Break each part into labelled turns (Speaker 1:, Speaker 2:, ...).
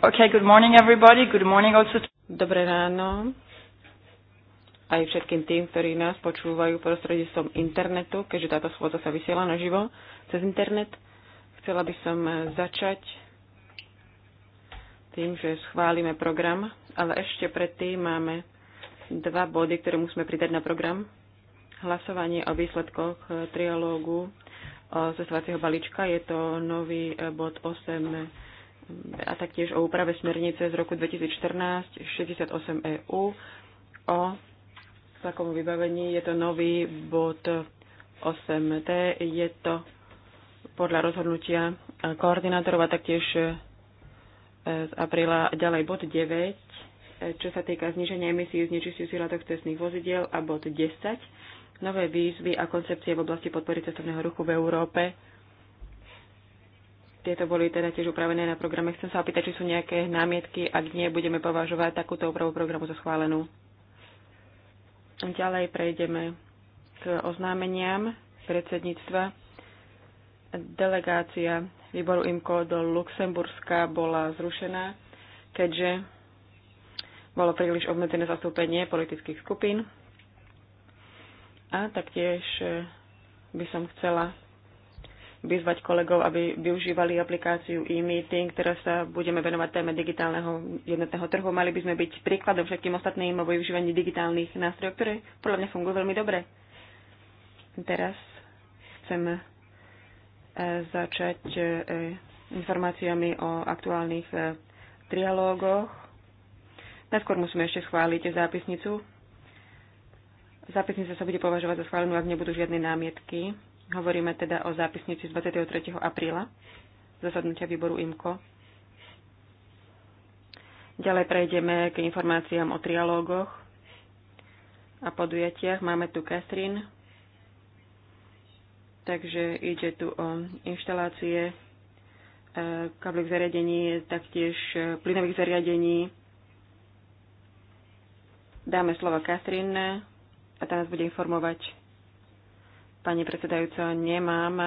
Speaker 1: Okay, good morning everybody. Good morning also to... Dobré ráno aj všetkým tým, ktorí nás počúvajú prostredníctvom internetu, keďže táto schôdza sa vysiela naživo cez internet. Chcela by som eh, začať tým, že schválime program, ale ešte predtým máme dva body, ktoré musíme pridať na program. Hlasovanie o výsledkoch eh, trialógu o eh, zesvacieho balíčka. Je to nový bod 8 a taktiež o úprave smernice z roku 2014-68 EU o takom vybavení. Je to nový bod 8T. Je to podľa rozhodnutia koordinátorov a taktiež e, z apríla ďalej bod 9, čo sa týka zniženia emisí znečistujúcich látok cestných vozidiel a bod 10, nové výzvy a koncepcie v oblasti podpory cestovného ruchu v Európe tieto boli teda tiež upravené na programe. Chcem sa opýtať, či sú nejaké námietky. Ak nie, budeme považovať takúto úpravu programu za schválenú. Ďalej prejdeme k oznámeniam predsedníctva. Delegácia výboru IMCO do Luxemburska bola zrušená, keďže bolo príliš obmedzené zastúpenie politických skupín. A taktiež by som chcela vyzvať kolegov, aby využívali aplikáciu e-meeting. Teraz sa budeme venovať téme digitálneho jednotného trhu. Mali by sme byť príkladom všetkým ostatným o využívaní digitálnych nástrojov, ktoré podľa mňa fungujú veľmi dobre. Teraz chcem e, začať e, informáciami o aktuálnych e, trialógoch. Najskôr musíme ešte schváliť zápisnicu. Zápisnica sa bude považovať za schválenú, ak nebudú žiadne námietky. Hovoríme teda o zápisnici z 23. apríla zasadnutia výboru IMKO. Ďalej prejdeme k informáciám o trialógoch a podujatiach. Máme tu Catherine, takže ide tu o inštalácie e, kablových zariadení, taktiež e, plynových zariadení. Dáme slovo Katrin a tá nás bude informovať Pani predsedajúca, nemám e,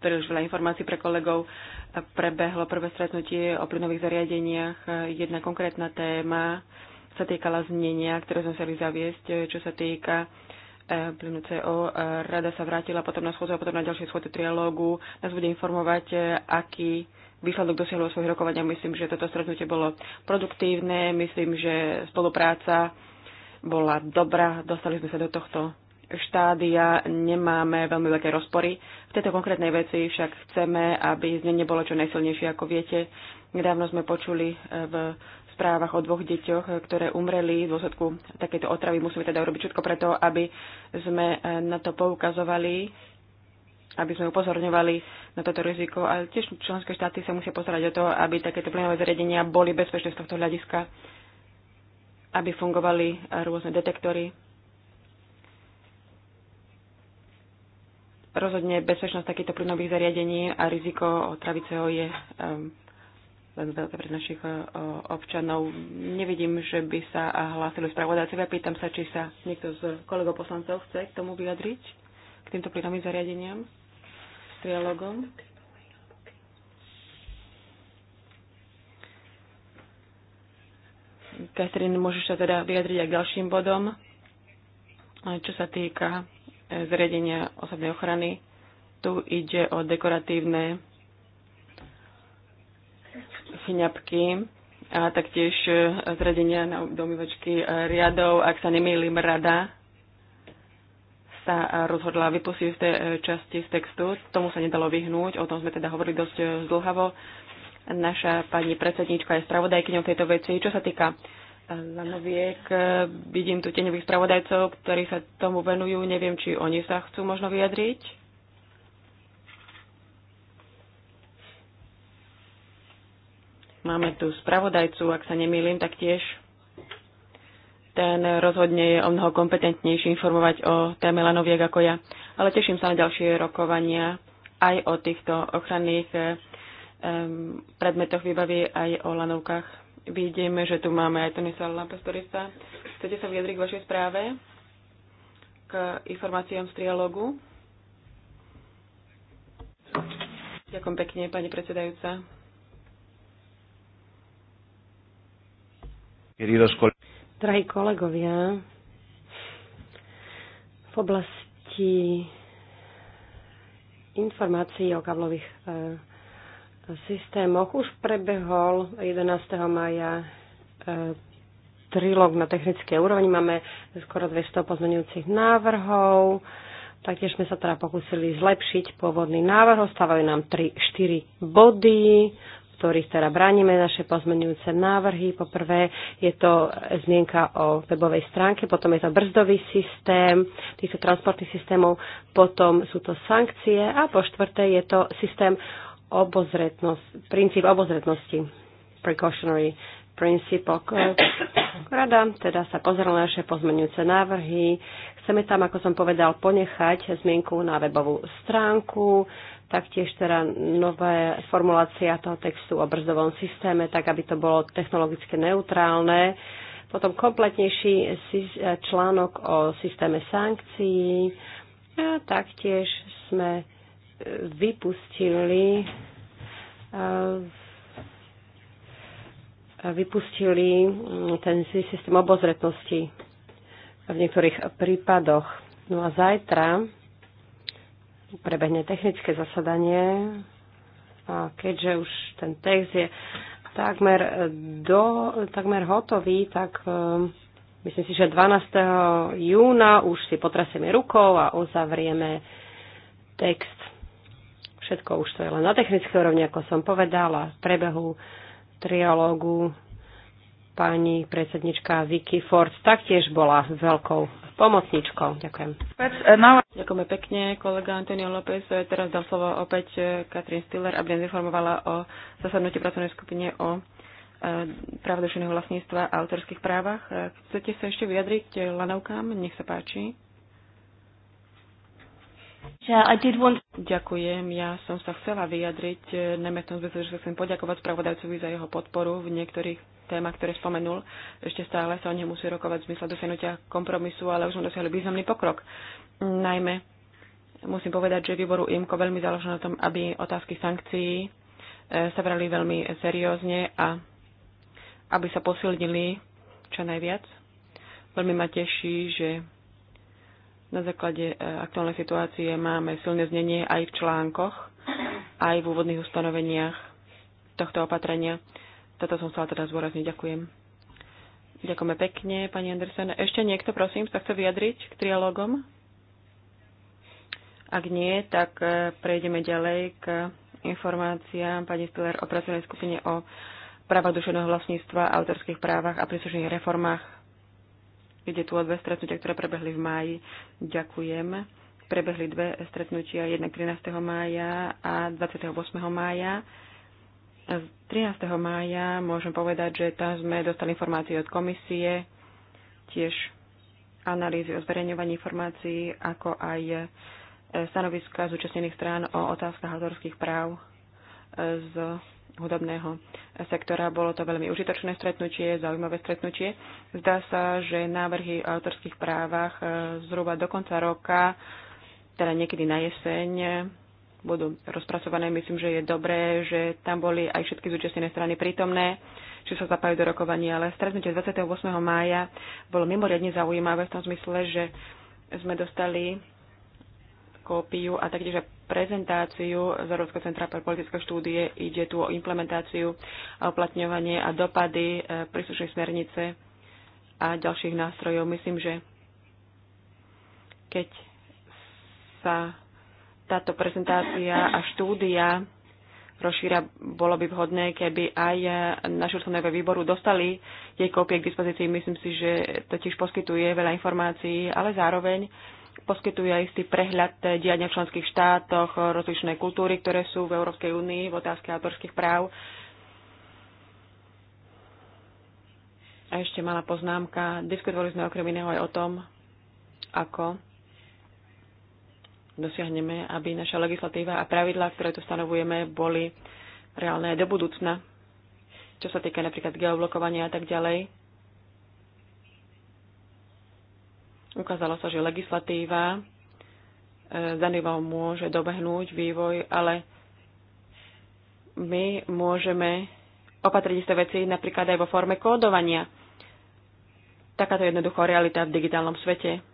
Speaker 1: príliš veľa informácií pre kolegov. Prebehlo prvé stretnutie o plynových zariadeniach. E, jedna konkrétna téma sa týkala znenia, ktoré sme chceli zaviesť, e, čo sa týka plynu CO. Rada sa vrátila potom na schôdzu a potom na ďalšie schôdze trialógu. Nás bude informovať, aký výsledok dosiahlo svojich rokovania. Myslím, že toto stretnutie bolo produktívne. Myslím, že spolupráca bola dobrá. Dostali sme sa do tohto štádia nemáme veľmi veľké rozpory. V tejto konkrétnej veci však chceme, aby znenie bolo čo najsilnejšie, ako viete. Nedávno sme počuli eh, v správach o dvoch deťoch, eh, ktoré umreli v dôsledku takéto otravy. Musíme teda urobiť všetko preto, aby sme eh, na to poukazovali, aby sme upozorňovali na toto riziko. A tiež členské štáty sa musia postarať o to, aby takéto plynové zariadenia boli bezpečné z tohto hľadiska, aby fungovali rôzne detektory Rozhodne bezpečnosť takýchto plynových zariadení a riziko traviceho je um, len veľké pre našich e, občanov. Nevidím, že by sa hlásili spravodajcovia. Pýtam sa, či sa niekto z kolegov poslancov chce k tomu vyjadriť, k týmto plynovým zariadeniam, trialogom. Katrin, môžeš sa teda vyjadriť aj k ďalším bodom, čo sa týka zriadenia osobnej ochrany. Tu ide o dekoratívne chňapky a taktiež e, zredenia na domývačky e, riadov. Ak sa nemýlim, rada sa rozhodla vypustiť v tej e, časti z textu. Tomu sa nedalo vyhnúť, o tom sme teda hovorili dosť zdlhavo. Naša pani predsednička je spravodajkyňou tejto veci. Čo sa týka Lano noviek Vidím tu teňových spravodajcov, ktorí sa tomu venujú. Neviem, či oni sa chcú možno vyjadriť. Máme tu spravodajcu, ak sa nemýlim, tak tiež ten rozhodne je o mnoho kompetentnejší informovať o téme lanoviek ako ja. Ale teším sa na ďalšie rokovania aj o týchto ochranných predmetoch výbavy, aj o lanovkách. Vidíme, že tu máme aj Tonisa Lampestorisa. Chcete sa vyjadriť k vašej správe? K informáciám z trialógu? Ďakujem pekne, pani predsedajúca. Drahí kolegovia, v oblasti informácií o kablových e, eh, systémoch už prebehol 11. maja trilog na technickej úrovni. Máme skoro 200 pozmenujúcich návrhov. Taktiež sme sa teda pokúsili zlepšiť pôvodný návrh. Ostávajú nám 3-4 body, v ktorých teda bránime naše pozmenujúce návrhy. Poprvé je to zmienka o webovej stránke, potom je to brzdový systém týchto transportných systémov, potom sú to sankcie a po štvrté je to systém obozretnosť, princíp obozretnosti, precautionary principle. Rada teda sa pozrela na naše pozmenujúce návrhy. Chceme tam, ako som povedal, ponechať zmienku na webovú stránku, taktiež teda nové formulácia toho textu o brzdovom systéme, tak aby to bolo technologicky neutrálne. Potom kompletnejší článok o systéme sankcií. A taktiež sme vypustili eh, vypustili hm, ten systém obozretnosti v niektorých prípadoch. No a zajtra prebehne technické zasadanie a keďže už ten text je takmer, eh, do, takmer hotový, tak eh, myslím si, že 12. júna už si potrasieme rukou a uzavrieme text Všetko už to je len na technické úrovni, ako som povedala, v prebehu triológu pani predsednička Vicky Ford taktiež bola veľkou pomocničkou. Ďakujem. Ďakujeme pekne, kolega Antonio López. Teraz dám slovo opäť Katrin Stiller, aby nás informovala o zasadnutí pracovnej skupine o e, práv vlastníctva a autorských právach. Chcete sa ešte vyjadriť lanovkám? Nech sa páči. Uh, Ďakujem, ja som sa chcela vyjadriť, eh, najmä v tom zmysle, že chcem poďakovať spravodajcovi za jeho podporu v niektorých témach, ktoré spomenul. Ešte stále sa o nej musí rokovať v zmysle dosiahnutia kompromisu, ale už sme dosiahli významný pokrok. Najmä musím povedať, že výboru IMKO veľmi záleží na tom, aby otázky sankcií eh, sa brali veľmi seriózne a aby sa posilnili čo najviac. Veľmi ma teší, že na základe e, aktuálnej situácie máme silné znenie aj v článkoch, aj v úvodných ustanoveniach tohto opatrenia. Toto som chcela teda zúrazniť. Ďakujem. Ďakujeme pekne, pani Andersen. Ešte niekto, prosím, sa chce vyjadriť k trialogom? Ak nie, tak e, prejdeme ďalej k informáciám pani Stiller o pracovnej skupine o právach duševného vlastníctva, autorských právach a príslušných reformách Ide tu o dve stretnutia, ktoré prebehli v máji. Ďakujem. Prebehli dve stretnutia, jednak 13. mája a 28. mája. Z 13. mája môžem povedať, že tam sme dostali informácie od komisie, tiež analýzy o zverejňovaní informácií, ako aj stanoviska zúčastnených strán o otázkach autorských práv z hudobného sektora. Bolo to veľmi užitočné stretnutie, zaujímavé stretnutie. Zdá sa, že návrhy o autorských právach e, zhruba do konca roka, teda niekedy na jeseň, budú rozpracované. Myslím, že je dobré, že tam boli aj všetky zúčastnené strany prítomné, že sa zapájajú do rokovania. Ale stretnutie 28. mája bolo mimoriadne zaujímavé v tom zmysle, že sme dostali kópiu a taktiež prezentáciu z Európskeho centra pre politické štúdie. Ide tu o implementáciu a uplatňovanie a dopady e, príslušnej smernice a ďalších nástrojov. Myslím, že keď sa táto prezentácia a štúdia rozšíra, bolo by vhodné, keby aj naši členové výboru dostali jej kópie k dispozícii. Myslím si, že to tiež poskytuje veľa informácií, ale zároveň poskytuje aj istý prehľad diania v členských štátoch, rozličné kultúry, ktoré sú v Európskej únii v otázke autorských práv. A ešte malá poznámka. Diskutovali sme okrem iného aj o tom, ako dosiahneme, aby naša legislatíva a pravidlá, ktoré tu stanovujeme, boli reálne aj do budúcna. Čo sa týka napríklad geoblokovania a tak ďalej Ukázalo sa, že legislatíva e, zanival môže dobehnúť vývoj, ale my môžeme opatriť isté veci napríklad aj vo forme kódovania. Takáto jednoduchá realita v digitálnom svete.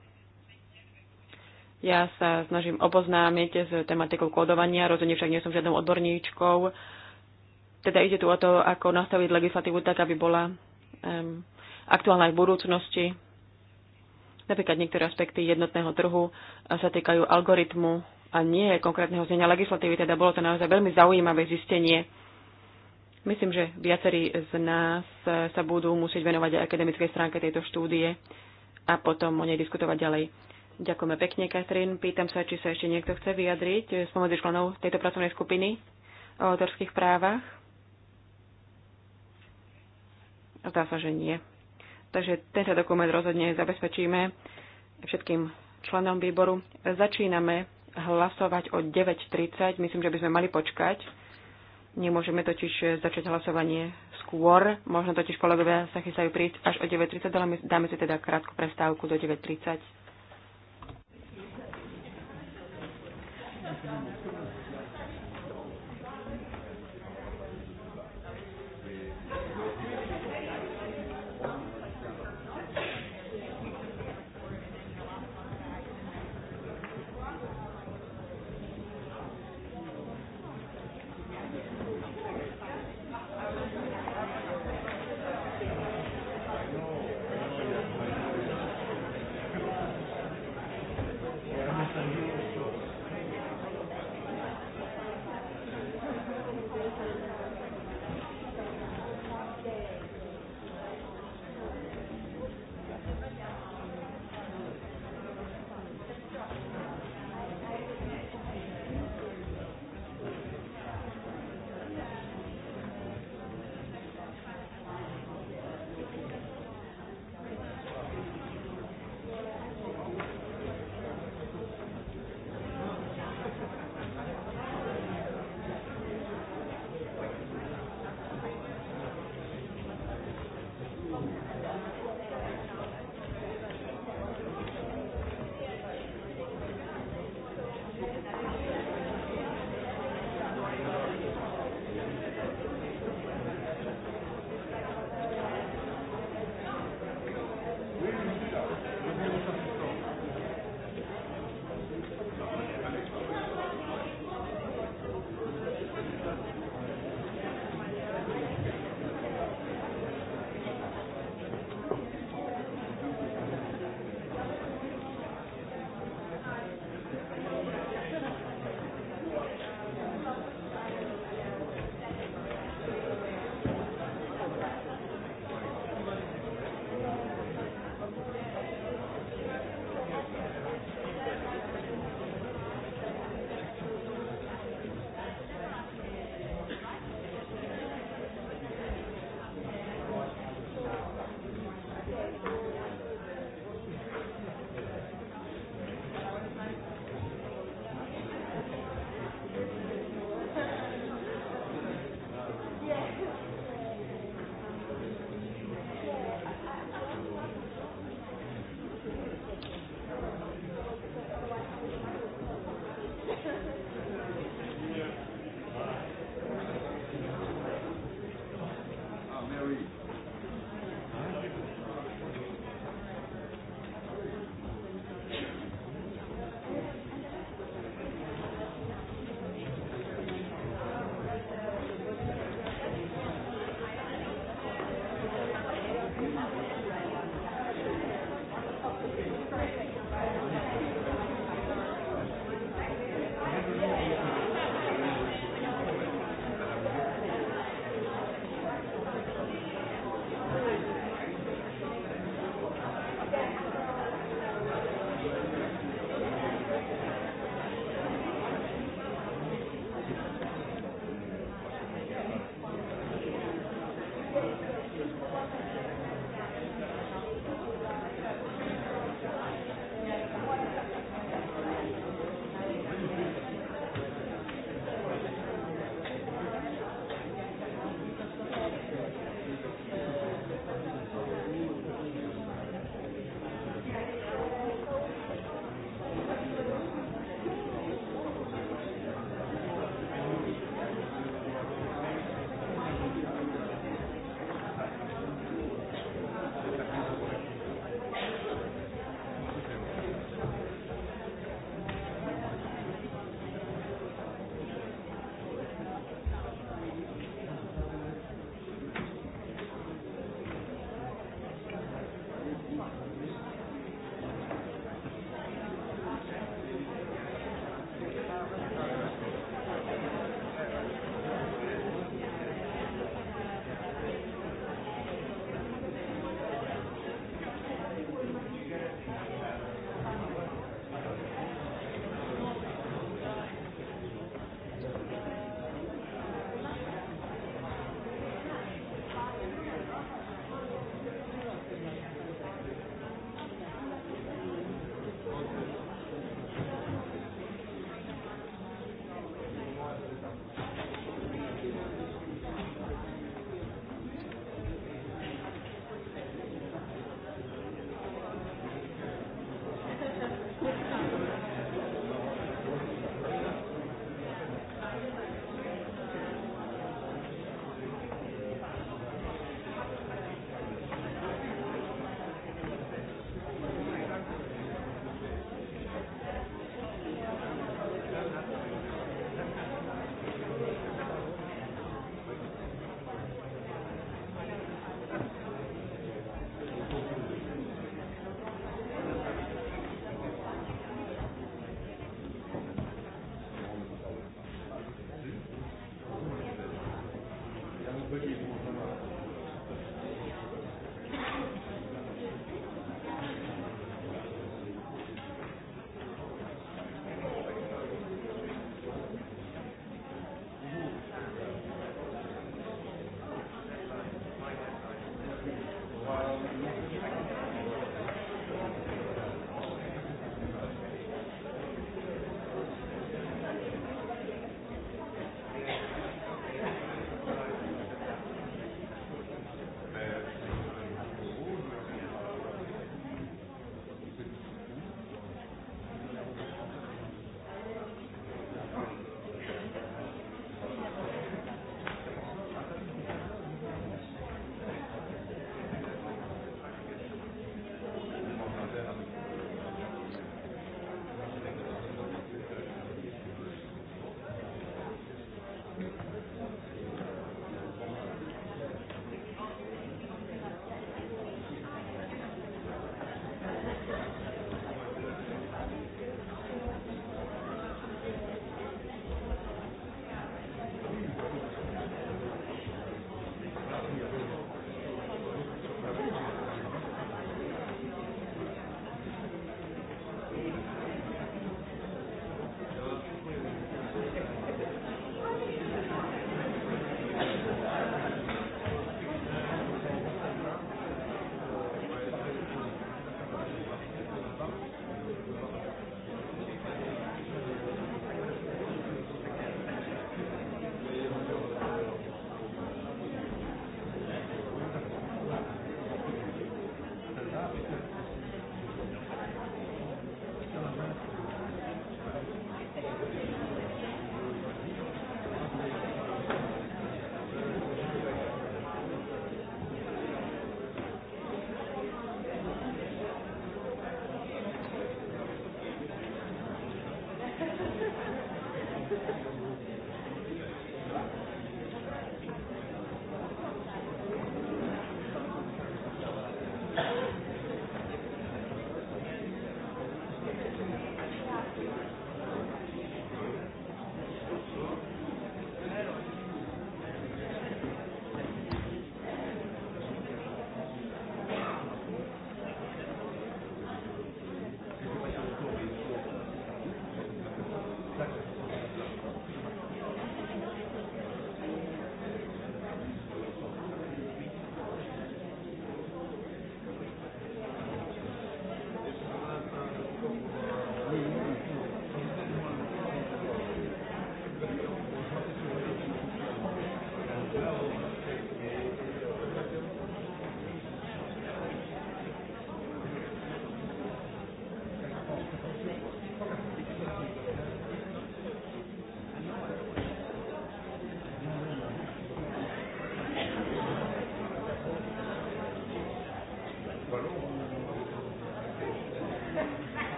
Speaker 1: Ja sa snažím oboznámiť s tematikou kódovania, rozhodne však nie som žiadnou odborníčkou. Teda ide tu o to, ako nastaviť legislatívu tak, aby bola um, aktuálna aj v budúcnosti. Napríklad niektoré aspekty jednotného trhu eh, sa týkajú algoritmu a nie konkrétneho znenia legislatívy, teda bolo to naozaj veľmi zaujímavé zistenie. Myslím, že viacerí z nás eh, sa budú musieť venovať aj akademickej stránke tejto štúdie a potom o nej diskutovať ďalej. Ďakujeme pekne, Katrin. Pýtam sa, či sa ešte niekto chce vyjadriť eh, spomedzi členov tejto pracovnej skupiny o autorských právach. Zdá sa, že nie. Takže tento dokument rozhodne zabezpečíme všetkým členom výboru. Začíname hlasovať o 9.30. Myslím, že by sme mali počkať. Nemôžeme totiž začať hlasovanie skôr. Možno totiž kolegovia sa chystajú prísť až o 9.30, ale dáme si teda krátku prestávku do 9.30.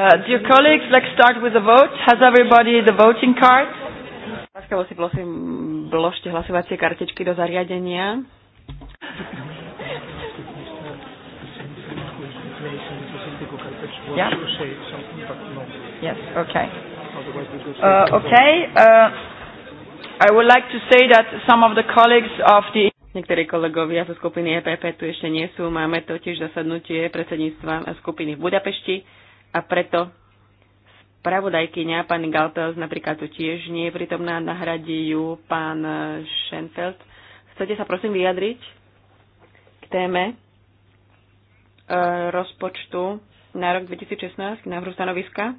Speaker 2: Uh, dear colleagues, let's start with the vote. Has
Speaker 1: everybody the voting card? Láskavo si prosím, vložte hlasovacie kartičky do zariadenia.
Speaker 2: Yeah? Yes, okay. Uh, okay,
Speaker 1: uh, I would like to say that some of the colleagues of the Niektorí kolegovia zo skupiny EPP tu ešte nie sú. Máme totiž zasadnutie predsedníctva skupiny v Budapešti a preto spravodajkyňa pani Galpels napríklad tu tiež nie je pritomná, nahradí ju pán Schenfeld. Chcete sa prosím vyjadriť k téme e, rozpočtu na rok 2016, k návrhu stanoviska?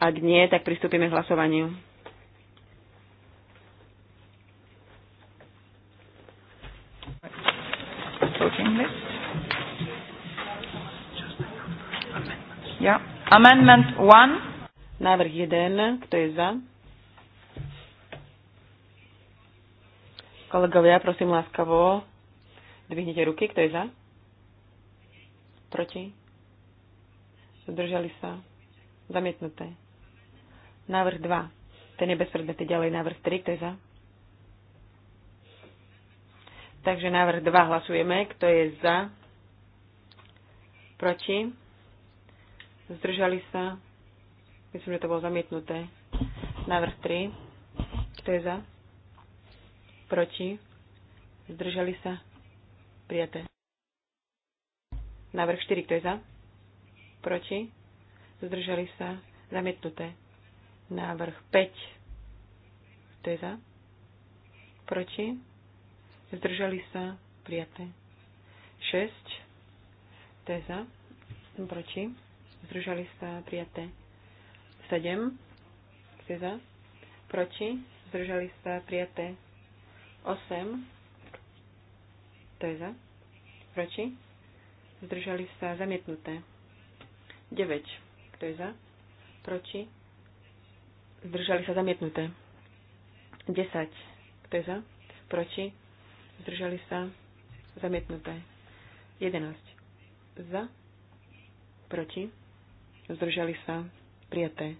Speaker 1: Ak nie, tak pristúpime k hlasovaniu.
Speaker 2: voting list.
Speaker 1: Yeah. Amendment 1. Návrh 1. Kto je za? Kolegovia, prosím láskavo, dvihnite ruky. Kto je za? Proti? Zdržali sa? Zamietnuté. Návrh 2. Ten je bezpredmetný. Ďalej návrh 3. Kto je za? Takže návrh 2 hlasujeme. Kto je za? Proti? Zdržali sa? Myslím, že to bolo zamietnuté. Návrh 3. Kto je za? Proti? Zdržali sa? Prijaté. Návrh 4. Kto je za? Proti? Zdržali sa? Zamietnuté. Návrh 5. Kto je za? Proti? zdržali sa, prijaté. 6, Téza. proti, zdržali sa, prijaté. 7, Téza. proti, zdržali sa, prijaté. 8, Téza. proti, zdržali sa, zamietnuté. 9, Téza. proti, zdržali sa, zamietnuté. 10, Téza. proti, zdržali sa, zamietnuté. 11. Za, proti, zdržali sa, prijaté.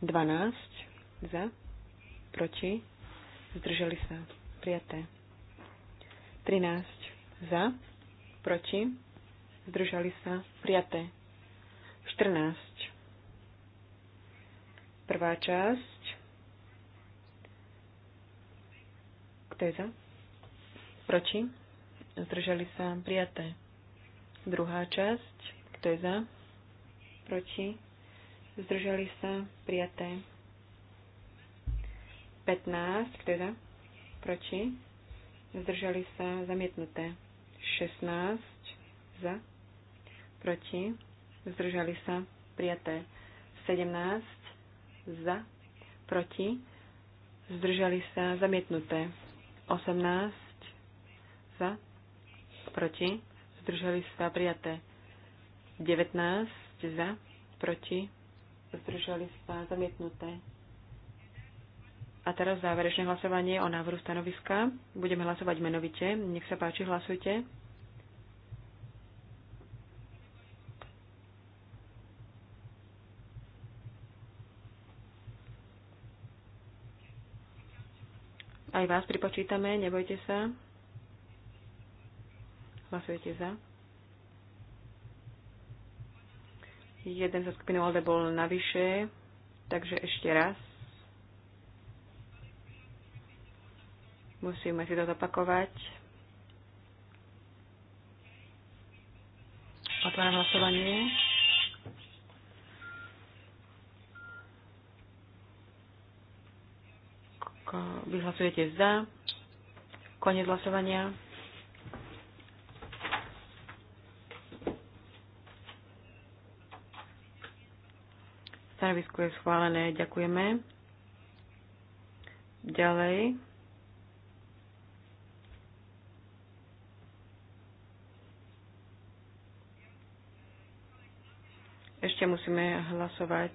Speaker 1: 12. Za, proti, zdržali sa, prijaté. 13. Za, proti, zdržali sa, prijaté. 14. Prvá časť Kto je Proti? Zdržali sa prijaté. Druhá časť. Kto je za? Proti? Zdržali sa prijaté. 15. Kto je za? Proti? Zdržali sa zamietnuté. 16. Za? Proti? Zdržali sa prijaté. 17. Za? Proti? Zdržali sa zamietnuté. 18 za, proti, zdržali sa prijaté 19 za, proti, zdržali sa zamietnuté. A teraz záverečné hlasovanie o návrhu stanoviska. Budeme hlasovať menovite. Nech sa páči, hlasujte. Aj vás pripočítame, nebojte sa. Hlasujete za. Jeden zo skupiny Alde bol navyše, takže ešte raz. Musíme si to zopakovať. Otváram hlasovanie. tak vy hlasujete za. Konec hlasovania. Stanovisko je schválené. Ďakujeme. Ďalej. Ešte musíme hlasovať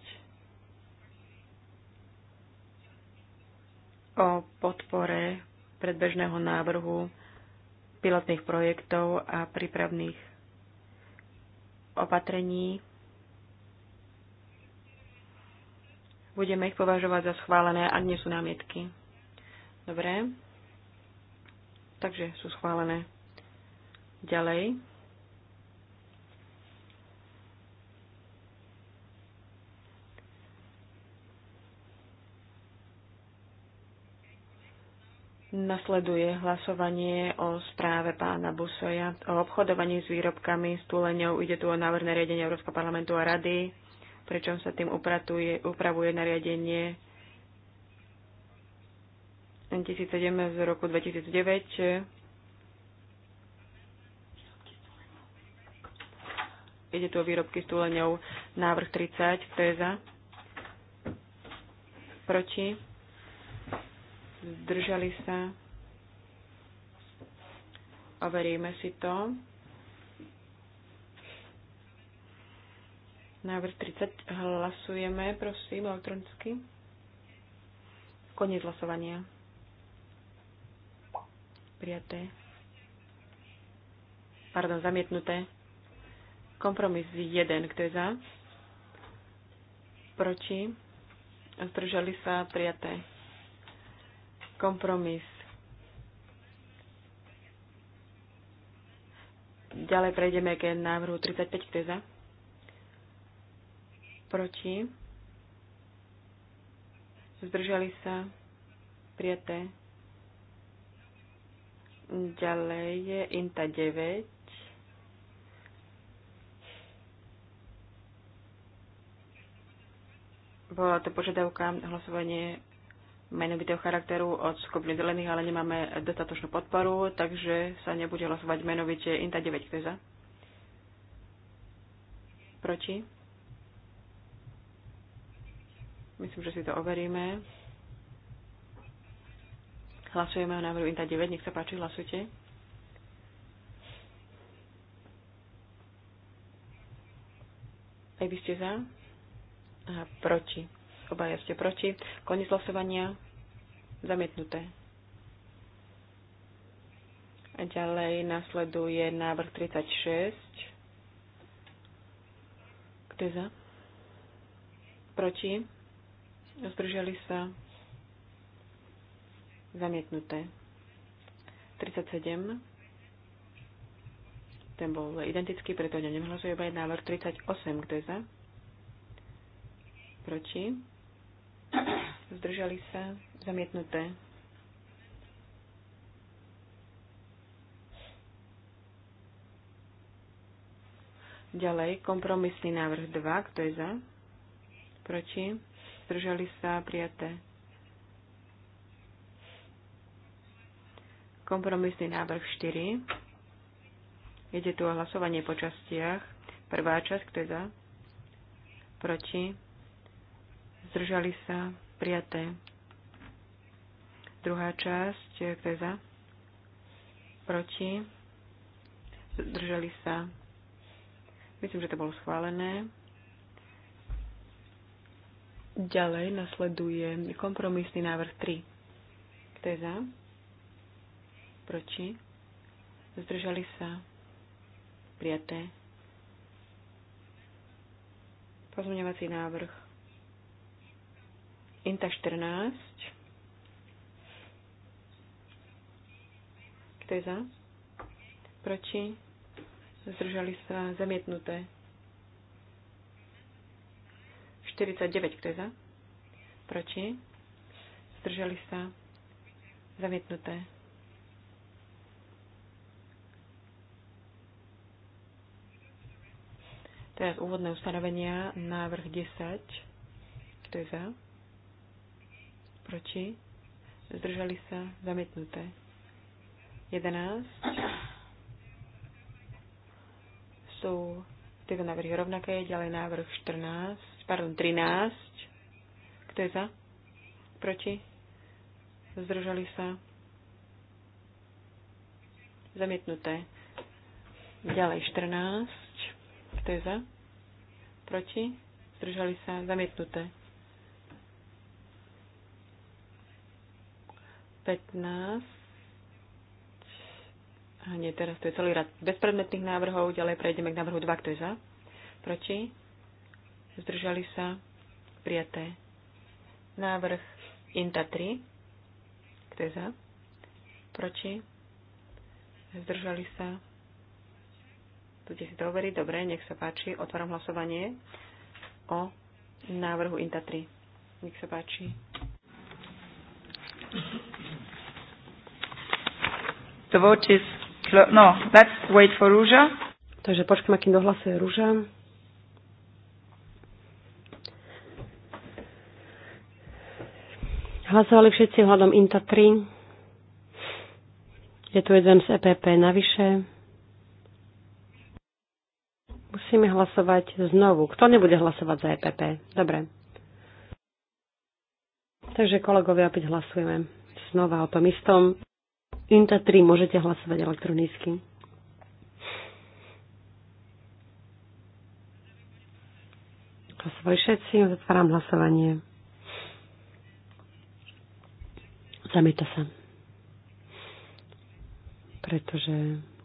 Speaker 1: o podpore predbežného návrhu pilotných projektov a prípravných opatrení. Budeme ich považovať za schválené, ak nie sú námietky. Dobre. Takže sú schválené. Ďalej. Nasleduje hlasovanie o správe pána Busoja o obchodovaní s výrobkami s túleňou. Ide tu o návrh nariadenia Európskeho parlamentu a rady, pričom sa tým upratuje, upravuje nariadenie 1007 z roku 2009. Ide tu o výrobky s túleňou návrh 30, kto je za? Proti? zdržali sa. Overíme si to. Návrh 30. Hlasujeme, prosím, elektronicky. Koniec hlasovania. Prijaté. Pardon, zamietnuté. Kompromis 1. Kto je za? Proti? Zdržali sa prijaté kompromis. Ďalej prejdeme k návrhu 35, kto je za? Proti? Zdržali sa? Prijaté? Ďalej je INTA 9. Bola to požiadavka hlasovanie menovitého charakteru od skupiny zelených, ale nemáme dostatočnú podporu, takže sa nebude hlasovať menovite INTA 9 kto je za. Proti? Myslím, že si to overíme. Hlasujeme o návrhu INTA 9. Nech sa páči, hlasujte. Aj vy ste za? Aha, proti. Obaja ste proti. Koniec hlasovania. Zamietnuté. A ďalej nasleduje návrh 36. Kto je za? Proti? Zdržali sa? Zamietnuté. 37. Ten bol identický, preto o ňom nehlasujem. Návrh 38. Kto je za? Proti? Zdržali sa? Zamietnuté. Ďalej, kompromisný návrh 2, kto je za? Proti? Zdržali sa prijaté. Kompromisný návrh 4. Ide tu o hlasovanie po častiach. Prvá časť, kto je za? Proti? Zdržali sa prijaté. Druhá časť, e, kto je za? Proti? Zdržali sa? Myslím, že to bolo schválené. Ďalej nasleduje kompromisný návrh 3. Kto je za? Proti? Zdržali sa? Prijaté? Pozmeňovací návrh. Inta 14 Kto je za? Proti? Zdržali sa zamietnuté. 49. Kto je za? Proti? Zdržali sa zamietnuté. Teraz úvodné ustanovenia, návrh 10. Kto je za? Proti? Zdržali sa? Zamietnuté. 11 sú tieto návrhy rovnaké. Ďalej návrh 14, pardon, 13. Kto je za? Proti? Zdržali sa? Zamietnuté. Ďalej 14. Kto je za? Proti? Zdržali sa? Zamietnuté. 15. A nie, teraz to je celý rad bezpredmetných návrhov. Ďalej prejdeme k návrhu 2. Kto je za? Proti? Zdržali sa? Prijaté. Návrh INTA 3. Kto je za? Proti? Zdržali sa? Budete si to overiť? Dobre, nech sa páči. Otváram hlasovanie o návrhu INTA 3. Nech sa páči. The vote is No, let's wait for Rúža. Takže počkáme, kým dohlasuje Rúža. Hlasovali všetci hľadom INTA 3. Je tu jeden z EPP navyše. Musíme hlasovať znovu. Kto nebude hlasovať za EPP? Dobre. Takže kolegovia, opäť hlasujeme. Znova o tom istom. INTA 3 môžete hlasovať elektronicky. Hlasovali všetci, zatváram hlasovanie. Zamieta sa. Pretože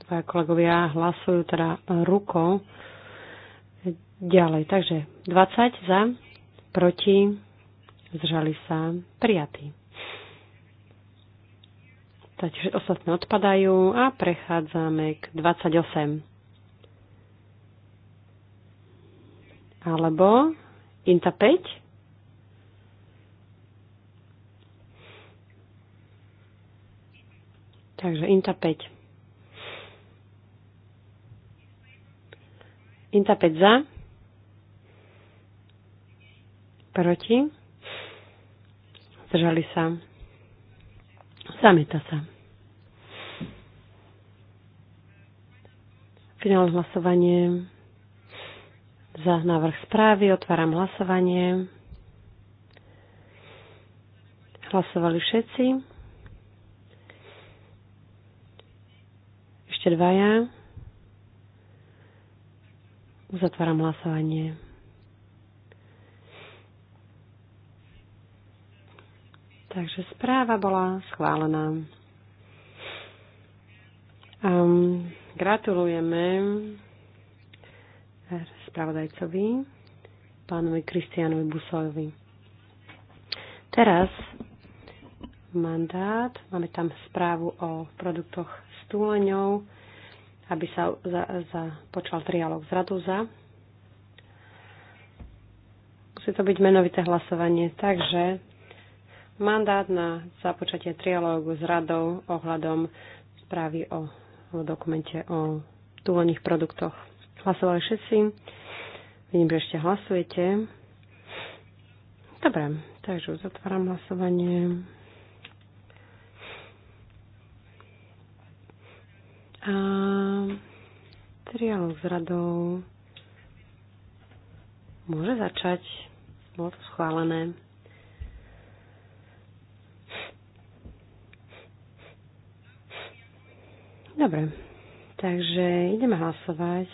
Speaker 1: dvaja kolegovia hlasujú teda rukou ďalej. Takže 20 za, proti, zdržali sa, prijatí. Takže ostatné odpadajú a prechádzame k 28. Alebo Inta 5. Takže Inta 5. Inta 5 za. Proti. Zdržali sa Zamieta sa. Finálne hlasovanie za návrh správy. Otváram hlasovanie. Hlasovali všetci. Ešte dvaja. Uzatváram hlasovanie. Takže správa bola schválená. Um, gratulujeme spravodajcovi, pánovi Kristianovi Busovi. Teraz mandát, máme tam správu o produktoch stúleňov, aby sa za, za, počal trialog z Raduza. Musí to byť menovité hlasovanie, takže mandát na započatie trialógu s radou ohľadom správy o, o dokumente o túlených produktoch. Hlasovali všetci. Vidím, že ešte hlasujete. Dobre, takže uzatváram hlasovanie. A trialog s radou môže začať. Bolo to schválené. Dobre, takže ideme hlasovať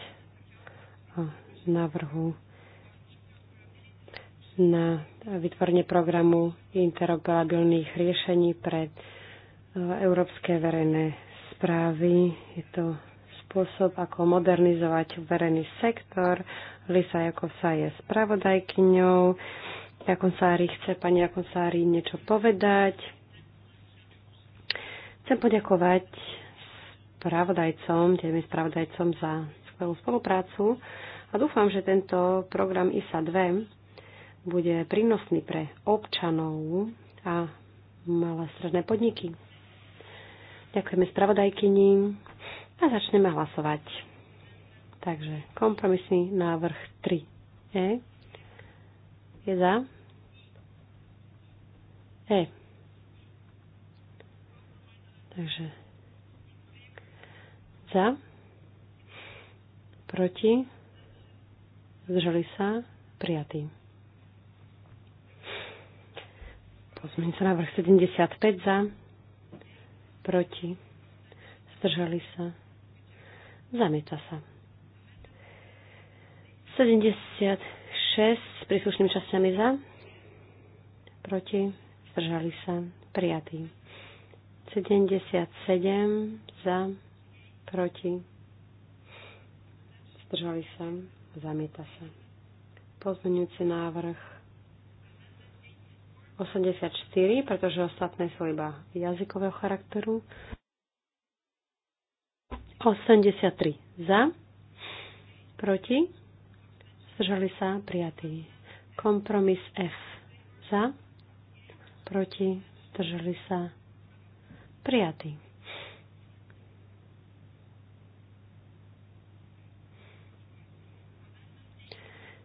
Speaker 1: o návrhu na vytvorenie programu interoperabilných riešení pre e, európske verejné správy. Je to spôsob, ako modernizovať verejný sektor. Lisa Jakovsa je spravodajkyňou. Jakonsári chce pani Jakonsári niečo povedať. Chcem poďakovať spravodajcom, tým spravodajcom za skvelú spoluprácu a dúfam, že tento program ISA 2 bude prínosný pre občanov a malé stredné podniky. Ďakujeme spravodajkyni a začneme hlasovať. Takže kompromisný návrh 3E je za E. Takže za. Proti. Zdržali sa. Prijatý. Pozmeň sa návrh 75 za. Proti. Zdržali sa. Zamieta sa. 76 s príslušnými časťami za. Proti. Zdržali sa. Prijatý. 77 za proti, zdržali sa, zamieta sa. Pozmeňujúci návrh 84, pretože ostatné sú iba jazykového charakteru. 83 za, proti, zdržali sa, prijatí. Kompromis F za, proti, zdržali sa, prijatí.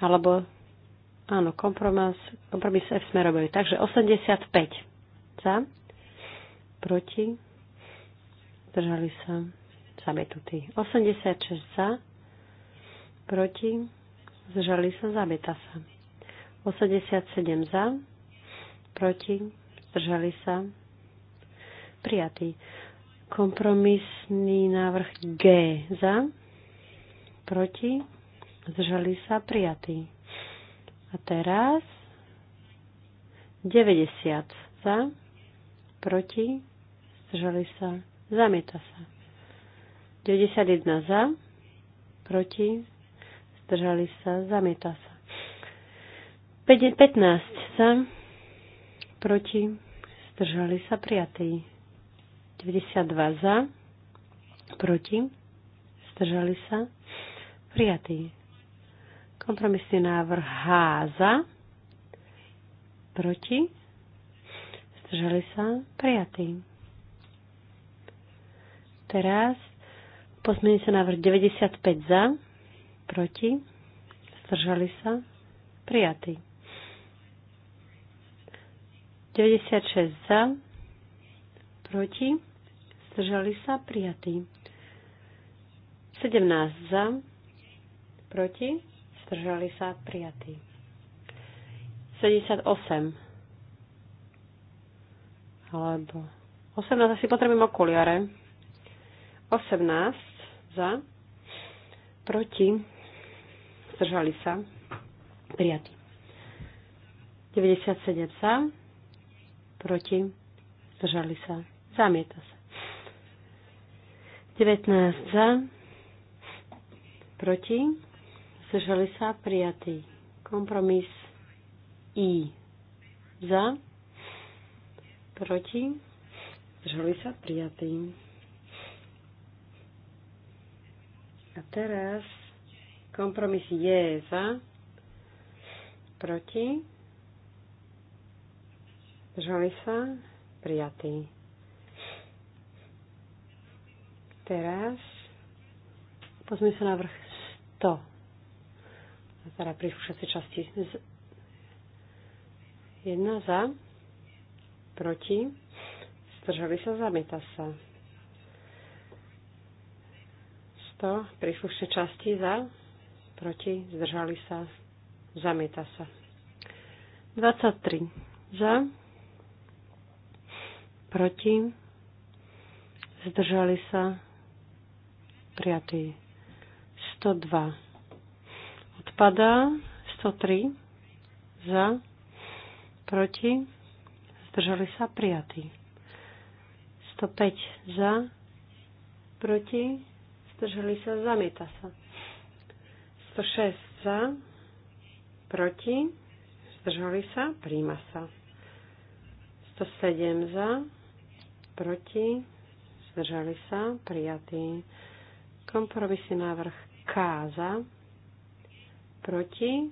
Speaker 1: alebo áno, kompromis, kompromis F sme robili. Takže 85 za, proti, zdržali sa zabetutí. 86 za, proti, zdržali sa, zabeta sa. 87 za, proti, zdržali sa, prijatý. Kompromisný návrh G za, proti, zdržali sa prijatí. A teraz 90 za, proti, zdržali sa, zamieta sa. 91 za, proti, zdržali sa, zamieta sa. 15 za, proti, zdržali sa prijatí. 92 za, proti, zdržali sa prijatí. Kompromisný návrh H za, proti, zdržali sa, prijatý. Teraz sa návrh 95 za, proti, zdržali sa, prijatý. 96 za, proti, zdržali sa, prijatý. 17 za, proti, zdržali sa, prijatý. 78. Alebo 18 asi potrebujem okuliare. 18 za, proti, zdržali sa, prijatý. 97 za, proti, zdržali sa, zamieta sa. 19 za, proti, Zdržali sa prijatý. Kompromis I. Za. Proti. Zdržali sa prijatý. A teraz kompromis je za. Proti. Zdržali sa prijatý. Teraz pozme sa na vrch 100 teda príslušacej časti. Jedna za, proti, zdržali sa, zamieta sa. 100 príslušnej časti za, proti, zdržali sa, zamieta sa. 23 za, proti, zdržali sa, prijatý. 102 odpadá. 103 za, proti, zdržali sa prijatí. 105 za, proti, zdržali sa, zamieta sa. 106 za, proti, zdržali sa, príjma sa. 107 za, proti, zdržali sa, prijatí, Kompromisný návrh K za, proti,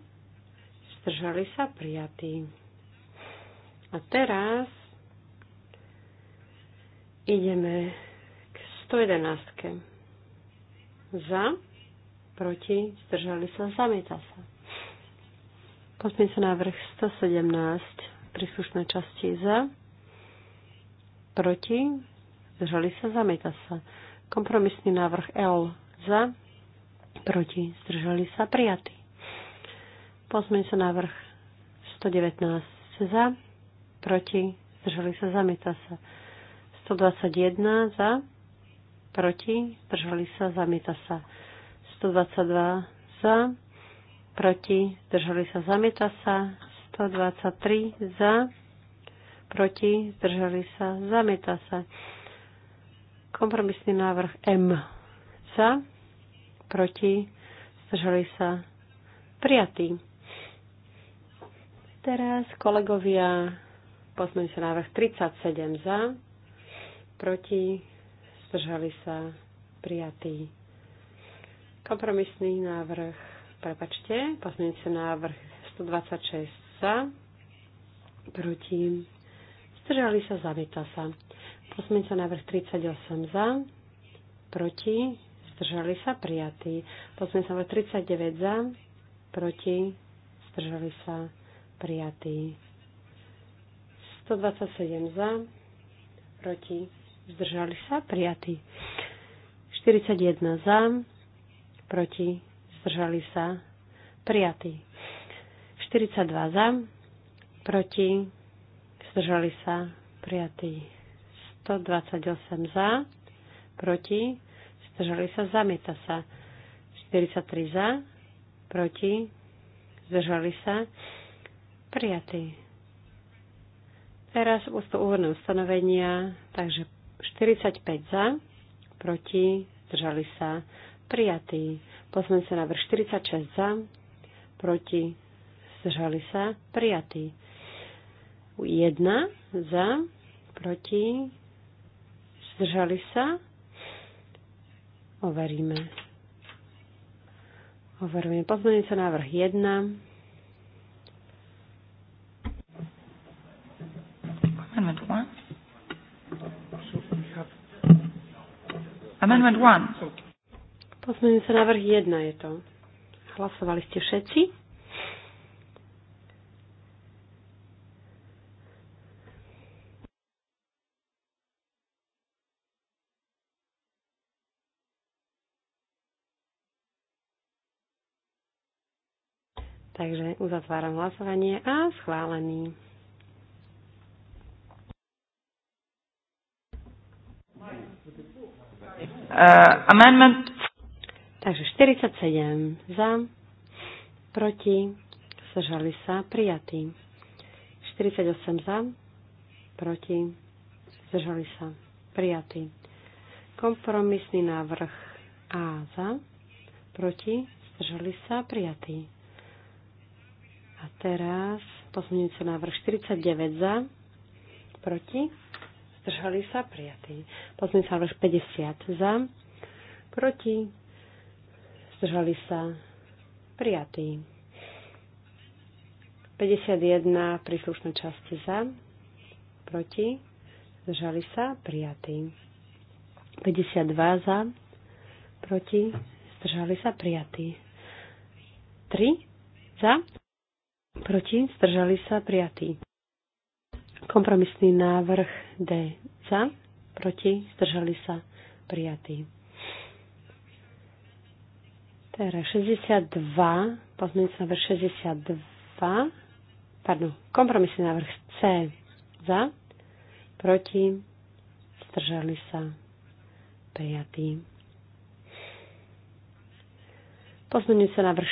Speaker 1: zdržali sa prijatí. A teraz ideme k 111. Za, proti, zdržali sa, zamieta sa. Pozmite sa návrh 117 príslušné časti za, proti, zdržali sa, zamieta sa. Kompromisný návrh L za, proti, zdržali sa, prijatý. Pozmeň sa návrh 119 za, proti, zdržali sa, zamieta sa. 121 za, proti, zdržali sa, zamieta sa. 122 za, proti, zdržali sa, zamieta sa. 123 za, proti, zdržali sa, zamieta sa. Kompromisný návrh M za, proti, zdržali sa, prijatý. Teraz kolegovia, sa návrh 37 za, proti, zdržali sa, prijatý. Kompromisný návrh, prepačte, sa návrh 126 za, proti, zdržali sa, zamieta sa. sa návrh 38 za, proti, zdržali sa, prijatý. sa návrh 39 za, proti, zdržali sa, prijatý. 127 za, proti, zdržali sa, prijatý. 41 za, proti, zdržali sa, prijatý. 42 za, proti, zdržali sa, prijatý. 128 za, proti, zdržali sa, zamieta sa. 43 za, proti, zdržali sa, Prijatý. Teraz už to úvodné ustanovenia, takže 45 za, proti, zdržali sa, prijatý. Pozme sa na vrch 46 za, proti, zdržali sa, prijatý. 1 za, proti, zdržali sa, overíme. Overujeme pozmeňujúce návrh 1.
Speaker 2: Amendment
Speaker 3: 1.
Speaker 1: Pozmeňujúci návrh 1 je to. Hlasovali ste všetci? Takže uzatváram hlasovanie a schválený.
Speaker 2: Uh, amendment...
Speaker 1: Takže 47 za, proti, zdržali sa, prijatí. 48 za, proti, zdržali sa, prijatí. Kompromisný návrh A za, proti, zdržali sa, prijatí. A teraz pozmeňujúci návrh 49 za, proti, zdržali sa prijatí. sa vrch 50 za, proti, zdržali sa prijatí. 51 príslušné časti za, proti, zdržali sa prijatí. 52 za, proti, zdržali sa prijatí. 3 za, proti, zdržali sa prijatí. Kompromisný návrh D za, proti, zdržali sa, prijatý. Teraz 62, pozmeňujúci návrh 62, pardon, kompromisný návrh C za, proti, zdržali sa, prijatý. Pozmeňujúci návrh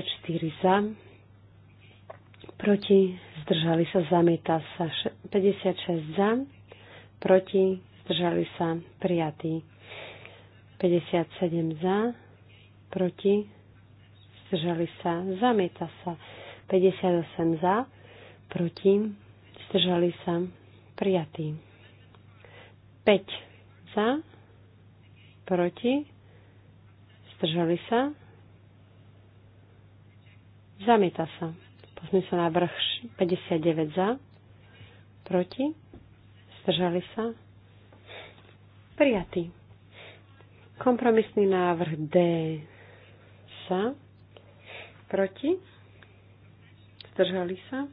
Speaker 1: 64 za, proti, zdržali sa, zamieta sa 56 za, proti, zdržali sa, prijatí 57 za, proti, zdržali sa, zamieta sa 58 za, proti, zdržali sa, prijatí 5 za, proti, zdržali sa, zamieta sa. Pozme sa vrch 59 za. Proti. Zdržali sa. Prijatý. Kompromisný návrh D sa. Proti. Zdržali sa.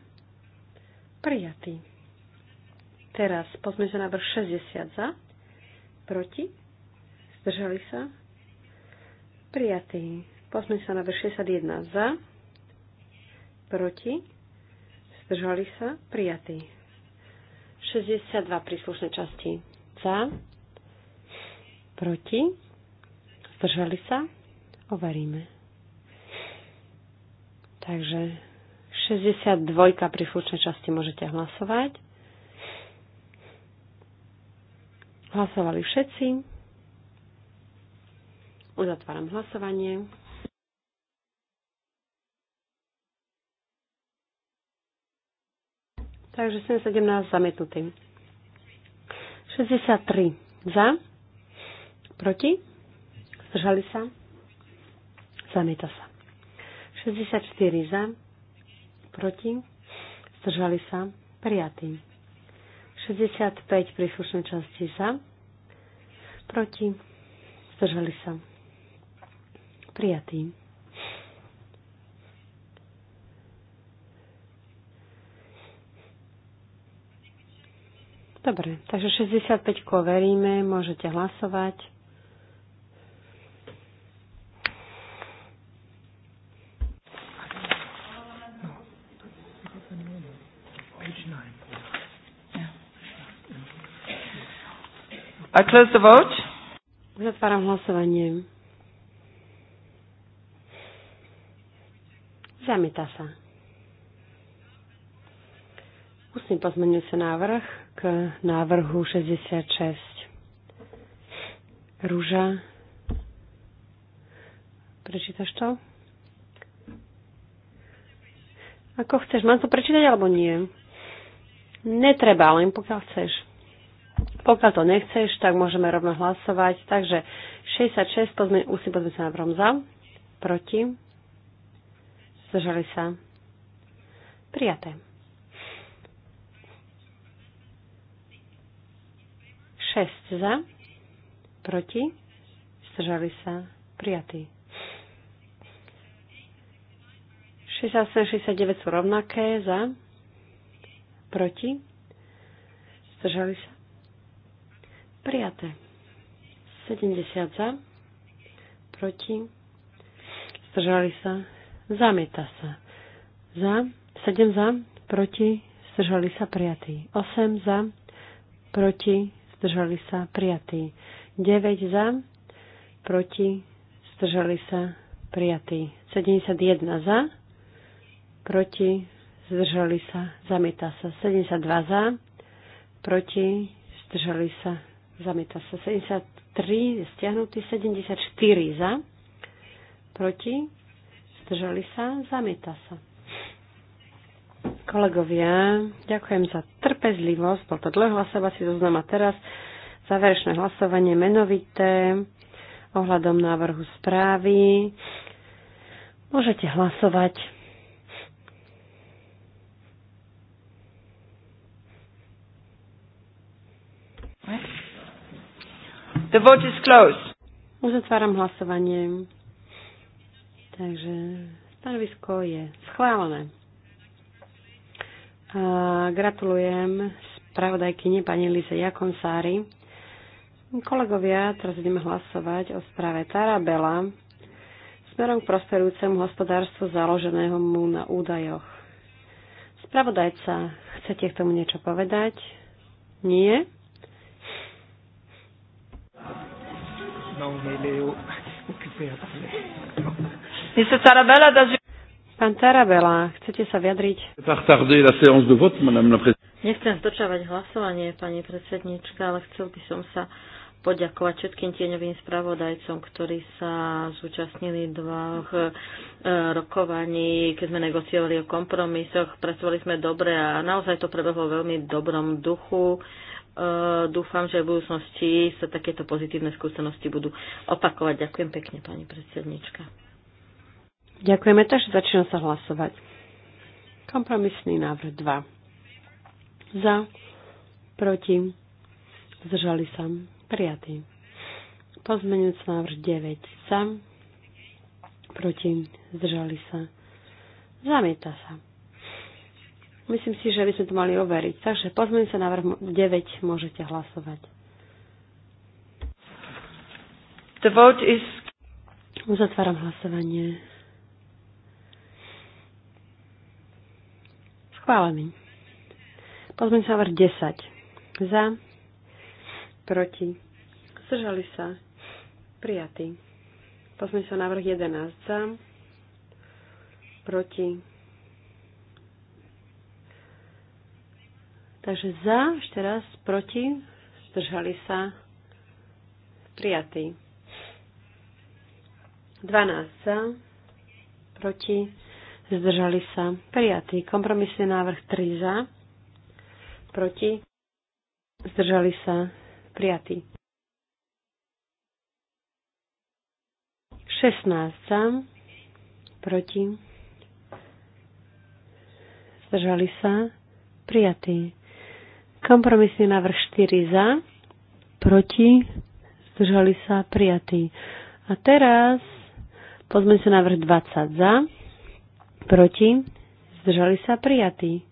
Speaker 1: Prijatý. Teraz pozme sa návrh 60 za. Proti. Zdržali sa. Prijatý. Pozme sa návrh 61 za proti, zdržali sa, prijatí. 62 príslušné časti za, proti, zdržali sa, overíme. Takže 62 príslušné časti môžete hlasovať. Hlasovali všetci. Uzatváram hlasovanie. Takže 717 zamietnutý. 63 za. Proti. Zdržali sa. Zamieta sa. 64 za. Proti. Zdržali sa. Prijatý. 65 príslušné časti za. Proti. Zdržali sa. Prijatý. Dobre, takže 65 veríme, môžete hlasovať.
Speaker 2: I close the vote.
Speaker 1: Zatváram hlasovanie. Zamieta sa. Musím pozmeniť sa návrh k návrhu 66. Rúža. Prečítaš to? Ako chceš. Mám to prečítať alebo nie? Netreba, ale pokiaľ chceš. Pokiaľ to nechceš, tak môžeme rovno hlasovať. Takže 66 pozme, ústny pozmeň sa návrhom za, proti, zdržali sa, prijaté. 6 za, proti, zdržali sa, prijatí. 68, 69 sú rovnaké, za, proti, zdržali sa, prijaté. 70 za, proti, zdržali sa, zamieta sa. Za, 7 za, proti, zdržali sa prijatí. 8 za, proti, zdržali sa prijatí. 9 za, proti, zdržali sa prijatí. 71 za, proti, zdržali sa, zamieta sa. 72 za, proti, zdržali sa, zamieta sa. 73 je stiahnutý, 74 za, proti, zdržali sa, zamieta sa. Kolegovia, ďakujem za trpezlivosť. Bol to dlhé hlasovací zoznam a teraz záverečné hlasovanie menovité ohľadom návrhu správy. Môžete hlasovať. The vote is closed. Uzatváram hlasovanie. Takže stanovisko je schválené. Gratulujem spravodajkyni pani Lise Jakonsári. Kolegovia, teraz ideme hlasovať o správe Tarabela smerom k prosperujúcemu hospodárstvu založeného mu na údajoch. Spravodajca, chcete k tomu niečo povedať? Nie? No, Mr. Tarabella, does you... Pán Tarabela, chcete sa vyjadriť? Nechcem zdočávať hlasovanie,
Speaker 4: pani predsednička, ale chcel by som sa poďakovať všetkým tieňovým spravodajcom, ktorí sa zúčastnili dvoch e, rokovaní, keď sme negociovali o kompromisoch. Pracovali sme dobre a naozaj to prebehlo v veľmi dobrom duchu. E, dúfam, že v budúcnosti sa takéto pozitívne skúsenosti budú opakovať.
Speaker 1: Ďakujem pekne, pani predsednička. Ďakujeme, takže začína sa hlasovať. Kompromisný návrh 2. Za, proti, zdržali sa, prijatý. Pozmenujúc návrh 9. Za, proti, zdržali sa, zamieta sa. Myslím si, že by sme to mali overiť. Takže pozmeň sa návrh 9, môžete hlasovať. The vote is... Uzatváram hlasovanie. Schválený. Pozmeň sa vrch 10. Za. Proti. Zdržali sa. Prijatý. Pozmeň sa návrh 11. Za. Proti. Takže za, ešte raz, proti, zdržali sa, prijatý. 12 za, proti, zdržali sa, prijatý. Kompromisný návrh 3 za, proti, zdržali sa, prijatý. 16 za, proti, zdržali sa, prijatý. Kompromisný návrh 4 za, proti, zdržali sa, prijatý. A teraz pozme sa návrh 20 za, Proti? Zdržali sa prijatí.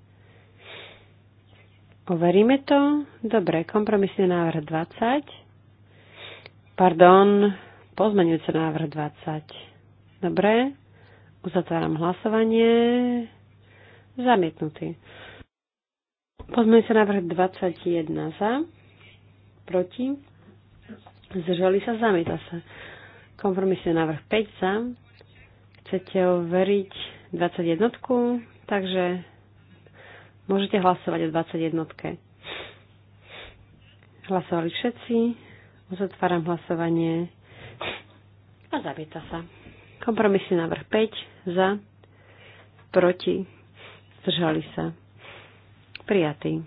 Speaker 1: Overíme to. Dobre, kompromisný návrh 20. Pardon, pozmenujúce návrh 20. Dobre, uzatváram hlasovanie. Zamietnutý. Pozmenujúce návrh 21 za. Proti. Zdržali sa, zamieta sa. Kompromisný návrh 5 za. Chcete overiť 21, takže môžete hlasovať o 21. Hlasovali všetci, uzatváram hlasovanie a zabieta sa. Kompromisný návrh 5 za, proti, zdržali sa. Prijatý.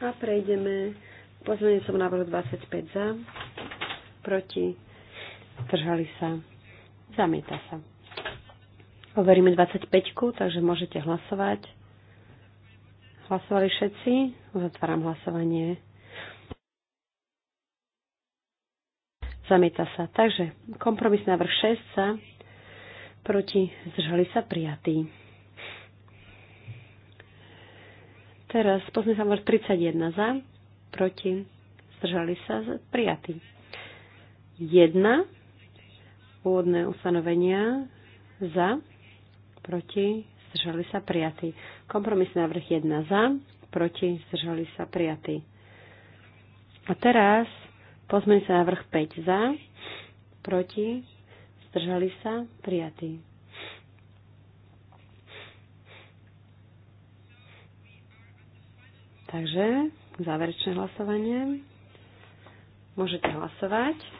Speaker 1: A prejdeme k som návrh 25 za, proti, zdržali sa. Zamieta sa. Overíme 25, takže môžete hlasovať. Hlasovali všetci? Zatváram hlasovanie. Zamieta sa. Takže kompromis návrh 6 sa proti zdržali sa prijatý. Teraz pozme sa 31 za, proti zdržali sa prijatý. 1 Pôvodné ustanovenia za, proti, zdržali sa prijatí. Kompromisný návrh 1 za, proti, zdržali sa prijatí. A teraz pozmeň sa návrh 5 za, proti, zdržali sa prijatí. Takže záverečné hlasovanie. Môžete hlasovať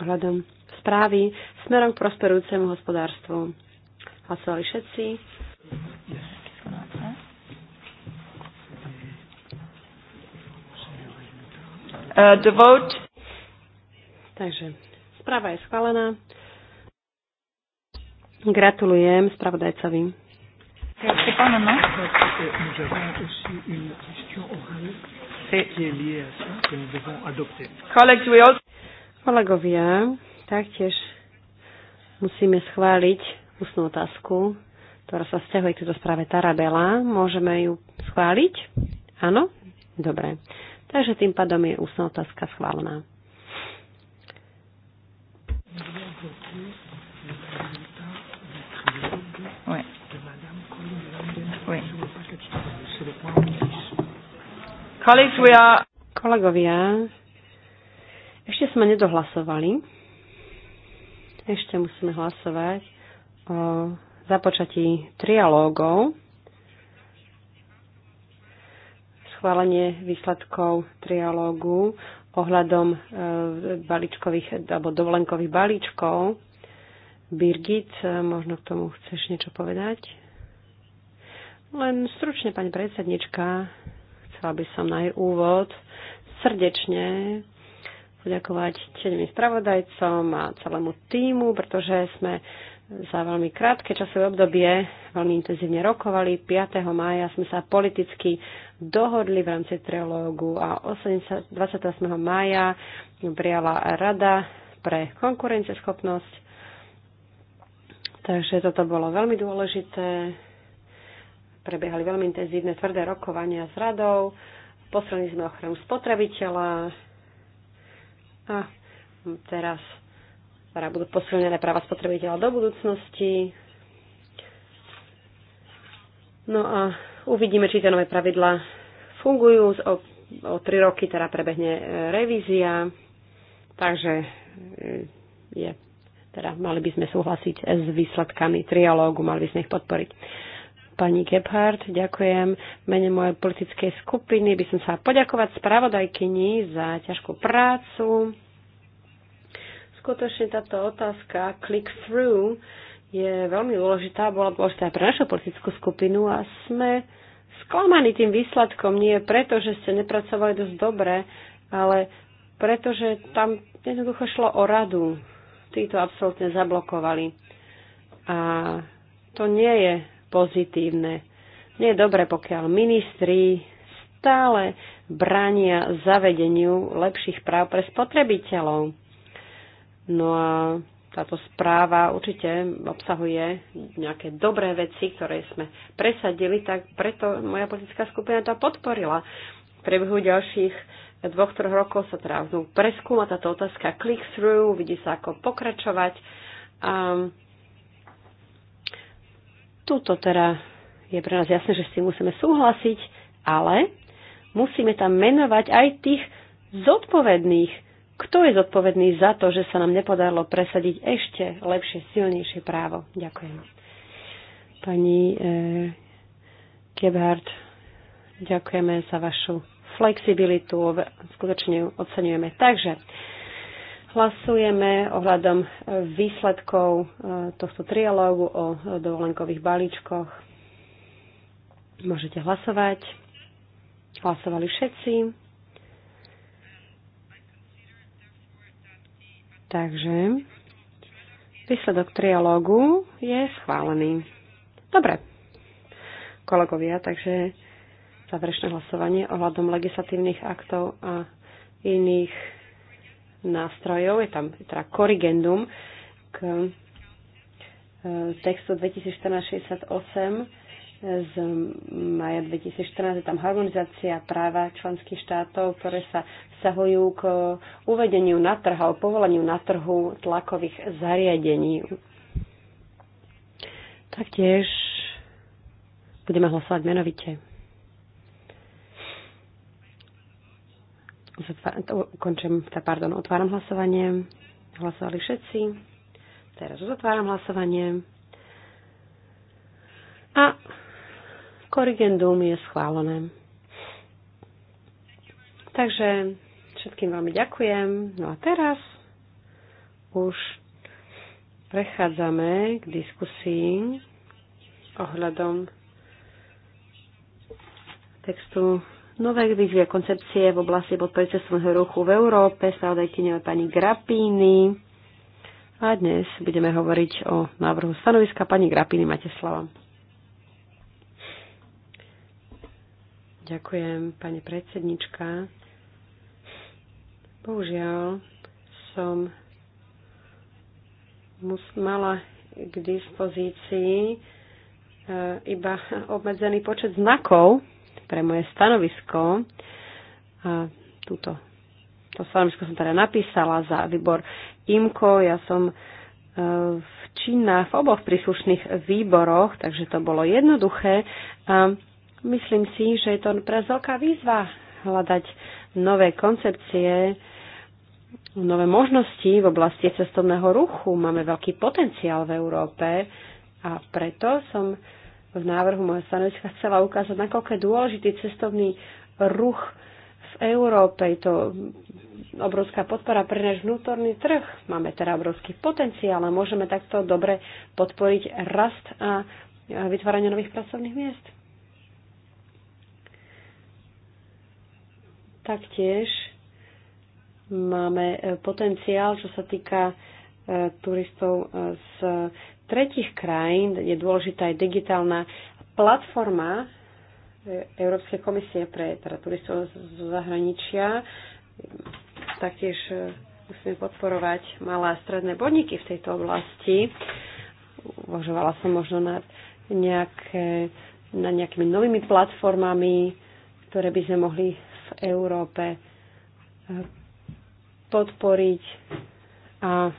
Speaker 1: ohľadom správy smerom k prosperujúcemu hospodárstvu. Hlasovali všetci.
Speaker 2: Uh, the vote.
Speaker 1: Takže správa je schválená. Gratulujem spravodajcovi.
Speaker 2: C'est pas maintenant Nous avons aussi une question orale qui est liée à ça que nous devons adopter.
Speaker 1: Kolegovia, taktiež musíme schváliť ústnu otázku, ktorá sa vzťahuje k tejto správe Tarabela. Môžeme ju schváliť? Áno? Dobre. Takže tým pádom je ústna otázka schválená.
Speaker 2: Kolegovia,
Speaker 1: ešte sme nedohlasovali. Ešte musíme hlasovať o započatí trialógov. Schválenie výsledkov trialógu ohľadom e, balíčkových alebo dovolenkových balíčkov. Birgit, e, možno k tomu chceš niečo povedať? Len stručne, pani predsednička, chcela by som na jej úvod srdečne poďakovať čeným spravodajcom a celému týmu, pretože sme za veľmi krátke časové obdobie veľmi intenzívne rokovali. 5. mája sme sa politicky dohodli v rámci trilógu a 28. mája prijala Rada pre konkurenceschopnosť. Takže toto bolo veľmi dôležité. Prebiehali veľmi intenzívne tvrdé rokovania s radou. Posledný sme ochranu spotrebiteľa, a teraz teda budú posilnené práva spotrebiteľa do budúcnosti. No a uvidíme, či tie nové pravidla fungujú. O, o tri roky teda prebehne e, revízia, takže e, je, teda mali by sme súhlasiť s výsledkami trialógu, mali by sme ich podporiť pani Gebhardt. Ďakujem mene mojej politickej skupiny. By som sa poďakovať spravodajkyni za ťažkú prácu. Skutočne táto otázka click-through je veľmi dôležitá, bola dôležitá aj pre našu politickú skupinu a sme sklamaní tým výsledkom. Nie preto, že ste nepracovali dosť dobre, ale preto, že tam jednoducho šlo o radu. Tí to absolútne zablokovali. A to nie je pozitívne. Nie je dobre, pokiaľ ministri stále brania zavedeniu lepších práv pre spotrebiteľov. No a táto správa určite obsahuje nejaké dobré veci, ktoré sme presadili, tak preto moja politická skupina to podporila. V priebehu ďalších dvoch, troch rokov sa teda preskúma táto otázka click-through, vidí sa ako pokračovať. A Tuto teda je pre nás jasné, že s tým musíme súhlasiť, ale musíme tam menovať aj tých zodpovedných. Kto je zodpovedný za to, že sa nám nepodarilo presadiť ešte lepšie, silnejšie právo? Ďakujem. Pani eh, Gebhardt, ďakujeme za vašu flexibilitu, skutočne ju oceňujeme. Takže Hlasujeme ohľadom e, výsledkov e, tohto trialógu o e, dovolenkových balíčkoch. Môžete hlasovať. Hlasovali všetci. Takže výsledok trialógu je schválený. Dobre, kolegovia, takže záverečné hlasovanie ohľadom legislatívnych aktov a iných nástrojov, je tam teda korigendum k e, textu 2014-68 z maja 2014. Je tam harmonizácia práva členských štátov, ktoré sa vzťahujú k uvedeniu na trh alebo povoleniu na trhu tlakových zariadení. Taktiež budeme hlasovať menovite. Ukončím, teda pardon, otváram hlasovanie. Hlasovali všetci. Teraz uzatváram hlasovanie. A korigendum je schválené. Takže všetkým veľmi ďakujem. No a teraz už prechádzame k diskusii ohľadom textu nové výzvy koncepcie v oblasti podpory cestovného ruchu v Európe, spravodajkyňou pani Grapíny. A dnes budeme hovoriť o návrhu stanoviska. Pani Grapíny, máte Ďakujem, pani predsednička. Bohužiaľ som mala k dispozícii e, iba obmedzený počet znakov, pre moje stanovisko. A túto, to stanovisko som teda napísala za výbor IMKO. Ja som e, v Čína v oboch príslušných výboroch, takže to bolo jednoduché. A myslím si, že je to pre veľká výzva hľadať nové koncepcie, nové možnosti v oblasti cestovného ruchu. Máme veľký potenciál v Európe a preto som v návrhu mojho stanoviska chcela ukázať, nakoľko je dôležitý cestovný ruch v Európe. Je to obrovská podpora pre náš vnútorný trh. Máme teda obrovský potenciál a môžeme takto dobre podporiť rast a vytváranie nových pracovných miest. Taktiež máme potenciál, čo sa týka E, turistov e, z tretich krajín. Je dôležitá aj digitálna platforma e, Európskej komisie pre teda turistov z zahraničia. Taktiež musíme podporovať malé a stredné podniky v tejto oblasti. Uvažovala som možno nad, nejaké, nad nejakými novými platformami, ktoré by sme mohli v Európe podporiť a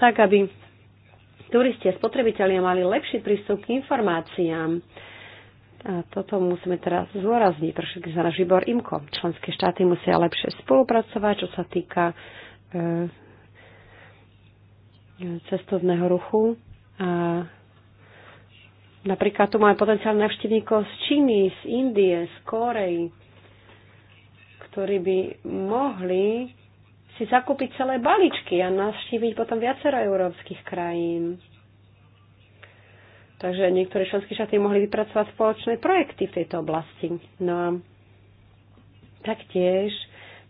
Speaker 1: tak aby turisti a spotrebitelia mali lepší prístup k informáciám. A toto musíme teraz zôrazniť, pretože za náš výbor IMKO. Členské štáty musia lepšie spolupracovať, čo sa týka e, cestovného ruchu. A napríklad tu máme potenciálne návštevníkov z Číny, z Indie, z Korei, ktorí by mohli si zakúpiť celé balíčky a navštíviť potom viacero európskych krajín. Takže niektoré členské štáty mohli vypracovať spoločné projekty v tejto oblasti. No a taktiež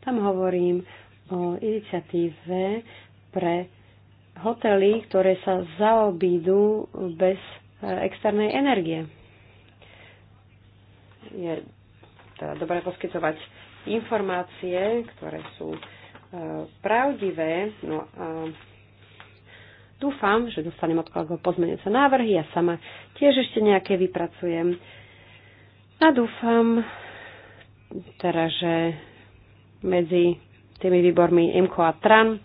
Speaker 1: tam hovorím o iniciatíve pre hotely, ktoré sa zaobídu bez e, externej energie. Je teda dobré poskytovať informácie, ktoré sú pravdivé. No, dúfam, že dostanem od kolegov pozmenujúce návrhy. Ja sama tiež ešte nejaké vypracujem. A dúfam, teda, že medzi tými výbormi MKO a TRAN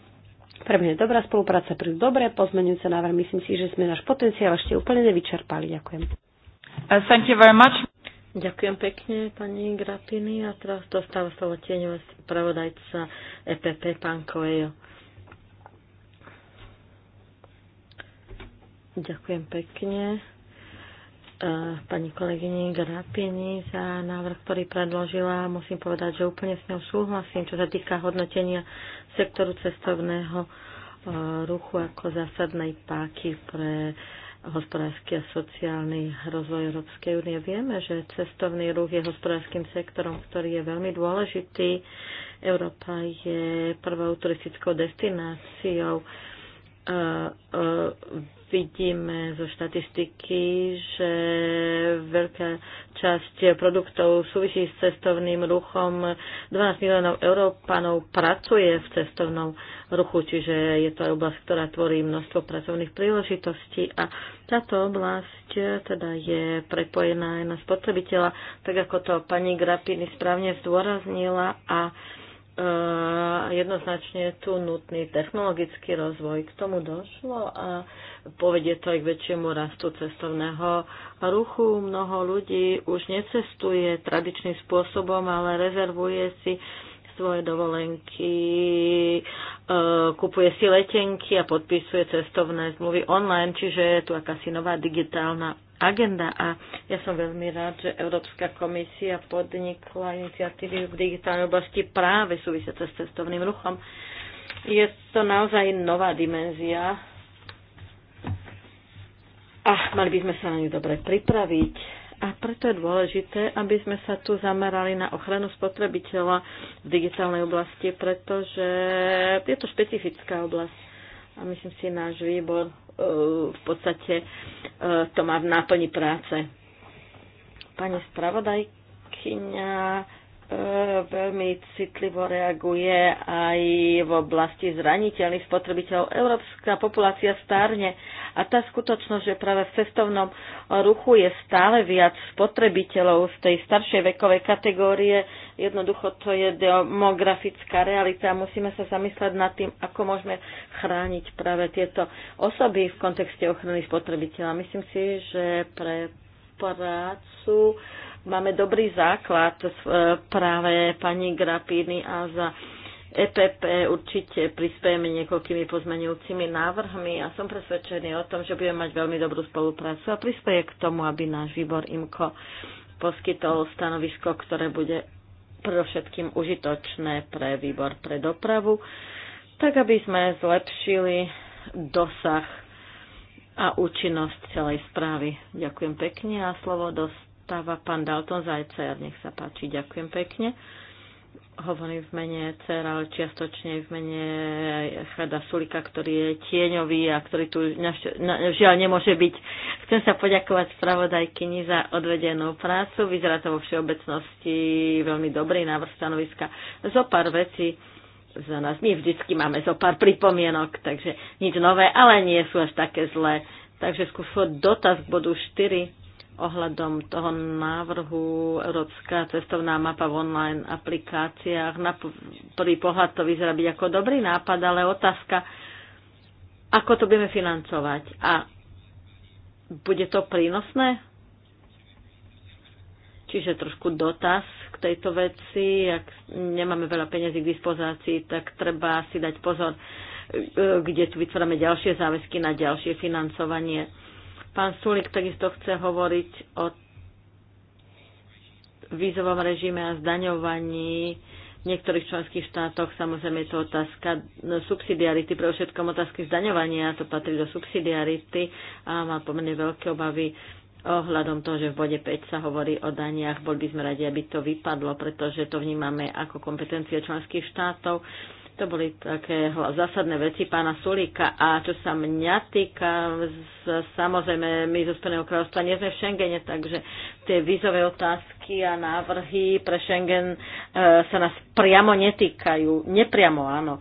Speaker 1: prebehne dobrá spolupráca, prídu dobré pozmenujúce návrhy. Myslím si, že sme náš potenciál ešte úplne nevyčerpali. Ďakujem. Uh, thank you
Speaker 4: very much. Ďakujem pekne, pani Grapini. A teraz dostáva slovo tieňové spravodajca EPP, pán Koejo. Ďakujem pekne e, pani kolegyni Grapini za návrh, ktorý predložila. Musím povedať, že úplne s ňou súhlasím, čo sa týka hodnotenia sektoru cestovného e, ruchu ako zásadnej páky pre uh, hospodársky a sociálny rozvoj Európskej únie. Vieme, že cestovný ruch je hospodárským sektorom, ktorý je veľmi dôležitý. Európa je prvou turistickou destináciou. E, e, vidíme zo štatistiky, že veľká časť produktov súvisí s cestovným ruchom. 12 miliónov Európanov pracuje v cestovnom ruchu, čiže je to aj oblasť, ktorá tvorí množstvo pracovných príležitostí a táto oblasť teda je prepojená aj na spotrebiteľa, tak ako to pani Grapini správne zdôraznila a E, jednoznačne tu nutný technologický rozvoj. K tomu došlo a povedie to aj k väčšiemu rastu cestovného ruchu. Mnoho ľudí už necestuje tradičným spôsobom, ale rezervuje si svoje dovolenky, e, kupuje si letenky a podpisuje cestovné zmluvy online, čiže je tu akási nová digitálna agenda. A ja som veľmi rád, že Európska komisia podnikla iniciatívy v digitálnej oblasti práve súvisiace s cestovným ruchom. Je to naozaj nová dimenzia a mali by sme sa na ňu dobre pripraviť. A preto je dôležité, aby sme sa tu zamerali na ochranu spotrebiteľa v digitálnej oblasti, pretože je to špecifická oblasť. A myslím si, náš výbor v podstate e, to má v náplni práce. Pani spravodajkyňa E, veľmi citlivo reaguje aj v oblasti zraniteľných spotrebiteľov. Európska populácia stárne a tá skutočnosť, že práve v cestovnom ruchu je stále viac spotrebiteľov z tej staršej vekovej kategórie, jednoducho to je demografická realita a musíme sa zamyslieť nad tým, ako môžeme chrániť práve tieto osoby v kontexte ochrany spotrebiteľa. Myslím si, že pre prácu máme dobrý základ e, práve pani Grapiny a za EPP určite prispieme niekoľkými pozmenujúcimi návrhmi a som presvedčený o tom, že budeme mať veľmi dobrú spoluprácu a prispieje k tomu, aby náš výbor IMKO poskytol stanovisko, ktoré bude predovšetkým užitočné pre výbor pre dopravu, tak aby sme zlepšili dosah a účinnosť celej správy. Ďakujem pekne a slovo dostávam dáva pán Dalton zajca ja Nech sa páči, ďakujem pekne. Hovorím v mene Cera, ale čiastočne v mene Chrada Sulika, ktorý je tieňový a ktorý tu žiaľ nemôže byť. Chcem sa poďakovať spravodajkyni za odvedenú prácu. Vyzerá to vo všeobecnosti veľmi dobrý návrh stanoviska. Zo pár vecí za nás. My vždycky máme zo pár pripomienok, takže nič nové, ale nie sú až také zlé. Takže skúšam dotaz k bodu 4 ohľadom toho návrhu Európska cestovná mapa v online aplikáciách. Na prvý pohľad to vyzerá byť ako dobrý nápad, ale otázka, ako to budeme financovať a bude to prínosné? Čiže trošku dotaz k tejto veci. Ak nemáme veľa peniazy k dispozácii, tak treba si dať pozor, e, kde tu vytvárame ďalšie záväzky na ďalšie financovanie Pán Sulik takisto chce hovoriť o vízovom režime a zdaňovaní v niektorých členských štátoch. Samozrejme je to otázka subsidiarity, pre všetkom otázky zdaňovania, to patrí do subsidiarity a má pomerne veľké obavy ohľadom toho, že v bode 5 sa hovorí o daniach. Bol by sme radi, aby to vypadlo, pretože to vnímame ako kompetencia členských štátov to boli také zásadné veci pána Sulíka. A čo sa mňa týka, samozrejme, my zo Spojeného kráľovstva nie sme v Schengene, takže tie vízové otázky a návrhy pre Schengen e, sa nás priamo netýkajú. Nepriamo, áno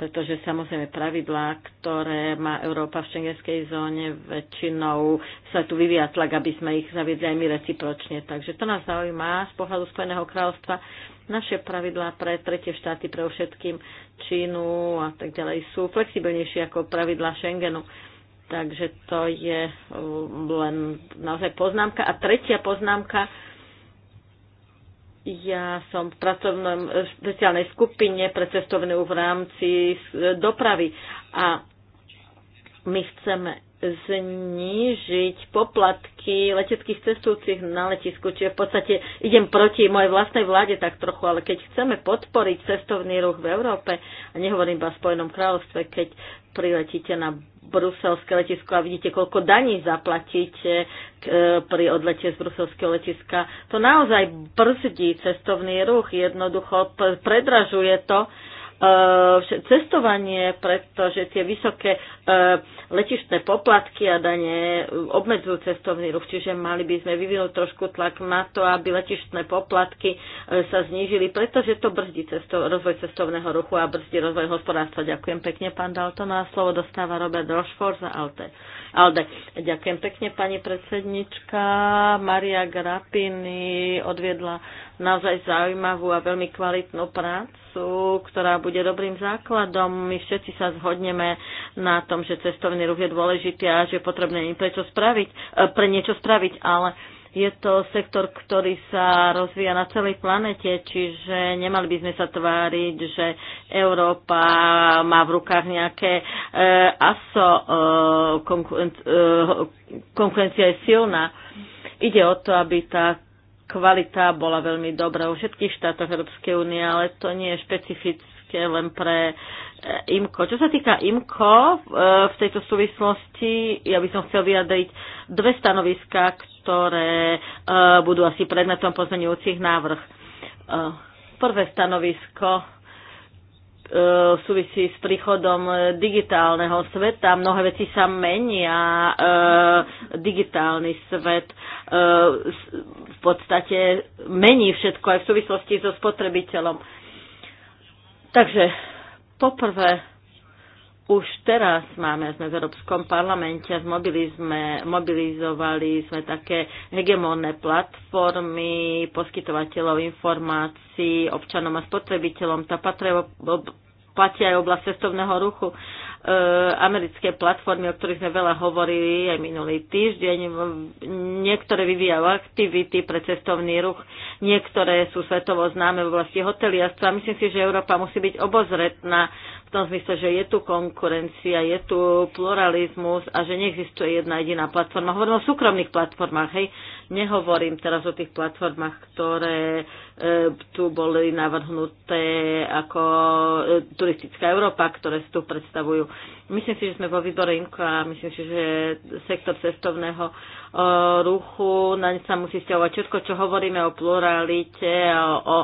Speaker 4: pretože samozrejme pravidlá, ktoré má Európa v šengenskej zóne, väčšinou sa tu vyvíja tlak, aby sme ich zaviedli aj my recipročne. Takže to nás zaujíma z pohľadu Spojeného kráľovstva. Naše pravidlá pre tretie štáty, pre všetkým Čínu a tak ďalej, sú flexibilnejšie ako pravidlá Schengenu. Takže to je um, len naozaj poznámka. A tretia poznámka, ja som v pracovnom špeciálnej eh, skupine pre cestovné v rámci eh, dopravy a my chceme znížiť poplatky leteckých cestujúcich na letisku. Čiže v podstate idem proti mojej vlastnej vláde tak trochu, ale keď chceme podporiť cestovný ruch v Európe, a nehovorím iba o Spojenom kráľovstve, keď priletíte na bruselské letisko a vidíte, koľko daní zaplatíte e, pri odlete z bruselského letiska, to naozaj brzdí cestovný ruch, jednoducho predražuje to Eh, cestovanie, pretože tie vysoké eh, letištné poplatky a dane eh, obmedzujú cestovný ruch, čiže mali by sme vyvinúť trošku tlak na to, aby letištné poplatky sa znížili, pretože to brzdí cesto- rozvoj cestovného ruchu a brzdí rozvoj hospodárstva. Ďakujem pekne, pán Dalton. A slovo dostáva Robert Rochefort za Alte. Alde. Ďakujem pekne, pani predsednička. Maria Grapini odviedla naozaj zaujímavú a veľmi kvalitnú prácu, ktorá bude dobrým základom. My všetci sa zhodneme na tom, že cestovný ruch je dôležitý a že je potrebné im pre, spraviť, eh, pre niečo spraviť, ale je to sektor, ktorý sa rozvíja na celej planete, čiže nemali by sme sa tváriť, že Európa má v rukách nejaké e, ASO, e, konkurenc, e, konkurencia je silná. Ide o to, aby tá kvalita bola veľmi dobrá vo všetkých štátoch Európskej únie, ale to nie je špecifické len pre e, IMCO. Čo sa týka IMCO, e, v tejto súvislosti ja by som chcel vyjadriť dve stanoviská, ktoré e, budú asi predmetom pozmeňujúcich návrh. E, prvé stanovisko e, súvisí s príchodom digitálneho sveta. Mnohé veci sa menia. Digitálny svet v podstate mení všetko aj v súvislosti so spotrebiteľom. Takže poprvé už teraz máme, sme v Európskom parlamente, mobilizovali sme také hegemónne platformy poskytovateľov informácií občanom a spotrebiteľom. Tá platia aj oblasť cestovného ruchu. E, americké platformy, o ktorých sme veľa hovorili aj minulý týždeň, niektoré vyvíjajú aktivity pre cestovný ruch, niektoré sú svetovo známe v oblasti hotelierstva. Myslím si, že Európa musí byť obozretná v tom zmysle, že je tu konkurencia, je tu pluralizmus a že neexistuje jedna jediná platforma. Hovorím o súkromných platformách, hej. Nehovorím teraz o tých platformách, ktoré e, tu boli navrhnuté ako e, turistická Európa, ktoré si tu predstavujú. Myslím si, že sme vo výbore INKO a myslím si, že sektor cestovného e, ruchu, na ne sa musí stiahovať všetko, čo hovoríme o pluralite, o, o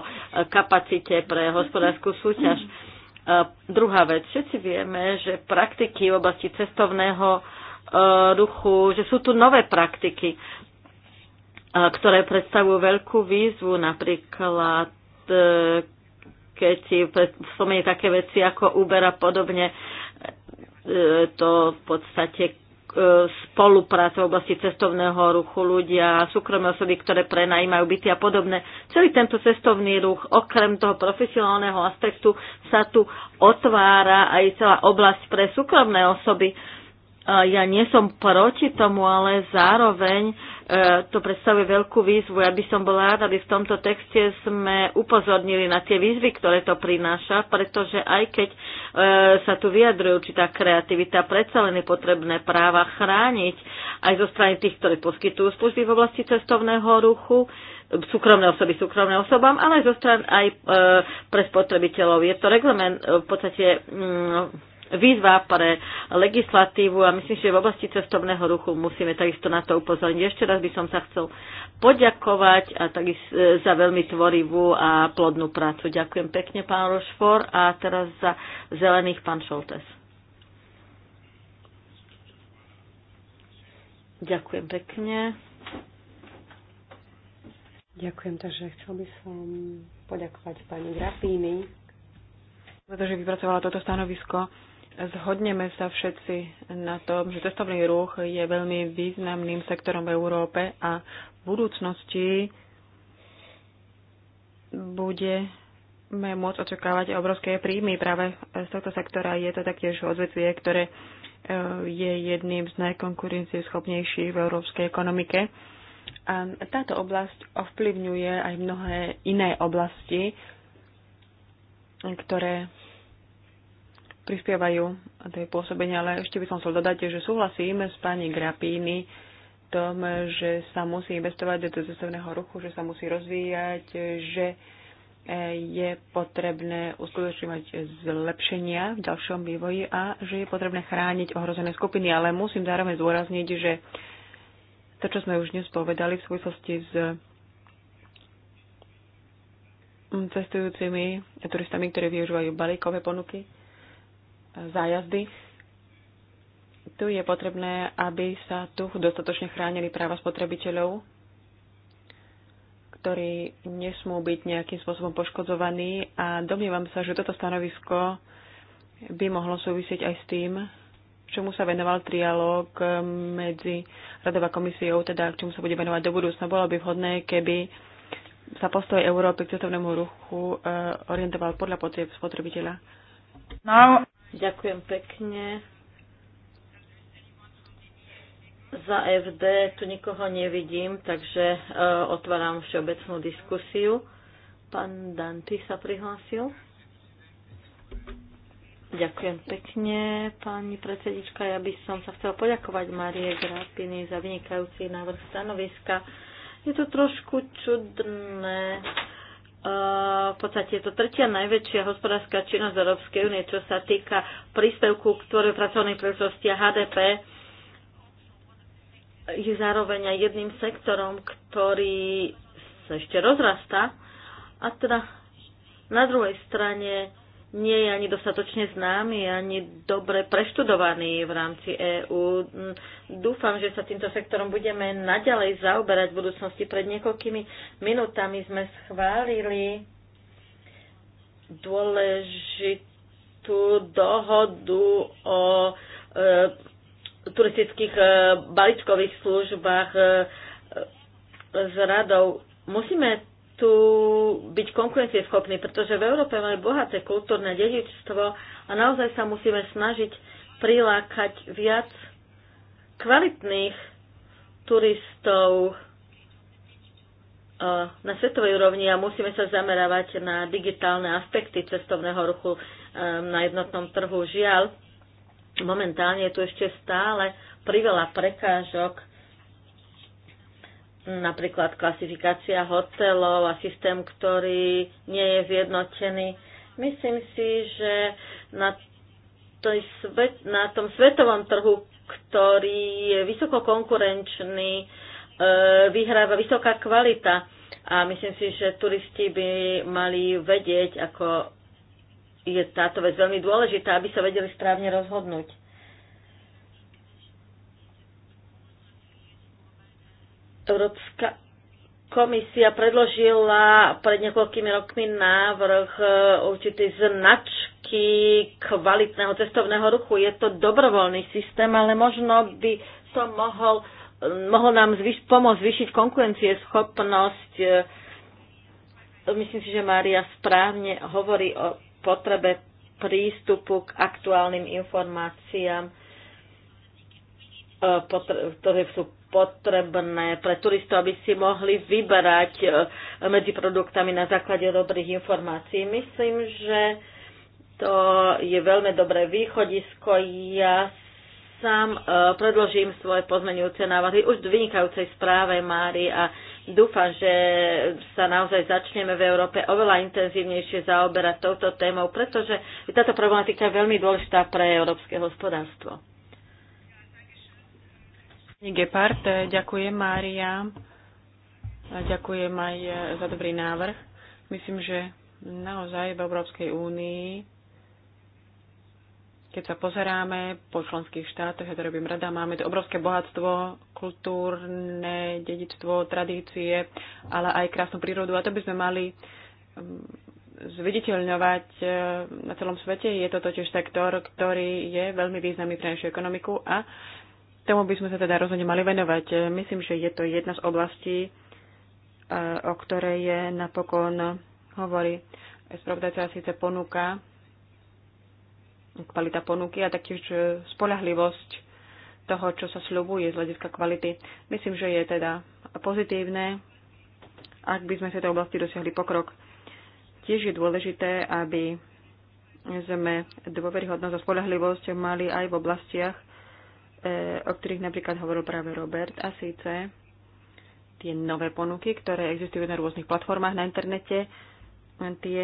Speaker 4: kapacite pre hospodárskú súťaž. Mm-hmm E, druhá vec, všetci vieme, že praktiky v oblasti cestovného e, ruchu, že sú tu nové praktiky, e, ktoré predstavujú veľkú výzvu, napríklad keď si spomenie také veci ako Uber a podobne, to v podstate E, spolupráce v oblasti cestovného ruchu, ľudia, súkromné osoby, ktoré prenajímajú byty a podobné, Celý tento cestovný ruch, okrem toho profesionálneho aspektu, sa tu otvára aj celá oblasť pre súkromné osoby ja nie som proti tomu, ale zároveň e, to predstavuje veľkú výzvu. Ja by som bola rád, aby v tomto texte sme upozornili na tie výzvy, ktoré to prináša, pretože aj keď e, sa tu vyjadruje určitá kreativita, predsa len je potrebné práva chrániť aj zo strany tých, ktorí poskytujú služby v oblasti cestovného ruchu, súkromné osoby súkromné osobám, ale aj zo stran aj e, pre spotrebiteľov. Je to reglement v podstate mm, výzva pre legislatívu a myslím, že v oblasti cestovného ruchu musíme takisto na to upozorniť. Ešte raz by som sa chcel poďakovať a takisto e, za veľmi tvorivú a plodnú prácu. Ďakujem pekne, pán Rošfor, a teraz za zelených pán Šoltes.
Speaker 1: Ďakujem pekne. Ďakujem, takže chcel by som poďakovať pani Grapíny, pretože vypracovala toto stanovisko. Zhodneme sa všetci na tom, že cestovný ruch je veľmi významným sektorom v Európe a v budúcnosti budeme môcť očakávať obrovské príjmy práve z tohto sektora. Je to taktiež odvetvie, ktoré e, je jedným z najkonkurencieschopnejších v európskej ekonomike. A táto oblasť ovplyvňuje aj mnohé iné oblasti, ktoré prispievajú do jej pôsobenia, ale ešte by som chcel dodať, že súhlasím s pani Grapíny v tom, že sa musí investovať do cestovného ruchu, že sa musí rozvíjať, že e, je potrebné uskutočňovať zlepšenia v ďalšom vývoji a že je potrebné chrániť ohrozené skupiny. Ale musím zároveň zdôrazniť, že to, čo sme už dnes povedali v súvislosti s cestujúcimi turistami, ktorí využívajú balíkové ponuky, zájazdy. Tu je potrebné, aby sa tu dostatočne chránili práva spotrebiteľov, ktorí nesmú byť nejakým spôsobom poškodzovaní a domnievam sa, že toto stanovisko by mohlo súvisieť aj s tým, čomu sa venoval trialóg medzi Radová komisiou, teda k čomu sa bude venovať do budúcna. Bolo by vhodné, keby sa postoj Európy k cestovnému ruchu eh, orientoval podľa potrieb spotrebiteľa.
Speaker 4: No. Ďakujem pekne. Za FD tu nikoho nevidím, takže eh, otváram všeobecnú diskusiu. Pán Danty sa prihlásil. Ďakujem pekne, pani predsedička. Ja by som sa chcela poďakovať Marie Grapiny za vynikajúci návrh stanoviska. Je to trošku čudné, v podstate je to tretia najväčšia hospodárska činnosť Európskej únie, čo sa týka príspevku ktoré pracovnej príležitosti a HDP je zároveň aj jedným sektorom, ktorý sa ešte rozrastá. A teda na druhej strane nie je ani dostatočne známy, ani dobre preštudovaný v rámci EÚ. Dúfam, že sa týmto sektorom budeme naďalej zaoberať v budúcnosti. Pred niekoľkými minutami sme schválili dôležitú dohodu o e, turistických e, balíčkových službách e, e, s radou. Musíme tu byť konkurencieschopní, pretože v Európe máme bohaté kultúrne dedičstvo a naozaj sa musíme snažiť prilákať viac kvalitných turistov eh, na svetovej úrovni a musíme sa zamerávať na digitálne aspekty cestovného ruchu eh, na jednotnom trhu. Žiaľ, momentálne je tu ešte stále priveľa prekážok napríklad klasifikácia hotelov a systém, ktorý nie je zjednotený. Myslím si, že na, svet, na tom svetovom trhu, ktorý je vysoko konkurenčný, e, vyhráva vysoká kvalita a myslím si, že turisti by mali vedieť, ako je táto vec veľmi dôležitá, aby sa vedeli správne rozhodnúť. Európska komisia predložila pred niekoľkými rokmi návrh e, určitej značky kvalitného cestovného ruchu. Je to dobrovoľný systém, ale možno by to mohol, mohol nám zvýš, pomôcť zvýšiť schopnosť. E, myslím si, že Mária správne hovorí o potrebe prístupu k aktuálnym informáciám, e, ktoré sú potrebné pre turistov, aby si mohli vyberať e, medzi produktami na základe dobrých informácií. Myslím, že to je veľmi dobré východisko. Ja sám e, predložím svoje pozmenujúce návrhy už v vynikajúcej správe Mári a dúfam, že sa naozaj začneme v Európe oveľa intenzívnejšie zaoberať touto témou, pretože táto problematika je veľmi dôležitá pre európske hospodárstvo.
Speaker 1: Vlastne Gepard, e, ďakujem Mária. A ďakujem aj e, za dobrý návrh. Myslím, že naozaj v Európskej únii, keď sa pozeráme po členských štátoch, ja to robím rada, máme to obrovské bohatstvo, kultúrne dedictvo, tradície, ale aj krásnu prírodu. A to by sme mali mm, zviditeľňovať e, na celom svete. Je to totiž sektor, ktorý je veľmi významný pre našu ekonomiku a Tomu by sme sa teda rozhodne mali venovať. Myslím, že je to jedna z oblastí, e, o ktorej je napokon hovorí spravodajca síce ponúka, kvalita ponuky a taktiež e, spolahlivosť toho, čo sa slubuje z hľadiska kvality. Myslím, že je teda pozitívne, ak by sme v tejto oblasti dosiahli pokrok. Tiež je dôležité, aby sme dôveryhodnosť a spolahlivosť mali aj v oblastiach, E, o ktorých napríklad hovoril práve Robert, a síce tie nové ponuky, ktoré existujú na rôznych platformách na internete, tie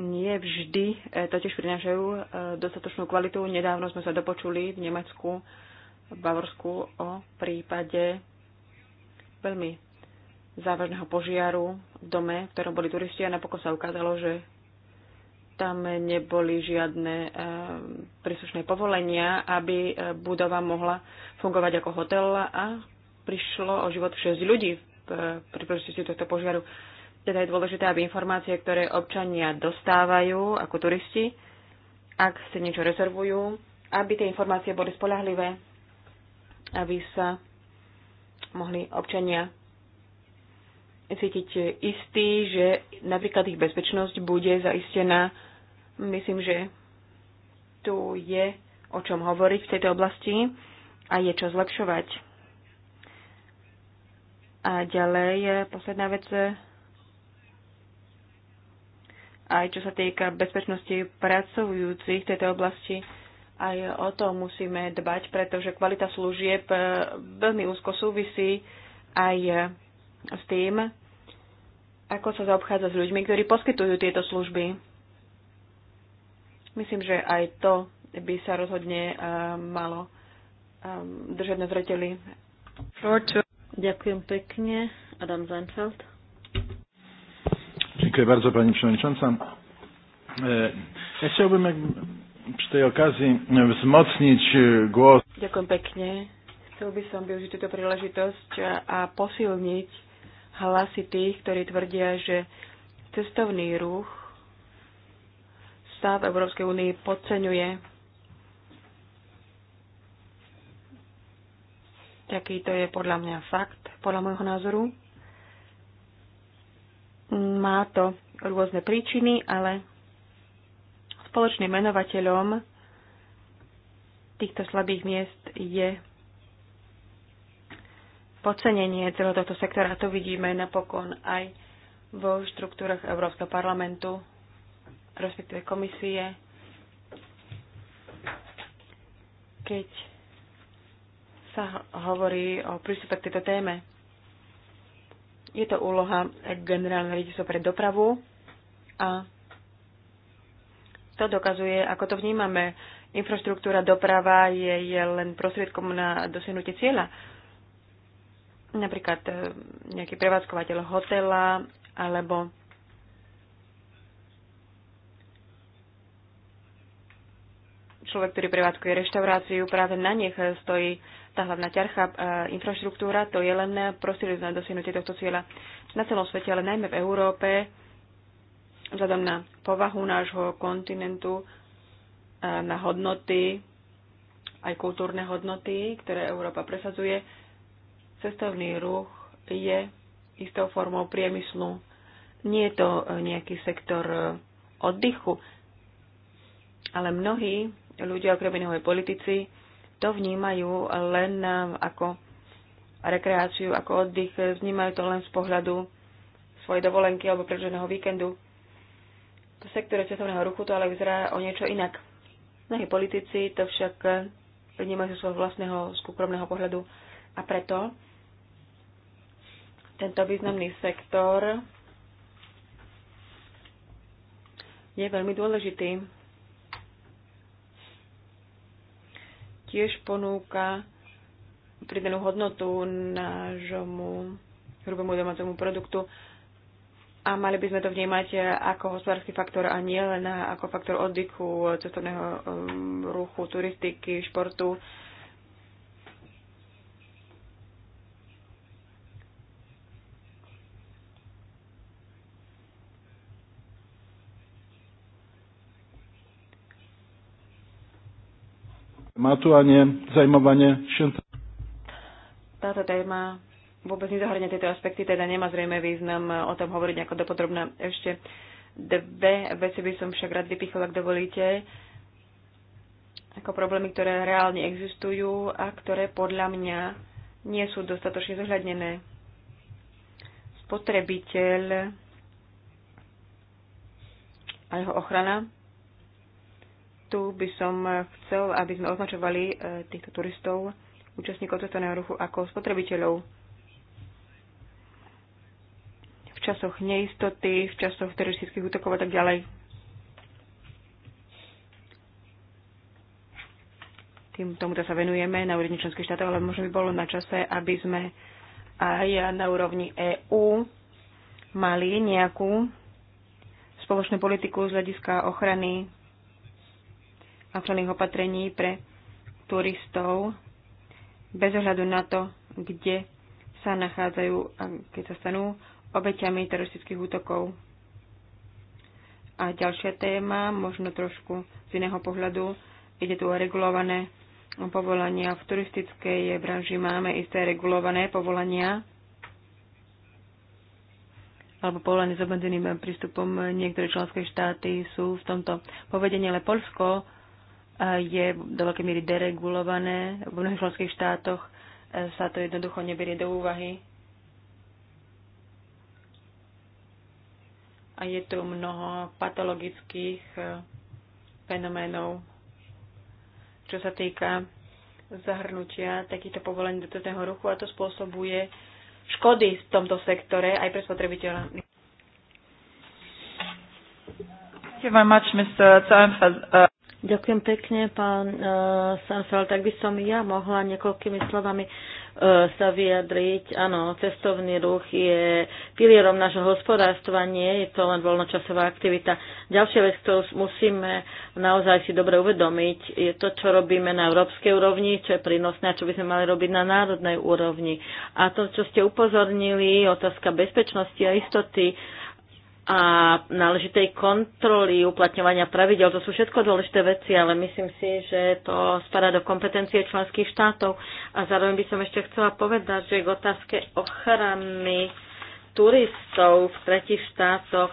Speaker 1: nie vždy e, totiž prinášajú e, dostatočnú kvalitu. Nedávno sme sa dopočuli v Nemecku, v Bavorsku o prípade veľmi závažného požiaru v dome, v ktorom boli turisti a napokon sa ukázalo, že tam neboli žiadne eh, príslušné povolenia, aby eh, budova mohla fungovať ako hotel a prišlo o život 6 ľudí eh, pri príležitosti tohto požiaru. Teda je dôležité, aby informácie, ktoré občania dostávajú ako turisti, ak si niečo rezervujú, aby tie informácie boli spolahlivé, aby sa mohli občania cítiť istý, že napríklad ich bezpečnosť bude zaistená. Myslím, že tu je o čom hovoriť v tejto oblasti a je čo zlepšovať. A ďalej, posledná vec, aj čo sa týka bezpečnosti pracujúcich v tejto oblasti, aj o to musíme dbať, pretože kvalita služieb eh, veľmi úzko súvisí aj s tým, ako sa zaobchádza s ľuďmi, ktorí poskytujú tieto služby. Myslím, že aj to by sa rozhodne uh, malo um, držať na zreteli. Ďakujem pekne. Adam Zeinfeld.
Speaker 3: Ďakujem bardzo Pani Przewodnicząca. Eh, ja chciałbym przy tej okazji wzmocnić głos.
Speaker 1: Ďakujem pekne. Chcel by som využiť túto príležitosť a posilniť hlasy tých, ktorí tvrdia, že cestovný ruch sa v Európskej únii podceňuje. Takýto je podľa mňa fakt, podľa môjho názoru. Má to rôzne príčiny, ale spoločným menovateľom týchto slabých miest je podcenenie celého tohto sektora. To vidíme napokon aj vo štruktúrach Európskeho parlamentu, respektíve komisie, keď sa hovorí o prístupe k tejto téme. Je to úloha generálneho riaditeľstva pre dopravu a to dokazuje, ako to vnímame. Infraštruktúra doprava je, je len prostriedkom na dosiahnutie cieľa napríklad e, nejaký prevádzkovateľ hotela alebo človek, ktorý prevádzkuje reštauráciu, práve na nich stojí tá hlavná ťarcha, e, infraštruktúra, to je len prostriedok na dosiahnutie tohto cieľa na celom svete, ale najmä v Európe, vzhľadom na povahu nášho kontinentu, e, na hodnoty, aj kultúrne hodnoty, ktoré Európa presadzuje, Cestovný ruch je istou formou priemyslu. Nie je to e, nejaký sektor e, oddychu, ale mnohí ľudia, okrem iného aj politici, to vnímajú len e, ako rekreáciu, ako oddych, vnímajú to len z pohľadu svojej dovolenky alebo predloženého víkendu. V sektore cestovného ruchu to ale vyzerá o niečo inak. Mnohí politici to však vnímajú zo svojho vlastného súkromného pohľadu a preto tento významný sektor je veľmi dôležitý. Tiež ponúka pridanú hodnotu nášmu hrubému domácemu produktu a mali by sme to vnímať ako hospodársky faktor a nie len ako faktor oddychu, cestovného um, ruchu, turistiky, športu.
Speaker 3: Má tu zajmovanie šenta.
Speaker 1: Táto téma vôbec nezahrania tieto aspekty, teda nemá zrejme význam eh, o tom hovoriť ako dopodrobná. Ešte dve veci by som však rád vypichol, ak dovolíte, ako problémy, ktoré reálne existujú a ktoré podľa mňa nie sú dostatočne zohľadnené. Spotrebiteľ a jeho ochrana tu by som chcel, aby sme označovali e, týchto turistov, účastníkov cestovného ruchu ako spotrebiteľov. V časoch neistoty, v časoch teroristických útokov a tak ďalej. Tým tomuto teda sa venujeme na úrovni členských štátov, ale možno by bolo na čase, aby sme aj na úrovni EÚ mali nejakú spoločnú politiku z hľadiska ochrany ochranných opatrení pre turistov bez ohľadu na to, kde sa nachádzajú a keď sa stanú obeťami teroristických útokov. A ďalšia téma, možno trošku z iného pohľadu, ide tu o regulované povolania. V turistickej branži máme isté regulované povolania alebo povolanie s obmedzeným prístupom. Niektoré členské štáty sú v tomto povedení, ale Polsko je do veľkej míry deregulované. V mnohých členských štátoch e, sa to jednoducho neberie do úvahy. A je tu mnoho patologických e, fenoménov, čo sa týka zahrnutia takýchto povolení do cestného ruchu a to spôsobuje škody v tomto sektore aj pre spotrebiteľa. Thank you very much, Mr. Steinfeld. Uh,
Speaker 4: Ďakujem pekne, pán uh, eh, Sanfeld. Tak by som ja mohla niekoľkými slovami uh, sa vyjadriť. Áno, cestovný ruch je pilierom nášho hospodárstva, nie je to len voľnočasová aktivita. Ďalšia vec, ktorú musíme naozaj si dobre uvedomiť, je to, čo robíme na európskej úrovni, čo je prínosné a čo by sme mali robiť na národnej úrovni. A to, čo ste upozornili, otázka bezpečnosti a istoty, uh, a náležitej kontroly uplatňovania pravidel. To sú všetko dôležité veci, ale myslím si, že to spadá do kompetencie členských štátov. A zároveň by som ešte chcela povedať, že k otázke ochrany turistov v tretich štátoch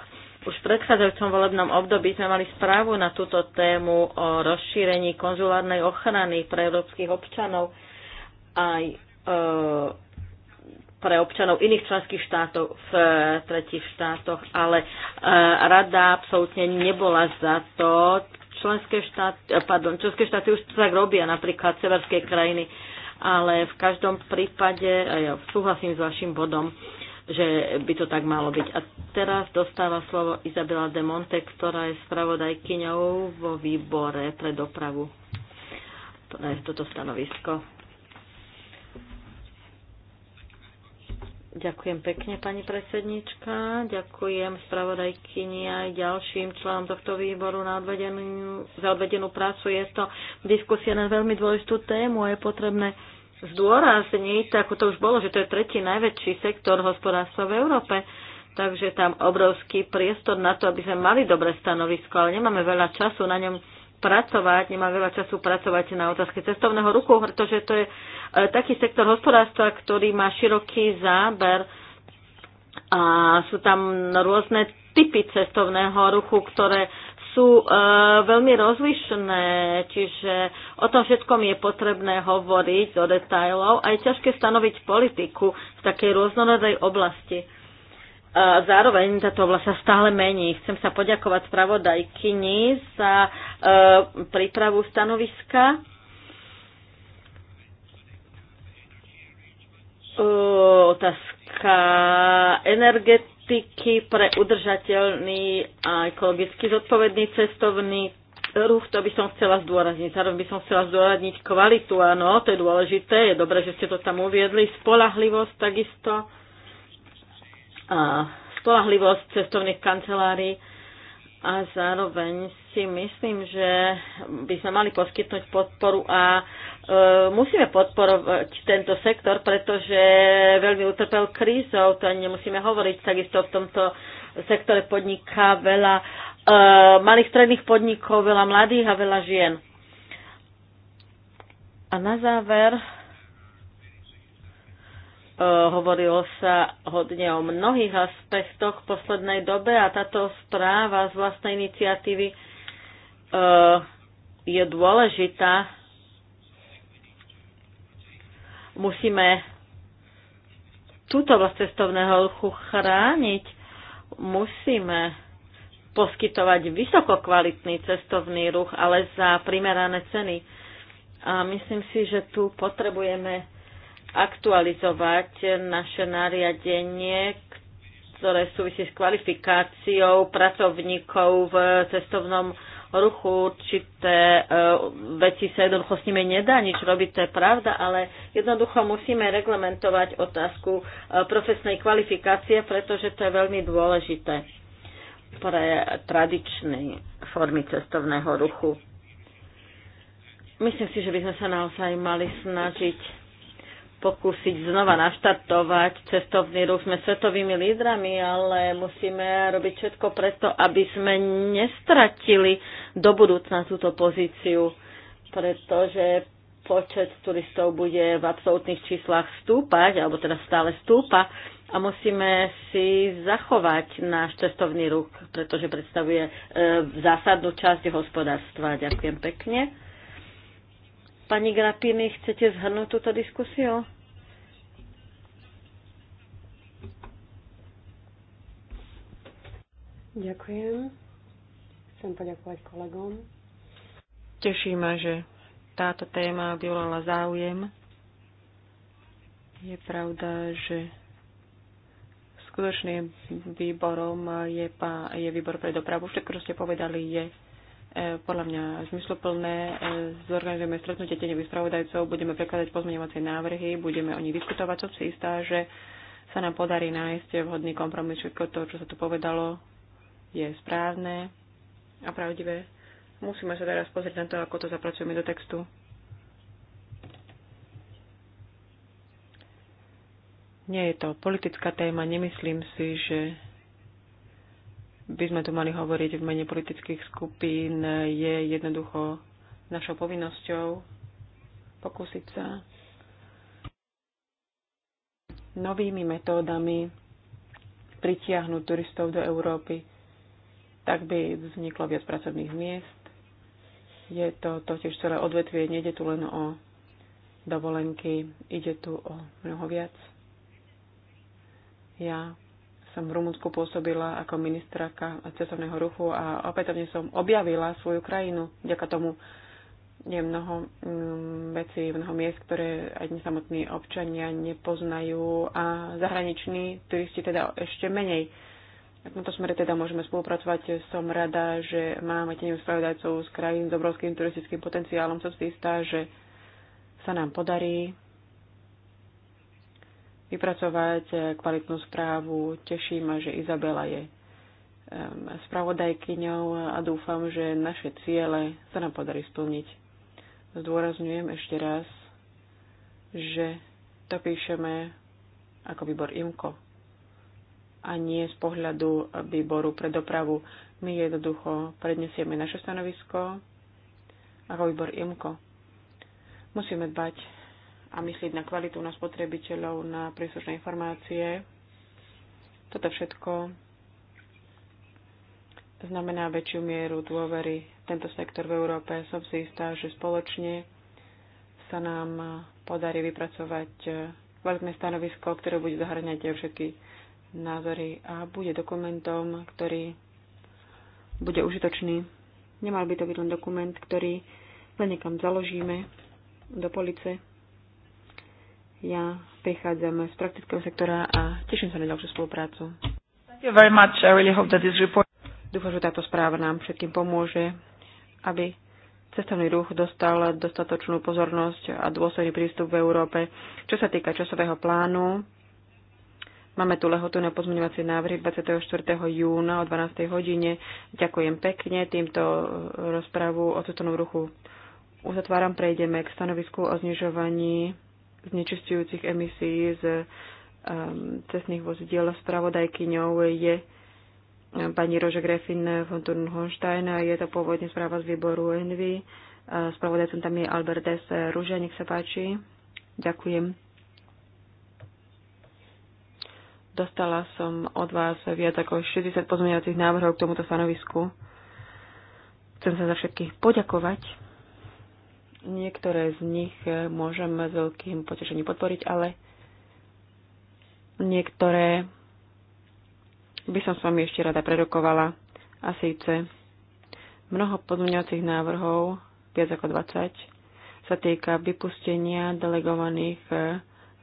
Speaker 4: už v predchádzajúcom volebnom období sme mali správu na túto tému o rozšírení konzulárnej ochrany pre európskych občanov aj e, pre občanov iných členských štátov v eh, tretich štátoch, ale eh, rada absolútne nebola za to. Členské štáty, eh, pardon, členské štáty už to tak robia, napríklad severské krajiny, ale v každom prípade, a ja súhlasím s vašim bodom, že by to tak malo byť. A teraz dostáva slovo Izabela de Monte, ktorá je spravodajkyňou vo výbore pre dopravu. je toto stanovisko. Ďakujem pekne, pani predsednička. Ďakujem spravodajkyni aj ďalším členom tohto výboru na odvedenú, za odvedenú prácu. Je to diskusia na veľmi dôležitú tému a je potrebné zdôrazniť, ako to už bolo, že to je tretí najväčší sektor hospodárstva v Európe. Takže tam obrovský priestor na to, aby sme mali dobré stanovisko, ale nemáme veľa času na ňom pracovať, nemá veľa času pracovať na otázke cestovného ruchu, pretože to je e, taký sektor hospodárstva, ktorý má široký záber a sú tam rôzne typy cestovného ruchu, ktoré sú e, veľmi rozlišné, čiže o tom všetkom je potrebné hovoriť do detajlov a je ťažké stanoviť politiku v takej rôznorodej oblasti a zároveň táto to vlastne stále mení. Chcem sa poďakovať spravodajkyni za e, prípravu stanoviska. E, otázka energetiky pre udržateľný a ekologicky zodpovedný cestovný ruch, to by som chcela zdôrazniť. Zároveň by som chcela zdôrazniť kvalitu, áno, to je dôležité, je dobré, že ste to tam uviedli, spolahlivosť takisto spolahlivosť cestovných kancelárií a zároveň si myslím, že by sme mali poskytnúť podporu a e, musíme podporovať tento sektor, pretože veľmi utrpel krízou, to ani nemusíme hovoriť, takisto v tomto sektore podniká veľa e, malých stredných podnikov, veľa mladých a veľa žien. A na záver E, hovorilo sa hodne o mnohých aspektoch v poslednej dobe a táto správa z vlastnej iniciatívy e, je dôležitá. Musíme túto vlast cestovného ruchu chrániť. Musíme poskytovať vysokokvalitný cestovný ruch, ale za primerané ceny. A myslím si, že tu potrebujeme aktualizovať naše nariadenie, ktoré súvisí s kvalifikáciou pracovníkov v cestovnom ruchu určité e, veci sa jednoducho s nimi nedá nič robiť, to je pravda, ale jednoducho musíme reglementovať otázku e, profesnej kvalifikácie, pretože to je veľmi dôležité pre tradičné formy cestovného ruchu. Myslím si, že by sme sa naozaj mali snažiť pokúsiť znova naštartovať cestovný ruch. Sme svetovými lídrami, ale musíme robiť všetko preto, aby sme nestratili do budúcna túto pozíciu, pretože počet turistov bude v absolútnych číslach stúpať, alebo teda stále stúpa a musíme si zachovať náš cestovný ruch, pretože predstavuje e, zásadnú časť hospodárstva. Ďakujem pekne. Pani Grapiny, chcete zhrnúť túto diskusiu?
Speaker 1: Ďakujem. Chcem poďakovať kolegom. Teší ma, že táto téma vyvolala záujem. Je pravda, že skutočným výborom je, pá, je výbor pre dopravu. Všetko, čo ste povedali, je E, podľa mňa zmysloplné. E, zorganizujeme stretnutie tenevých spravodajcov, budeme prekladať pozmeňovacie návrhy, budeme o nich diskutovať. Som si istá, že sa nám podarí nájsť vhodný kompromis. Všetko to, čo sa tu povedalo, je správne a pravdivé. Musíme sa teraz pozrieť na to, ako to zapracujeme do textu. Nie je to politická téma, nemyslím si, že by sme tu mali hovoriť v mene politických skupín, je jednoducho našou povinnosťou pokúsiť sa novými metódami pritiahnuť turistov do Európy. Tak by vzniklo viac pracovných miest. Je to totiž celé odvetvie, nejde tu len o dovolenky, ide tu o mnoho viac. Ja som v Rumunsku pôsobila ako ministraka cestovného ruchu a opätovne som objavila svoju krajinu. Vďaka tomu je mnoho mm, vecí, mnoho miest, ktoré aj dnes samotní občania nepoznajú a zahraniční turisti teda ešte menej. V tomto smere teda môžeme spolupracovať. Som rada, že máme tieňov spravodajcov z krajín s obrovským turistickým potenciálom. Som si istá, že sa nám podarí vypracovať eh, kvalitnú správu. Teší ma, že Izabela je spravodajkyňou a dúfam, že naše ciele sa nám podarí splniť. Zdôrazňujem ešte raz, že to píšeme ako výbor IMKO a nie z pohľadu výboru pre dopravu. My jednoducho prednesieme naše stanovisko ako výbor IMKO. Musíme dbať a myslieť na kvalitu, na spotrebiteľov, na príslušné informácie. Toto všetko znamená väčšiu mieru dôvery tento sektor v Európe. Som si istá, že spoločne sa nám podarí vypracovať veľké stanovisko, ktoré bude zahrňať všetky názory a bude dokumentom, ktorý bude užitočný. Nemal by to byť len dokument, ktorý len niekam založíme do police, ja prichádzam z praktického sektora a teším sa na ďalšiu spoluprácu.
Speaker 2: Thank you very much.
Speaker 1: I really hope that this report... Dúfam, že táto správa nám všetkým pomôže, aby cestovný ruch dostal dostatočnú pozornosť a dôsledný prístup v Európe. Čo sa týka časového plánu, máme tu lehotu na pozmeňovacie návrhy 24. júna o 12. hodine. Ďakujem pekne, týmto rozpravu o cestovnom ruchu uzatváram, prejdeme k stanovisku o znižovaní znečistujúcich emisí z um, cestných vozidiel. Spravodajkyňou je um, pani Rože Grefin von a Je to pôvodne správa z výboru Envy. Spravodajcom tam je Albert S. Ruže, nech sa páči. Ďakujem. Dostala som od vás viac ako 60 pozmeňovacích návrhov k tomuto stanovisku. Chcem sa za všetkých poďakovať. Niektoré z nich môžem s veľkým potešením podporiť, ale niektoré by som s vami ešte rada prerokovala. A síce mnoho pozmeňovacích návrhov, viac ako 20, sa týka vypustenia delegovaných e,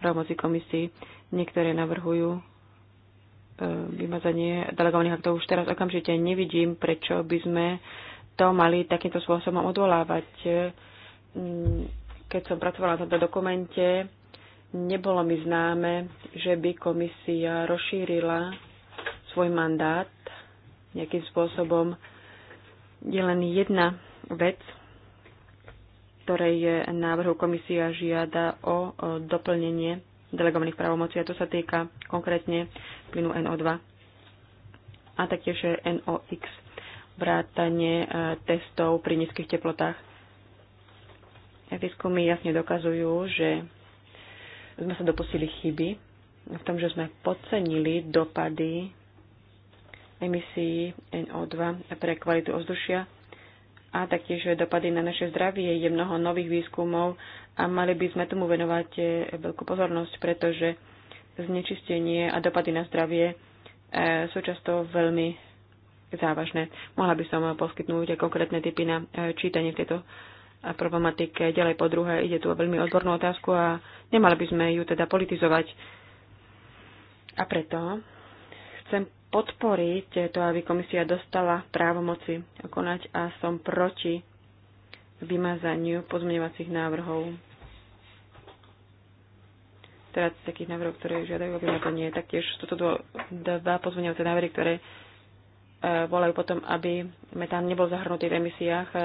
Speaker 1: rámci komisii. Niektoré navrhujú e, vymazanie delegovaných aktov. Už teraz okamžite nevidím, prečo by sme to mali takýmto spôsobom odvolávať. E, Mm, keď som pracovala na tomto dokumente, nebolo mi známe, že by komisia rozšírila svoj mandát nejakým spôsobom. Je len jedna vec, ktorej je návrhu komisia žiada o doplnenie delegovaných právomocí a to sa týka konkrétne plynu NO2 a taktiež NOx vrátanie e, testov pri nízkych teplotách. Výskumy jasne dokazujú, že sme sa dopustili chyby v tom, že sme podcenili dopady emisí NO2 pre kvalitu ovzdušia a taktiež dopady na naše zdravie. Je mnoho nových výskumov a mali by sme tomu venovať eh, veľkú pozornosť, pretože znečistenie a dopady na zdravie eh, sú často veľmi závažné. Mohla by som poskytnúť konkrétne typy na eh, čítanie v tejto a problematike. Ďalej po druhé, ide tu o veľmi odbornú otázku a nemali by sme ju teda politizovať. A preto chcem podporiť to, aby komisia dostala právomoci konať a som proti vymazaniu pozmeňovacích návrhov. Teda takých návrhov, ktoré žiadajú, aby na to nie. Taktiež sú to dva pozmeňovacie návrhy, ktoré E, volajú potom, aby metán nebol zahrnutý v emisiách, e,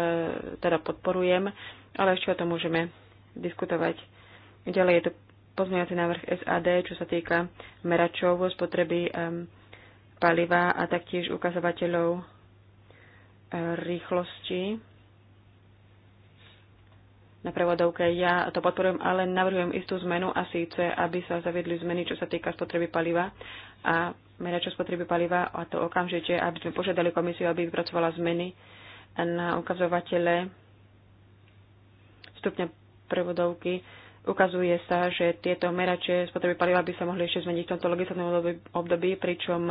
Speaker 1: teda podporujem, ale ešte o tom môžeme diskutovať. Ďalej je tu pozmeňovací návrh SAD, čo sa týka meračov spotreby e, paliva a taktiež ukazovateľov rýchlosti na prevodovke. Ja to podporujem, ale navrhujem istú zmenu a síce, aby sa zaviedli zmeny, čo sa týka spotreby paliva a merača spotreby paliva a to okamžite, aby sme požiadali komisiu, aby vypracovala zmeny na ukazovatele stupňa prevodovky. Ukazuje sa, že tieto merače spotreby paliva by sa mohli ešte zmeniť v tomto legislatívnom období, pričom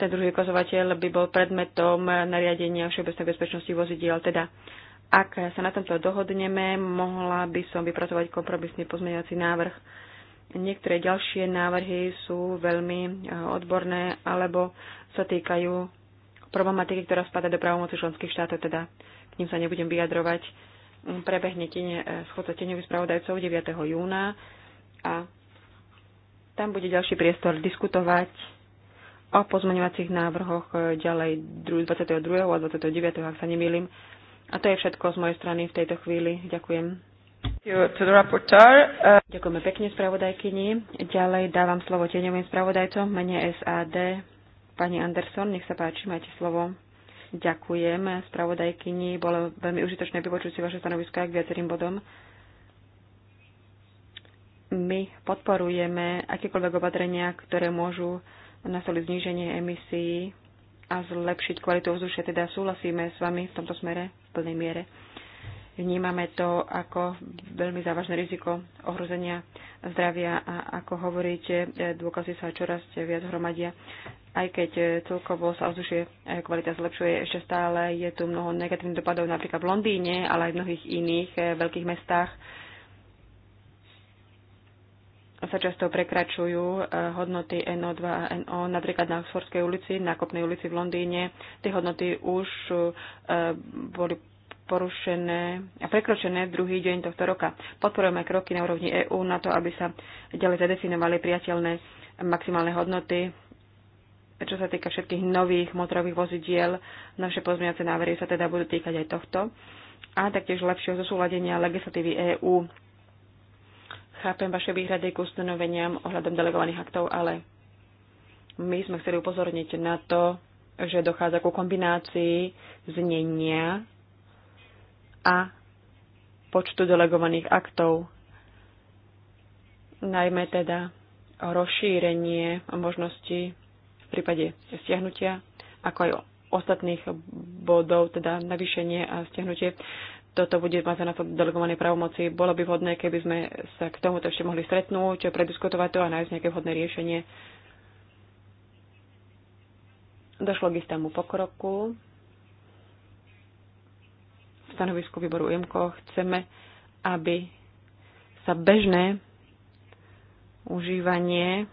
Speaker 1: ten druhý ukazovateľ by bol predmetom nariadenia všeobecnej bezpečnosti vozidiel. Teda, ak sa na tomto dohodneme, mohla by som vypracovať kompromisný pozmeňovací návrh Niektoré ďalšie návrhy sú veľmi e, odborné alebo sa týkajú problematiky, ktorá spada do právomoci členských štátov, teda k ním sa nebudem vyjadrovať. Mm, prebehne tieň, e, schodca tieňových spravodajcov 9. júna a tam bude ďalší priestor diskutovať o pozmeňovacích návrhoch e, ďalej 22. a 29. ak sa nemýlim. A to je všetko z mojej strany v tejto chvíli. Ďakujem.
Speaker 2: Uh,
Speaker 1: Ďakujeme pekne spravodajkyni. Ďalej dávam slovo tieňovým spravodajcom mene SAD. Pani Anderson, nech sa páči, máte slovo. Ďakujem spravodajkyni. Bolo veľmi užitočné vypočuť si vaše stanoviska, k viacerým bodom. My podporujeme akékoľvek opatrenia, ktoré môžu nastoliť zníženie emisí a zlepšiť kvalitu ovzdušia. Teda súhlasíme s vami v tomto smere v plnej miere. Vnímame to ako veľmi závažné riziko ohrozenia zdravia a ako hovoríte, e, dôkazy sa čoraz viac hromadia. Aj keď e, celkovo sa ovzdušie e, kvalita zlepšuje, ešte stále je tu mnoho negatívnych dopadov napríklad v Londýne, ale aj v mnohých iných veľkých mestách sa často prekračujú hodnoty NO2 a NO, napríklad na Oxfordskej ulici, na Kopnej ulici v Londýne. Tie hodnoty už boli porušené a prekročené druhý deň tohto roka. Podporujeme kroky na úrovni EÚ na to, aby sa ďalej zadefinovali priateľné maximálne hodnoty, čo sa týka všetkých nových motorových vozidiel. Naše pozmeňovacie návrhy sa teda budú týkať aj tohto a taktiež lepšieho zosúladenia legislatívy EÚ. Chápem vaše výhrady k ustanoveniam ohľadom delegovaných aktov, ale my sme chceli upozorniť na to, že dochádza ku kombinácii znenia a počtu delegovaných aktov. Najmä teda rozšírenie možností v prípade stiahnutia, ako aj ostatných bodov, teda navýšenie a stiahnutie. Toto bude mať na následok delegované pravomoci. Bolo by vhodné, keby sme sa k tomuto ešte mohli stretnúť, prediskutovať to a nájsť nejaké vhodné riešenie. Došlo k istému pokroku stanovisku výboru IMKO chceme, aby sa bežné užívanie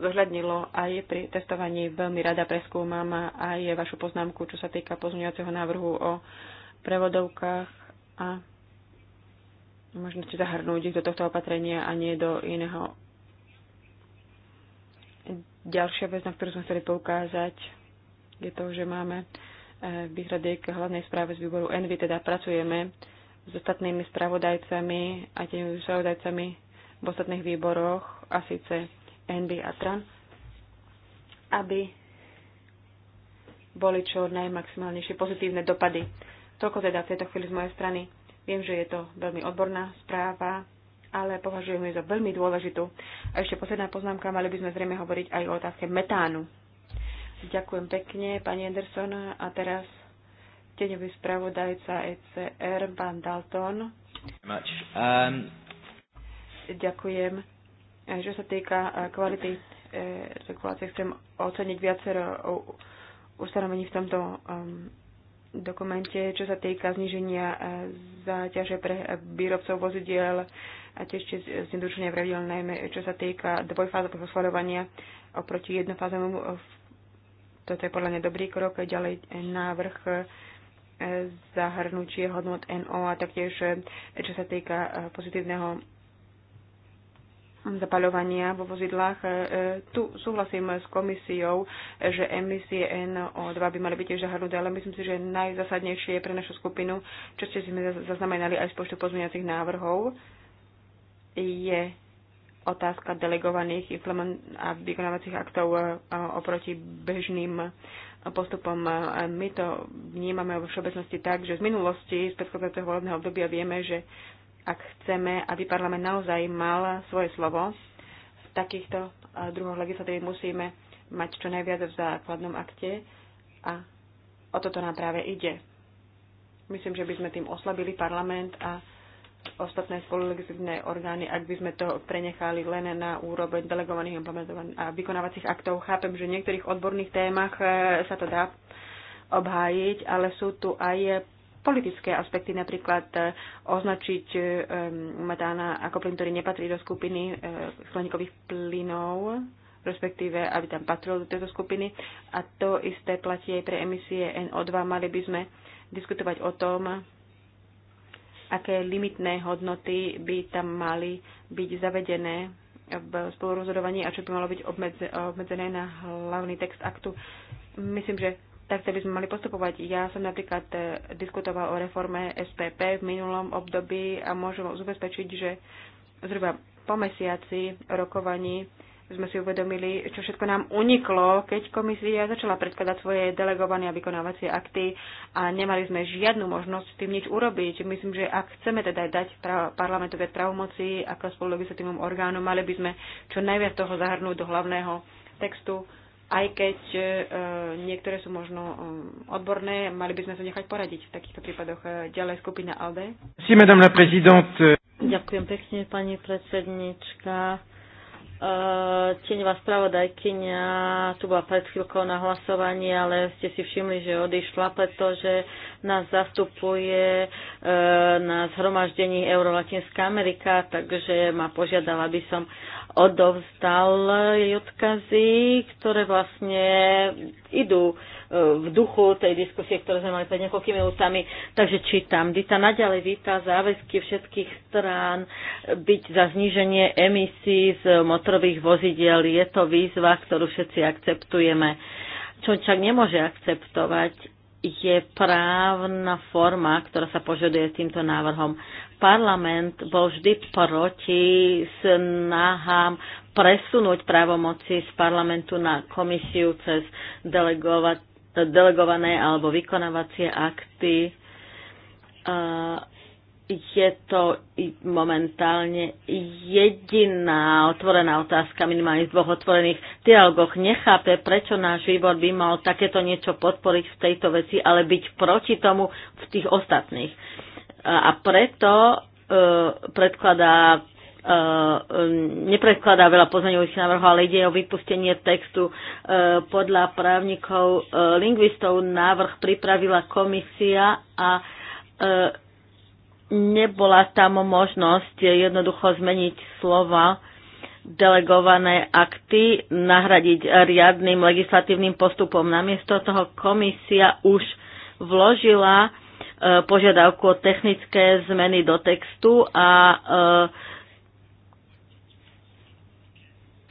Speaker 1: zohľadnilo aj pri testovaní. Veľmi rada preskúmam aj vašu poznámku, čo sa týka pozmeňovacieho návrhu o prevodovkách a možnosti zahrnúť ich do tohto opatrenia a nie do iného. Ďalšia vec, na ktorú sme chceli poukázať, je to, že máme výhrady k hlavnej správe z výboru Envy, teda pracujeme s ostatnými spravodajcami a tými spravodajcami v ostatných výboroch, a síce Envy a Tran, aby boli čo najmaximálnejšie pozitívne dopady. Toľko teda v tejto chvíli z mojej strany. Viem, že je to veľmi odborná správa, ale považujem ju za veľmi dôležitú. A ešte posledná poznámka, mali by sme zrejme hovoriť aj o otázke metánu Ďakujem pekne, pani Anderson. A teraz tenevý spravodajca ECR, pán Dalton. Um... Ďakujem. E, čo sa týka e, kvality e, regulácie, chcem oceniť viacero ustanovení v tomto um, dokumente, čo sa týka zniženia záťaže pre výrobcov vozidiel a tiež zjednodušenia pravidel, najmä čo sa týka dvojfázového schvaľovania oproti jednofázovému toto je podľa mňa dobrý krok. Ďalej e, návrh e, zahrnutie hodnot NO a taktiež, e, čo sa týka pozitívneho zapaľovania vo vozidlách. Tu súhlasím s komisiou, že emisie NO2 by mali byť tiež zahrnuté, ale myslím si, že najzasadnejšie pre našu skupinu, čo ste si zaznamenali aj z počtu pozmeňacích návrhov, je otázka delegovaných a vykonávacích aktov e, e, oproti bežným postupom. E, my to vnímame vo všeobecnosti tak, že z minulosti, z predchádzajúceho volebného obdobia vieme, že ak chceme, aby parlament naozaj mal svoje slovo, v takýchto druhoch legislatívy musíme mať čo najviac v základnom akte a o toto nám práve ide. Myslím, že by sme tým oslabili parlament a ostatné spolulegislatívne orgány, ak by sme to prenechali len na úroveň delegovaných implementovaných a vykonávacích aktov. Chápem, že v niektorých odborných témach e, sa to dá obhájiť, ale sú tu aj politické aspekty, napríklad e, označiť e, metána ako plyn, ktorý nepatrí do skupiny skleníkových plynov, respektíve aby tam patril do tejto skupiny. A to isté platí aj pre emisie NO2. Mali by sme diskutovať o tom, aké limitné hodnoty by tam mali byť zavedené v spolurozhodovaní a čo by malo byť obmedzené na hlavný text aktu. Myslím, že takto by sme mali postupovať. Ja som napríklad eh, diskutoval o reforme SPP v minulom období a môžem ubezpečiť, že zhruba po mesiaci rokovaní sme si uvedomili, čo všetko nám uniklo, keď komisia začala predkladať svoje delegované a vykonávacie akty a nemali sme žiadnu možnosť s tým nič urobiť. Myslím, že ak chceme teda dať parlamentu viac právomocí ako spolulegislatívnom orgánu, mali by sme čo najviac toho zahrnúť do hlavného textu, aj keď e, niektoré sú možno e, odborné, mali by sme sa nechať poradiť v takýchto prípadoch. E, ďalej skupina ALDE. Si, madame la Ďakujem pekne,
Speaker 4: pani predsednička. Eh, tieňová spravodajkynia tu bola pred chvíľkou na hlasovaní, ale ste si všimli, že odišla, pretože nás zastupuje eh, na zhromaždení Eurolatinská Amerika, takže ma požiadala, aby som eh, odovzdal jej odkazy, ktoré vlastne idú e, v duchu tej diskusie, ktoré sme mali pred niekoľkými minútami. Takže čítam. Dita naďalej víta záväzky všetkých strán byť za zníženie emisí z motorových vozidiel. Je to výzva, ktorú všetci akceptujeme. Čo však nemôže akceptovať je právna forma, ktorá sa požaduje s týmto návrhom. Parlament bol vždy proti snahám presunúť právomoci z parlamentu na komisiu cez delegované alebo vykonávacie akty. Uh, je to momentálne jediná otvorená otázka minimálne z dvoch otvorených dialogoch. Nechápe, prečo náš výbor by mal takéto niečo podporiť v tejto veci, ale byť proti tomu v tých ostatných. A preto e, predkladá e, nepredkladá veľa pozmeňujúcich návrhov, ale ide o vypustenie textu. E, podľa právnikov e, lingvistov návrh pripravila komisia a nebola tam možnosť jednoducho zmeniť slova delegované akty, nahradiť riadným legislatívnym postupom. Namiesto toho komisia už vložila e, požiadavku o technické zmeny do textu a e,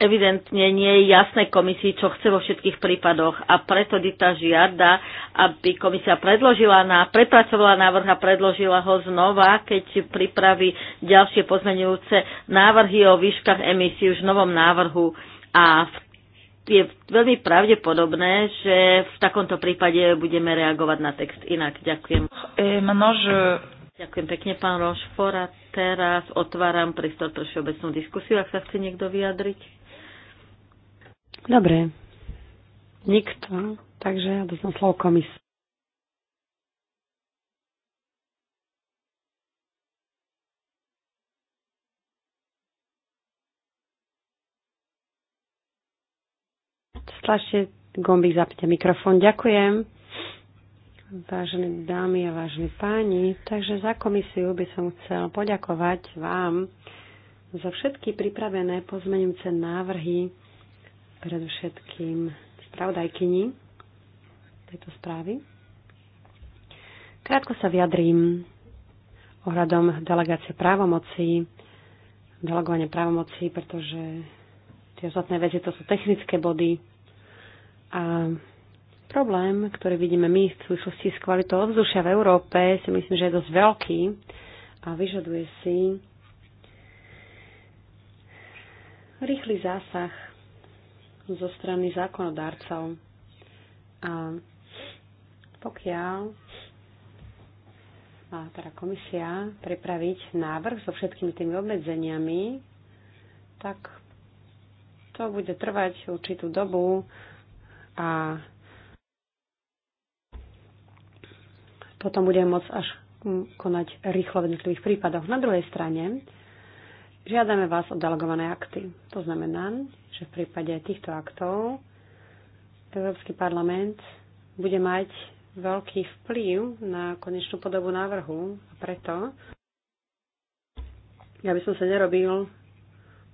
Speaker 4: evidentne nie je jasné komisii, čo chce vo všetkých prípadoch a preto Dita žiada, aby komisia predložila na, prepracovala návrh a predložila ho znova, keď pripraví ďalšie pozmenujúce návrhy o výškach emisí už v novom návrhu a je veľmi pravdepodobné, že v takomto prípade budeme reagovať na text inak. Ďakujem. E, e, Ďakujem pekne, pán Rošfor. A teraz otváram priestor pre všeobecnú diskusiu, ak sa chce niekto vyjadriť.
Speaker 1: Dobre. Nikto. Takže ja doznam slovo komis. Stlačte gombík, zapnite mikrofón. Ďakujem. Vážené dámy a vážení páni, takže za komisiu by som chcel poďakovať vám za všetky pripravené pozmenujúce návrhy predovšetkým spravodajkyni tejto správy. Krátko sa vyjadrím ohľadom delegácie právomocí, delegovanie právomocí, pretože tie ostatné veci to sú technické body a problém, ktorý vidíme my v súvislosti s kvalitou ovzdušia v Európe, si myslím, že je dosť veľký a vyžaduje si rýchly zásah zo strany zákonodárcov. A pokiaľ má teda komisia pripraviť návrh so všetkými tými obmedzeniami, tak to bude trvať určitú dobu a potom bude môcť až konať rýchlo v jednotlivých prípadoch. Na druhej strane, Žiadame vás o delegované akty. To znamená, že v prípade týchto aktov Európsky parlament bude mať veľký vplyv na konečnú podobu návrhu a preto ja by som sa nerobil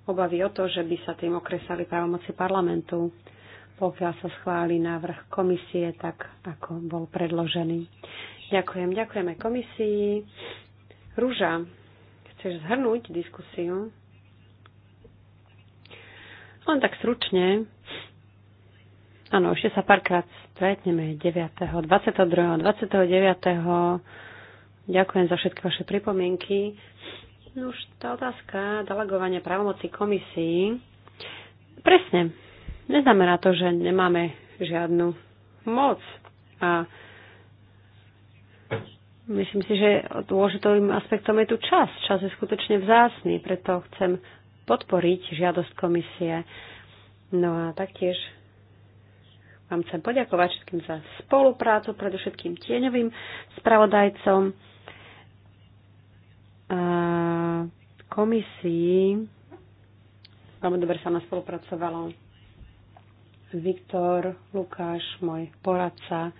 Speaker 1: obavy o to, že by sa tým okresali právomoci parlamentu, pokiaľ sa schváli návrh komisie tak, ako bol predložený. Ďakujem, ďakujeme komisii. Rúža, chceš zhrnúť diskusiu? Len tak stručne. Áno, ešte sa párkrát stretneme 9., 22., 29. Ďakujem za všetky vaše pripomienky. No už tá otázka delegovania právomoci komisii. Presne. Neznamená to, že nemáme žiadnu moc. A Myslím si, že dôležitým aspektom je tu čas. Čas je skutočne vzácný, preto chcem podporiť žiadosť komisie. No a taktiež vám chcem poďakovať všetkým za spoluprácu, predovšetkým tieňovým spravodajcom, a komisii. Veľmi dobre sa na spolupracovalo. Viktor, Lukáš, môj poradca.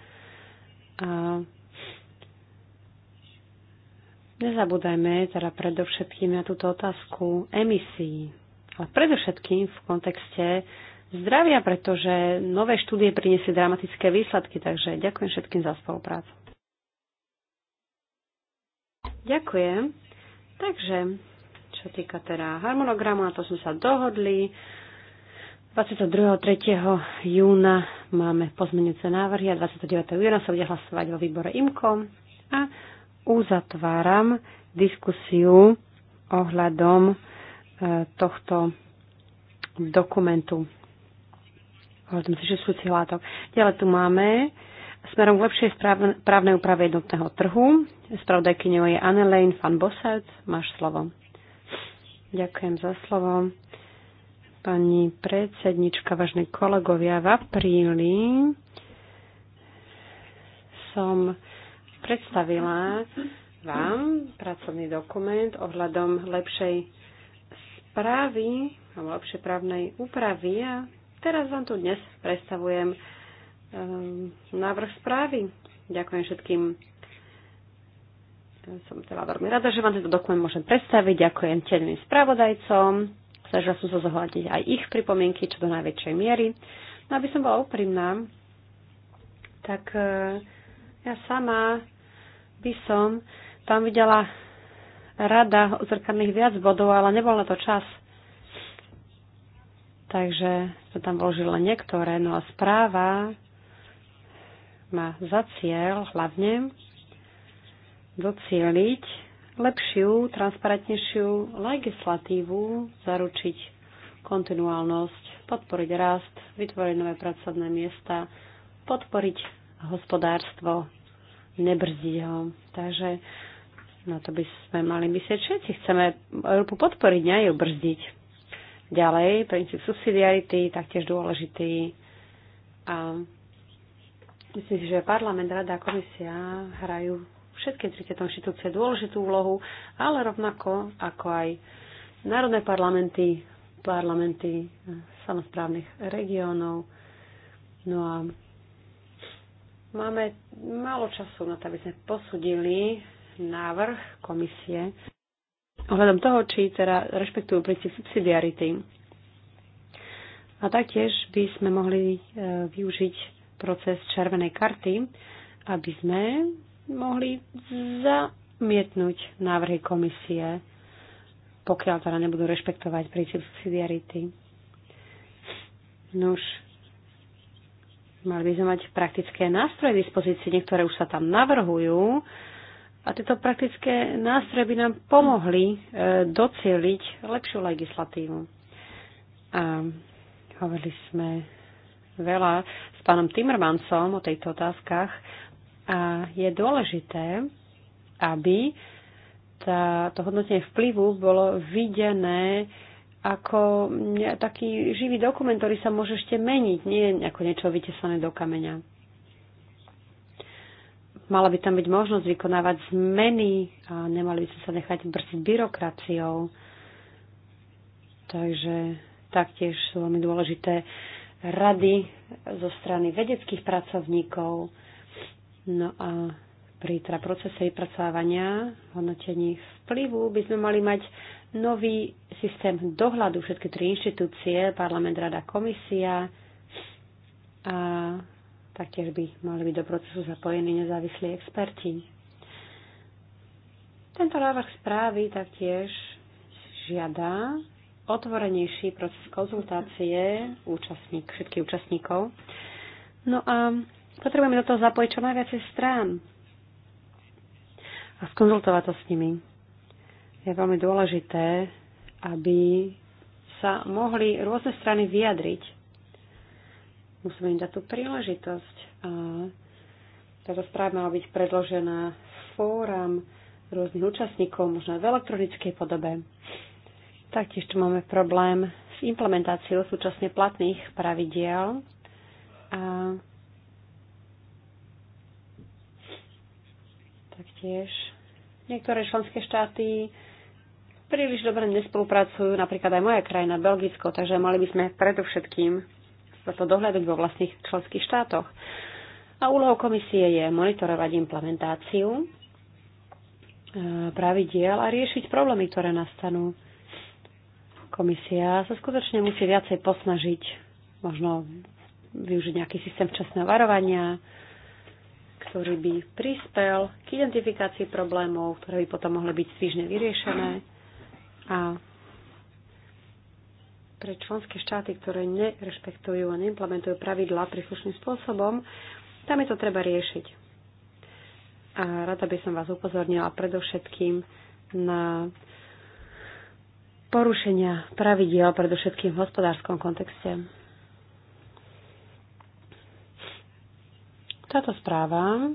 Speaker 1: A Nezabúdajme teda predovšetkým na túto otázku emisí, ale predovšetkým v kontexte zdravia, pretože nové štúdie priniesli dramatické výsledky, takže ďakujem všetkým za spoluprácu. Ďakujem. Takže, čo týka teda harmonogramu, na to sme sa dohodli. 22.3. júna máme pozmenujúce návrhy a 29. júna sa bude hlasovať vo výbore IMKO a uzatváram diskusiu ohľadom e, tohto dokumentu. Hovorím si, že sú látok. Ďalej tu máme smerom k lepšej právnej úprave jednotného trhu. Spravodajkyňou je Annelene van Bossert. Máš slovo. Ďakujem za slovo. Pani predsednička, vážne kolegovia, v apríli som predstavila vám pracovný dokument ohľadom lepšej správy alebo lepšej právnej úpravy a teraz vám tu dnes predstavujem um, návrh správy. Ďakujem všetkým. Som teda veľmi rada, že vám tento dokument môžem predstaviť. Ďakujem tieňovým spravodajcom. Snažila som sa zohľadiť aj ich pripomienky, čo do najväčšej miery. No aby som bola úprimná, tak uh, ja sama by som tam videla rada odzrkadných viac bodov, ale nebol na to čas. Takže sme tam vložili len niektoré. No a správa má za cieľ hlavne docieliť lepšiu, transparentnejšiu legislatívu, zaručiť kontinuálnosť, podporiť rast, vytvoriť nové pracovné miesta, podporiť hospodárstvo nebrzdí ho. Takže na no to by sme mali myslieť všetci. Chceme Európu podporiť, nie ju brzdiť. Ďalej, princíp subsidiarity, taktiež dôležitý. A myslím si, že parlament, rada a komisia hrajú všetky tri tieto inštitúcie dôležitú úlohu, ale rovnako ako aj národné parlamenty, parlamenty samozprávnych regiónov. No a Máme málo času na to, aby sme posudili návrh komisie ohľadom toho, či teda rešpektujú princíp subsidiarity. A taktiež by sme mohli e, využiť proces červenej karty, aby sme mohli zamietnúť návrhy komisie, pokiaľ teda nebudú rešpektovať princíp subsidiarity. Nuž, Mali by sme mať praktické nástroje v dispozícii, niektoré už sa tam navrhujú. A tieto praktické nástroje by nám pomohli e, docieliť lepšiu legislatívu. A hovorili sme veľa s pánom Timmermansom o tejto otázkach a je dôležité, aby tá, to hodnotenie vplyvu bolo videné ako taký živý dokument, ktorý sa môže ešte meniť, nie ako niečo vytesané do kameňa. Mala by tam byť možnosť vykonávať zmeny a nemali by sme sa nechať brziť byrokraciou. Takže taktiež sú veľmi dôležité rady zo strany vedeckých pracovníkov. No a pri teda procese vypracovania hodnotení vplyvu by sme mali mať nový systém dohľadu všetky tri inštitúcie, parlament, rada, komisia a taktiež by mali byť do procesu zapojení nezávislí experti. Tento návrh správy taktiež žiada otvorenejší proces konzultácie účastník, všetkých účastníkov. No a potrebujeme do toho zapojiť čo najviac strán a skonzultovať to s nimi je veľmi dôležité, aby sa mohli rôzne strany vyjadriť. Musíme im dať tú príležitosť. A táto správa mala byť predložená fóram rôznych účastníkov, možno aj v elektronickej podobe. Taktiež tu máme problém s implementáciou súčasne platných pravidiel. A taktiež niektoré členské štáty príliš dobre nespolupracujú, napríklad aj moja krajina, Belgicko, takže mali by sme predovšetkým sa to dohľadať vo vlastných členských štátoch. A úlohou komisie je monitorovať implementáciu e, pravidiel a riešiť problémy, ktoré nastanú. Komisia sa skutočne musí viacej posnažiť, možno využiť nejaký systém včasného varovania, ktorý by prispel k identifikácii problémov, ktoré by potom mohli byť svižne vyriešené a pre členské štáty, ktoré nerešpektujú a neimplementujú pravidlá príslušným spôsobom, tam je to treba riešiť. A rada by som vás upozornila predovšetkým na porušenia pravidiel, predovšetkým v hospodárskom kontexte. Táto správa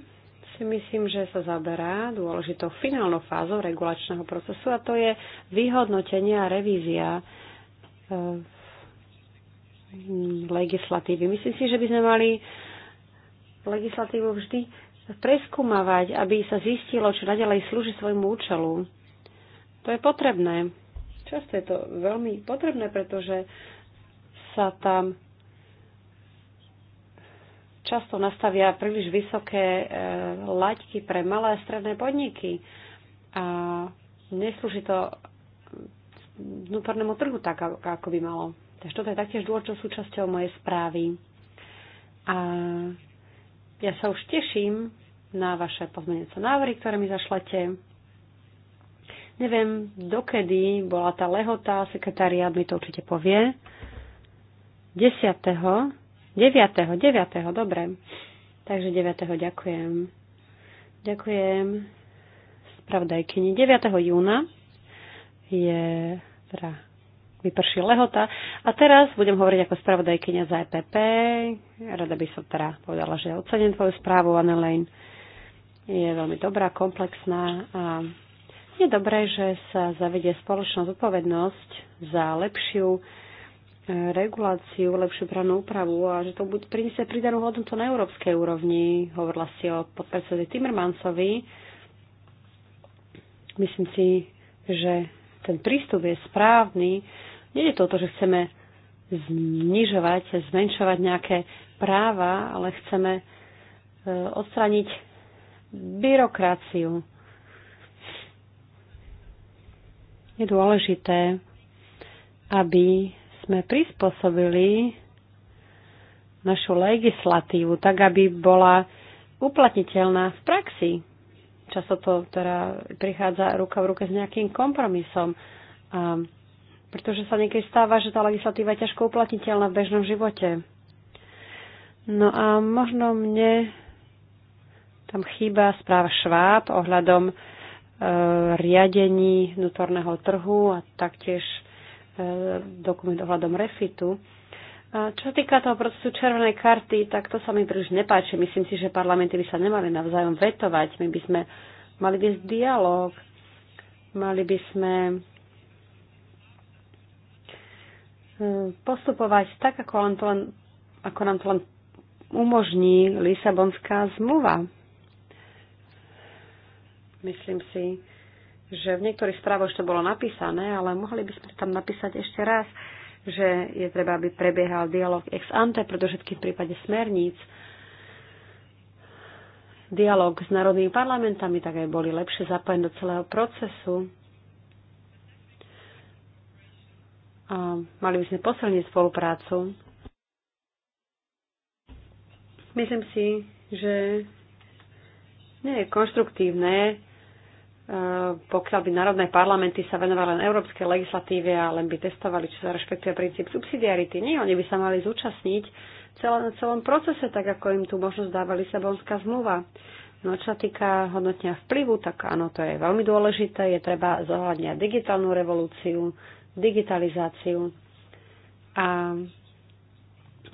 Speaker 1: si myslím, že sa zaberá dôležitou finálnou fázou regulačného procesu a to je vyhodnotenie a revízia eh, legislatívy. Myslím si, že by sme mali legislatívu vždy preskúmavať, aby sa zistilo, čo nadalej slúži svojmu účelu. To je potrebné. Často je to veľmi potrebné, pretože sa tam často nastavia príliš vysoké e, laťky pre malé a stredné podniky. A neslúži to vnútornému trhu tak, ako by malo. Takže toto je taktiež dôležitou súčasťou mojej správy. A ja sa už teším na vaše pozmeňujúce návrhy, ktoré mi zašlete. Neviem, dokedy bola tá lehota, sekretariát mi to určite povie. 10. 9. 9. Dobre. Takže 9. ďakujem. Ďakujem spravodajkyni. 9. júna je teda vyprší lehota. A teraz budem hovoriť ako spravodajkynia za EPP. Rada by som teda povedala, že ocením tvoju správu, Annelene. Je veľmi dobrá, komplexná a je dobré, že sa zavedie spoločná zodpovednosť za lepšiu reguláciu, lepšiu právnu úpravu a že to bude priniesie pridanú hodnotu na európskej úrovni. Hovorila si o podpredsedovi Timmermansovi. Myslím si, že ten prístup je správny. Nie je to o to, že chceme znižovať, zmenšovať nejaké práva, ale chceme e, odstraniť byrokraciu. Je dôležité, aby sme prispôsobili našu legislatívu tak, aby bola uplatniteľná v praxi. Často to teda prichádza ruka v ruke s nejakým kompromisom. A pretože sa niekedy stáva, že tá legislatíva je ťažko uplatniteľná v bežnom živote. No a možno mne tam chýba správa Šváb ohľadom e, riadení vnútorného trhu a taktiež E, dokument ohľadom refitu. Čo sa týka toho procesu červenej karty, tak to sa mi príliš nepáči. Myslím si, že parlamenty by sa nemali navzájom vetovať. My by sme mali viesť dialog, mali by sme e, postupovať tak, ako, len to len, ako nám to len umožní Lisabonská zmluva. Myslím si, že v niektorých správach už to bolo napísané, ale mohli by sme tam napísať ešte raz, že je treba, aby prebiehal dialog ex ante, pretože v prípade smerníc, dialog s národnými parlamentami, tak aj boli lepšie zapojené do celého procesu. A mali by sme posilniť spoluprácu. Myslím si, že nie je konštruktívne Eh, pokiaľ by národné parlamenty sa venovali len európskej legislatíve a len by testovali, či sa rešpektuje princíp subsidiarity. Nie, oni by sa mali zúčastniť celé, na celom procese, tak ako im tu možnosť dáva Lisabonská zmluva. No čo sa týka hodnotenia vplyvu, tak áno, to je veľmi dôležité. Je treba zohľadňať digitálnu revolúciu, digitalizáciu. A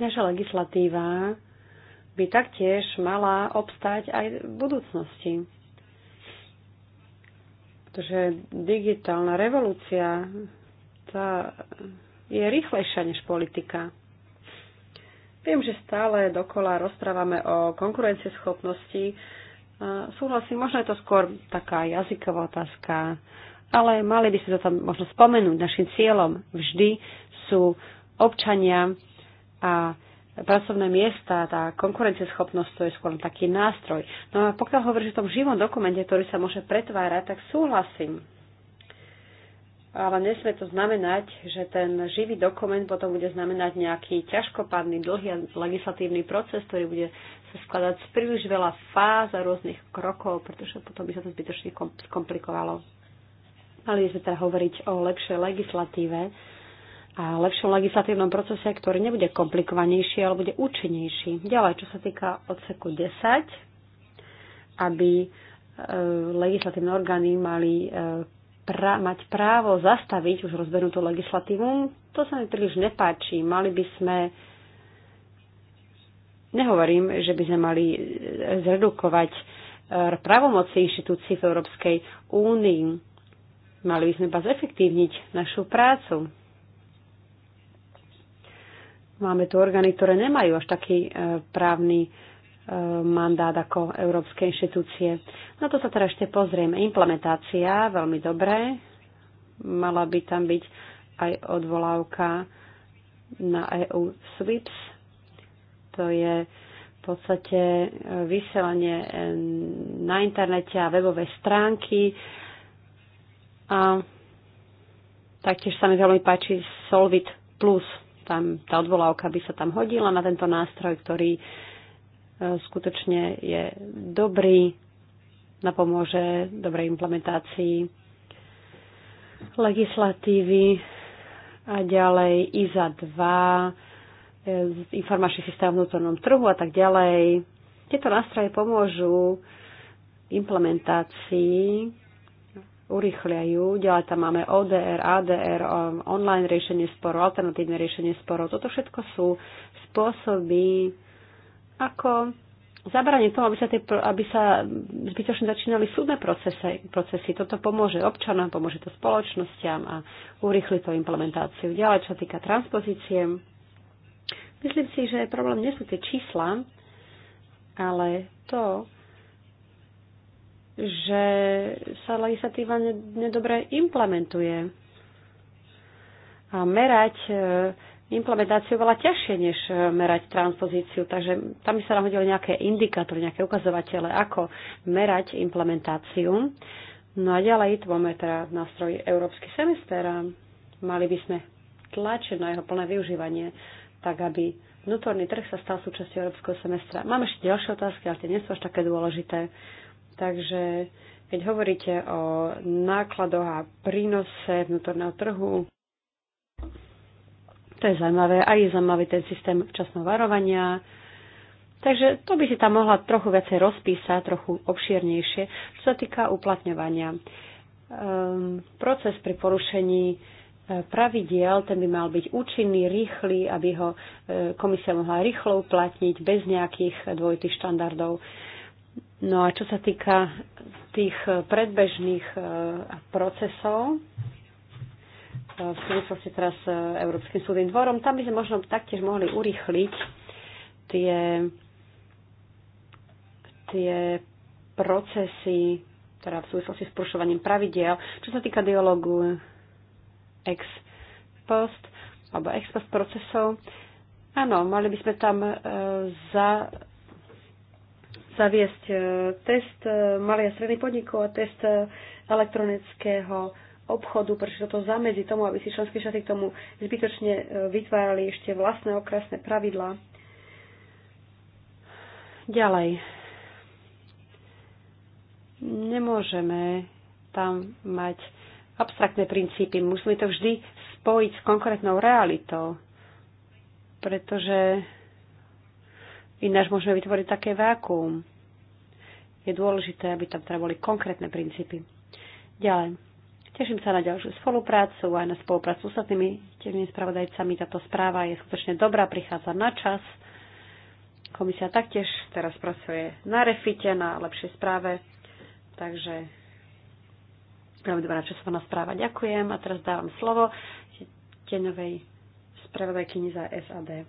Speaker 1: naša legislatíva by taktiež mala obstať aj v budúcnosti. Pretože digitálna revolúcia tá je rýchlejšia než politika. Viem, že stále dokola rozprávame o konkurencieschopnosti. Súhlasím, možno je to skôr taká jazyková otázka, ale mali by sme to tam možno spomenúť. Našim cieľom vždy sú občania a pracovné miesta, tá konkurencieschopnosť to je skôr taký nástroj. No a pokiaľ hovoríš o tom živom dokumente, ktorý sa môže pretvárať, tak súhlasím. Ale nesme to znamenať, že ten živý dokument potom bude znamenať nejaký ťažkopádny, dlhý legislatívny proces, ktorý bude sa skladať z príliš veľa fáz a rôznych krokov, pretože potom by sa to zbytočne skomplikovalo. Mali sme teda hovoriť o lepšej legislatíve, a lepšom legislatívnom procese, ktorý nebude komplikovanejší, ale bude účinnejší. Ďalej, čo sa týka odseku 10, aby e, legislatívne orgány mali e, pra- mať právo zastaviť už rozbernutú legislatívu, to sa mi príliš nepáči. Mali by sme Nehovorím, že by sme mali e, zredukovať právomoci inštitúcií v Európskej únii. Mali by sme iba zefektívniť našu prácu. Máme tu orgány, ktoré nemajú až taký e, právny e, mandát ako európske inštitúcie. Na to sa teraz ešte pozrieme. Implementácia, veľmi dobré. Mala by tam byť aj odvolávka na EU SWIPS. To je v podstate e, vysielanie na internete a webové stránky. A taktiež sa mi veľmi páči Solvit Plus tam tá odvolávka by sa tam hodila na tento nástroj, ktorý e, skutočne je dobrý, napomôže dobrej implementácii legislatívy a ďalej IZA 2, e, informačný systém vnútornom trhu a tak ďalej. Tieto nástroje pomôžu implementácii urychľajú. Ďalej tam máme ODR, ADR, um, online riešenie sporov, alternatívne riešenie sporov. Toto všetko sú spôsoby, ako zabranie tomu, aby sa, tie, aby sa zbytočne začínali súdne procesy, procesy. Toto pomôže občanom, pomôže to spoločnosťam a urýchli to implementáciu. Ďalej, čo týka transpozície, myslím si, že problém nie sú tie čísla, ale to, že sa legislatíva nedobre implementuje. A merať e, implementáciu veľa ťažšie, než e, merať transpozíciu. Takže tam by sa nám hodili nejaké indikátory, nejaké ukazovatele, ako merať implementáciu. No a ďalej tu máme teda nástroj Európsky semester a mali by sme tlačiť na jeho plné využívanie, tak aby vnútorný trh sa stal súčasťou Európskeho semestra. Mám ešte ďalšie otázky, ale tie nie sú až také dôležité. Takže keď hovoríte o nákladoch a prínose vnútorného trhu, to je zaujímavé. Aj je zaujímavý ten systém včasného varovania. Takže to by si tam mohla trochu viacej rozpísať, trochu obšírnejšie, čo sa týka uplatňovania. Um, proces pri porušení e, pravidiel, ten by mal byť účinný, rýchly, aby ho e, komisia mohla rýchlo uplatniť bez nejakých dvojitých štandardov. No a čo sa týka tých eh, predbežných eh, procesov, eh, v súvislosti teraz s Európskym súdnym dvorom, tam by sme možno taktiež mohli urýchliť tie, tie procesy, teda v súvislosti s porušovaním pravidiel. Čo sa týka dialogu ex post alebo ex post procesov, áno, mali by sme tam e, za zaviesť e, test e, malých a stredných podnikov a test e, elektronického obchodu, pretože toto zamedzi tomu, aby si členské štáty k tomu zbytočne vytvárali ešte vlastné okrasné pravidlá. Ďalej. Nemôžeme tam mať abstraktné princípy. Musíme to vždy spojiť s konkrétnou realitou, pretože ináč môžeme vytvoriť také vákuum je dôležité, aby tam teda boli konkrétne princípy. Ďalej. Teším sa na ďalšiu spoluprácu aj na spoluprácu s ostatnými tiežnými spravodajcami. Táto správa je skutočne dobrá, prichádza na čas. Komisia taktiež teraz pracuje na refite, na lepšej správe. Takže veľmi dobrá časovaná správa. Ďakujem a teraz dávam slovo tenovej spravodajkyni za SAD.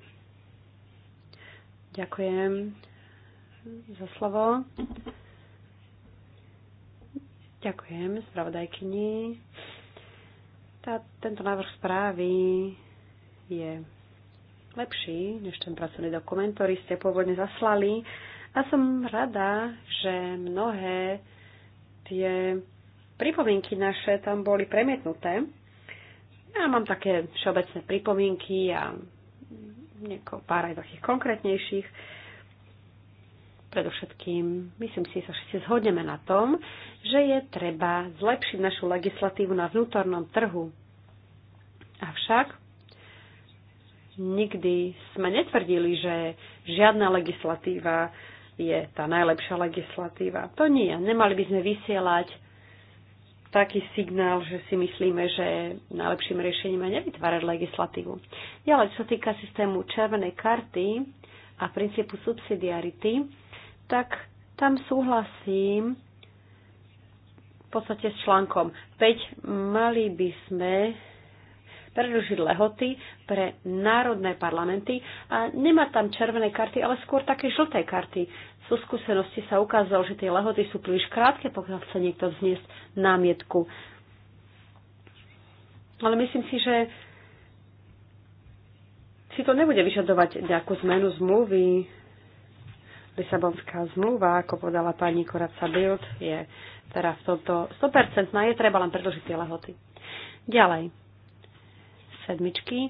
Speaker 1: Ďakujem za slovo. Ďakujem spravodajkyni. Tá, tento návrh správy je lepší než ten pracovný dokument, ktorý ste pôvodne zaslali. A som rada, že mnohé tie pripomienky naše tam boli premietnuté. Ja mám také všeobecné pripomienky a mm, nieko, pár aj takých konkrétnejších. Predovšetkým, myslím si, sa všetci zhodneme na tom, že je treba zlepšiť našu legislatívu na vnútornom trhu. Avšak nikdy sme netvrdili, že žiadna legislatíva je tá najlepšia legislatíva. To nie. Nemali by sme vysielať taký signál, že si myslíme, že najlepším riešením je nevytvárať legislatívu. Ďalej, čo sa týka systému červenej karty a princípu subsidiarity, tak tam súhlasím v podstate s článkom 5. Mali by sme predlžiť lehoty pre národné parlamenty a nemá tam červené karty, ale skôr také žlté karty. Sú skúsenosti sa ukázalo, že tie lehoty sú príliš krátke, pokiaľ chce niekto vzniesť námietku. Ale myslím si, že si to nebude vyžadovať nejakú zmenu zmluvy. Lisabonská zmluva, ako podala pani Koraca Bild, je teraz toto 100% je treba len predlžiť tie lehoty. Ďalej. Sedmičky.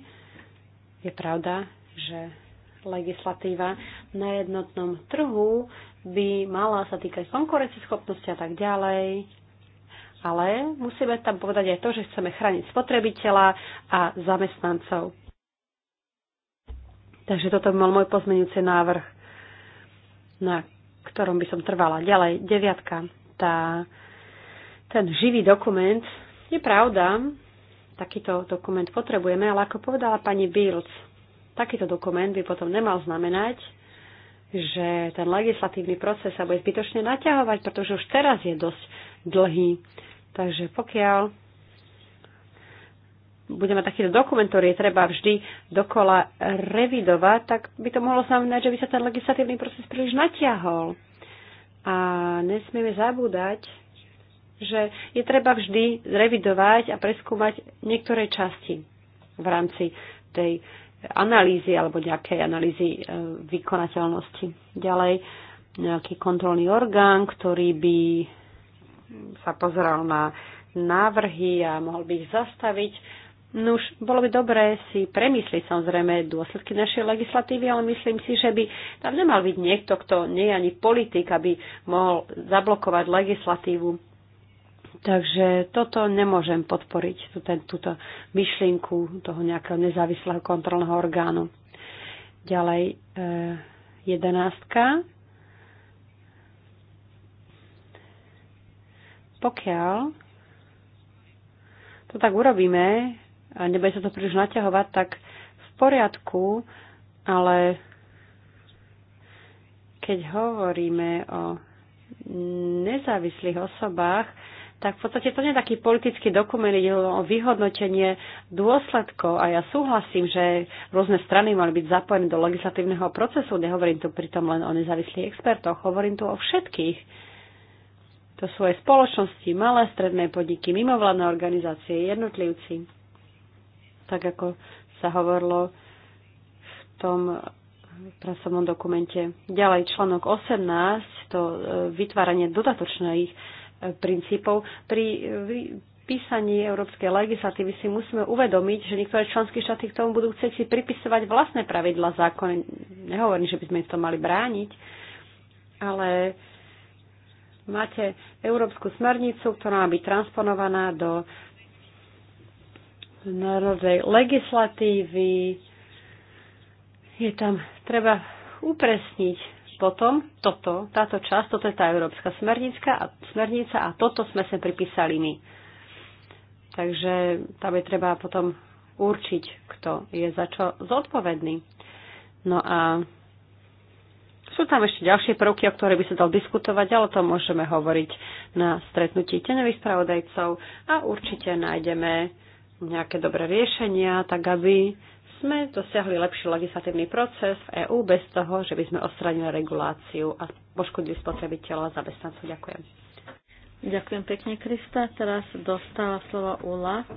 Speaker 1: Je pravda, že legislatíva na jednotnom trhu by mala sa týkať konkurencieschopnosti a tak ďalej, ale musíme tam povedať aj to, že chceme chrániť spotrebiteľa a zamestnancov. Takže toto bol môj pozmenujúci návrh na ktorom by som trvala. Ďalej, deviatka. Tá, ten živý dokument. Je pravda, takýto dokument potrebujeme, ale ako povedala pani Bilc, takýto dokument by potom nemal znamenať, že ten legislatívny proces sa bude zbytočne naťahovať, pretože už teraz je dosť dlhý. Takže pokiaľ budeme takýto dokument, ktorý je treba vždy dokola revidovať, tak by to mohlo znamenať, že by sa ten legislatívny proces príliš natiahol. A nesmieme zabúdať, že je treba vždy zrevidovať a preskúmať niektoré časti v rámci tej analýzy alebo nejakej analýzy e, vykonateľnosti. Ďalej nejaký kontrolný orgán, ktorý by sa pozeral na návrhy a mohol by ich zastaviť No už bolo by dobré si premyslieť samozrejme dôsledky našej legislatívy, ale myslím si, že by tam nemal byť niekto, kto nie je ani politik, aby mohol zablokovať legislatívu. Takže toto nemôžem podporiť, tú, ten, túto myšlienku toho nejakého nezávislého kontrolného orgánu. Ďalej, e, jedenástka. Pokiaľ to tak urobíme, a nebude sa to príliš naťahovať, tak v poriadku, ale keď hovoríme o nezávislých osobách, tak v podstate to nie je taký politický dokument, ide o vyhodnotenie dôsledkov. A ja súhlasím, že rôzne strany mali byť zapojené do legislatívneho procesu. Nehovorím tu pritom len o nezávislých expertoch, hovorím tu o všetkých. To sú aj spoločnosti, malé, stredné podniky, mimovládne organizácie, jednotlivci tak ako sa hovorilo v tom pracovnom dokumente. Ďalej článok 18, to e, vytváranie dodatočných e, princípov. Pri písaní európskej legislatívy si musíme uvedomiť, že niektoré členské štáty k tomu budú chcieť si pripisovať vlastné pravidla zákony. Nehovorím, že by sme to mali brániť, ale máte európsku smernicu, ktorá má byť transponovaná do národnej legislatívy. Je tam treba upresniť potom toto, táto časť, toto je tá európska smernica a, smernica a toto sme sem pripísali my. Takže tam je treba potom určiť, kto je za čo zodpovedný. No a sú tam ešte ďalšie prvky, o ktoré by sa dal diskutovať, ale to môžeme hovoriť na stretnutí tenových spravodajcov a určite nájdeme nejaké dobré riešenia, tak aby sme dosiahli lepší legislatívny proces v EÚ bez toho, že by sme odstranili reguláciu a poškodili spotrebiteľa a zamestnancov. Ďakujem. Ďakujem pekne,
Speaker 4: Krista. Teraz dostala slova Ula,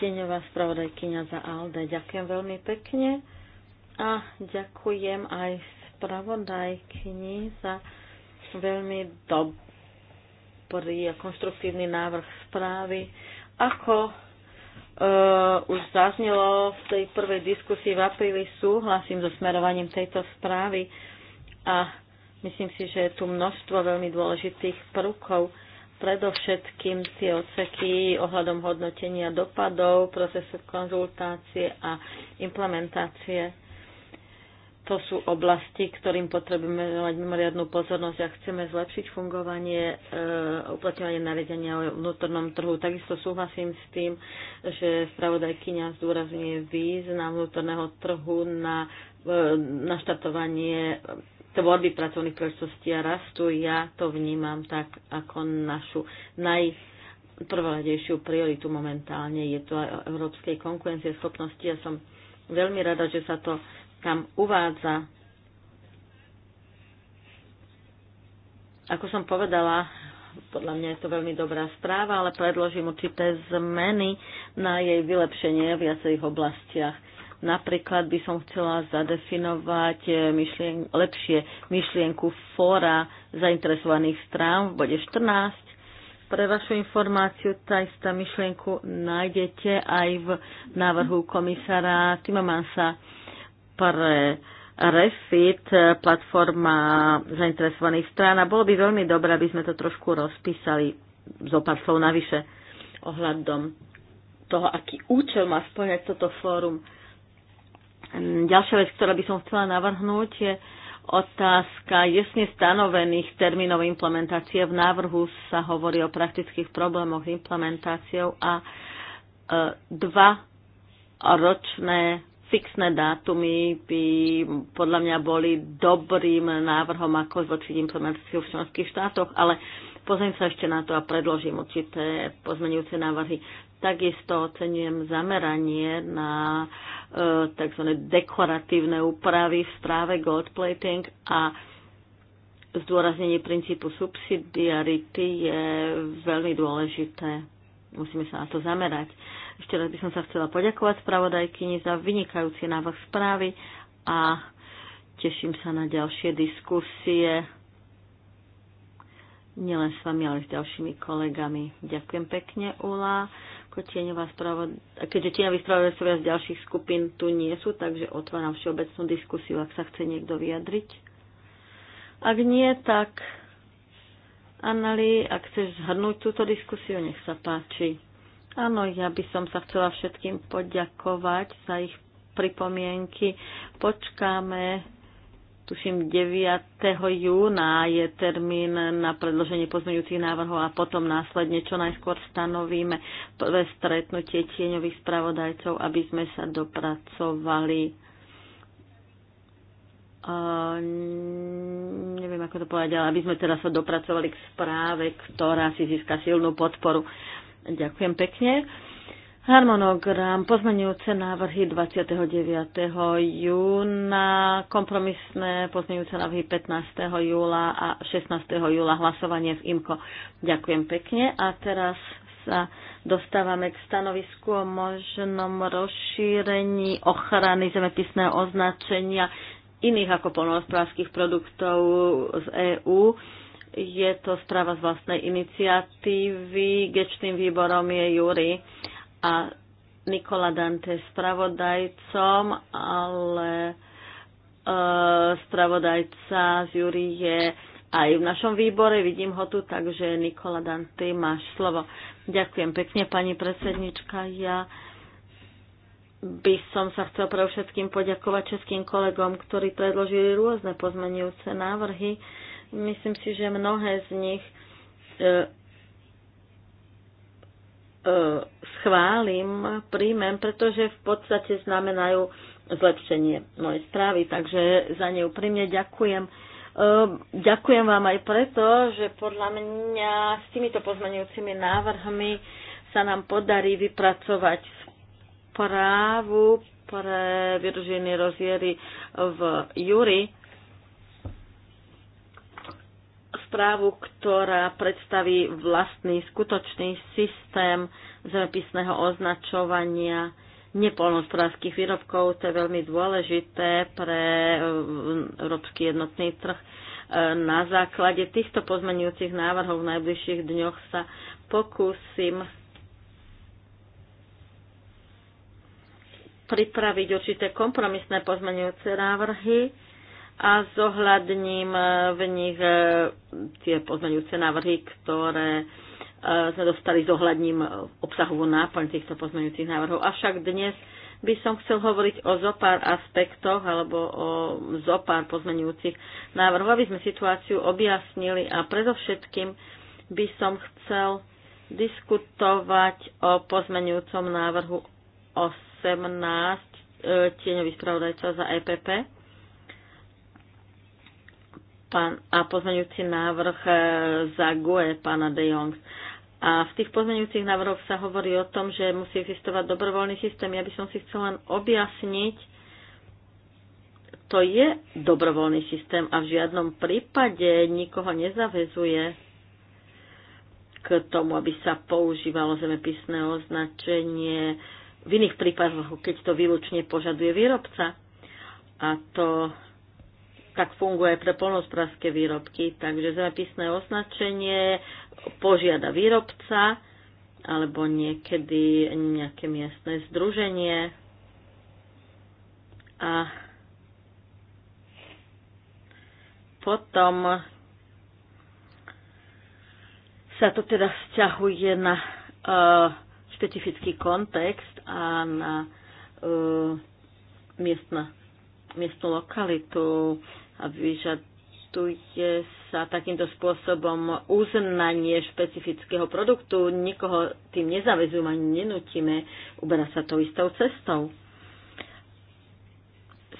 Speaker 4: tieňová spravodajkyňa za ALDE. Ďakujem veľmi pekne a ďakujem aj spravodajkyni za veľmi dobrý a konštruktívny návrh správy. Ako uh, už zaznelo v tej prvej diskusii v apríli, súhlasím so smerovaním tejto správy a myslím si, že je tu množstvo veľmi dôležitých prvkov, predovšetkým tie odseky ohľadom hodnotenia dopadov, procesu konzultácie a implementácie to sú oblasti, ktorým potrebujeme mať mimoriadnú pozornosť a chceme zlepšiť fungovanie e, uplatňovania nariadenia o vnútornom trhu. Takisto súhlasím s tým, že spravodajkyňa zdôrazňuje význam vnútorného trhu na e, naštartovanie tvorby pracovných príležitostí a rastu. Ja to vnímam tak ako našu naj prvoradejšiu prioritu momentálne. Je to aj o európskej schopnosti. Ja som veľmi rada, že sa to tam uvádza, ako som povedala, podľa mňa je to veľmi dobrá správa, ale predložím určité zmeny na jej vylepšenie v viacerých oblastiach. Napríklad by som chcela zadefinovať myšlien- lepšie myšlienku fóra zainteresovaných strán v bode 14. Pre vašu informáciu, tá istá myšlienku nájdete aj v návrhu komisára Timamansa pre Refit, platforma zainteresovaných strán a bolo by veľmi dobré, aby sme to trošku rozpísali zo pár slov navyše ohľadom toho, aký účel má splňať toto fórum. Ďalšia vec, ktorá by som chcela navrhnúť, je otázka jasne stanovených termínov implementácie. V návrhu sa hovorí o praktických problémoch implementáciou a e, dva ročné fixné dátumy by podľa mňa boli dobrým návrhom, ako zlepšiť implementáciu v členských štátoch, ale pozriem sa ešte na to a predložím určité pozmenujúce návrhy. Takisto ocenujem zameranie na e, tzv. dekoratívne úpravy v správe gold plating a zdôraznenie princípu subsidiarity je veľmi dôležité. Musíme sa na to zamerať. E, ešte raz by som sa chcela poďakovať spravodajkyni za vynikajúci návrh správy a teším sa na ďalšie diskusie nielen s vami, ale s ďalšími kolegami. Ďakujem pekne, Ula. Spravod... Keďže tieňoví spravodajcovia z ďalších skupín tu nie sú, takže otváram všeobecnú diskusiu, ak sa chce niekto vyjadriť. Ak nie, tak Annali, ak chceš zhrnúť túto diskusiu, nech sa páči. Áno, ja by som sa chcela všetkým poďakovať za ich pripomienky. Počkáme, tuším 9. júna je termín na predloženie pozmeňujúcich návrhov a potom následne čo najskôr stanovíme prvé stretnutie tieňových spravodajcov, aby sme sa dopracovali Uh, neviem ako to povedať, ale aby sme teraz sa dopracovali k správe, ktorá si získa silnú podporu. Ďakujem pekne. Harmonogram, pozmenujúce návrhy 29. júna, kompromisné pozmenujúce návrhy 15. júla a 16. júla hlasovanie v IMKO. Ďakujem pekne a teraz sa dostávame k stanovisku o možnom rozšírení ochrany zemepisného označenia iných ako polnohospodárských produktov z EÚ je to správa z vlastnej iniciatívy, gečným výborom je Júri a Nikola Dante spravodajcom, ale e, spravodajca z Júri je aj v našom výbore, vidím ho tu, takže Nikola Dante, máš slovo. Ďakujem pekne, pani predsednička. Ja by som sa chcel pre všetkým poďakovať českým kolegom, ktorí predložili rôzne pozmenujúce návrhy. Myslím si, že mnohé z nich e, e, schválim, príjmem, pretože v podstate znamenajú zlepšenie mojej správy, takže za ne úprimne ďakujem. E, ďakujem vám aj preto, že podľa mňa s týmito pozmenujúcimi návrhmi sa nám podarí vypracovať správu pre Virginie Roziery v Júri správu, ktorá predstaví vlastný skutočný systém zemepisného označovania nepolnospodárských výrobkov. To je veľmi dôležité pre eh, európsky jednotný trh. Eh, na základe týchto pozmenujúcich návrhov v najbližších dňoch sa pokúsim pripraviť určité kompromisné pozmenujúce návrhy, a zohľadním e, v nich e, tie pozmeňujúce návrhy, ktoré e, sme dostali zohľadním obsahovú náplň týchto pozmeňujúcich návrhov. Avšak dnes by som chcel hovoriť o zopár aspektoch alebo o zopár pozmeňujúcich návrhov, aby sme situáciu objasnili a predovšetkým by som chcel diskutovať o pozmeňujúcom návrhu 18 tieňový spravodajca za EPP pán, a pozmeňujúci návrh e, za GUE pána De Jong. A v tých pozmeňujúcich návrhoch sa hovorí o tom, že musí existovať dobrovoľný systém. Ja by som si chcela len objasniť, to je dobrovoľný systém a v žiadnom prípade nikoho nezavezuje k tomu, aby sa používalo zemepisné označenie v iných prípadoch, keď to výlučne požaduje výrobca. A to tak funguje pre polnospravské výrobky. Takže zápisné označenie požiada výrobca alebo niekedy nejaké miestne združenie. A potom sa to teda vzťahuje na uh, špecifický kontext a na uh, miestna, miestnu lokalitu a vyžaduje sa takýmto spôsobom uznanie špecifického produktu. Nikoho tým nezavezujeme ani nenutíme. Uberá sa to istou cestou.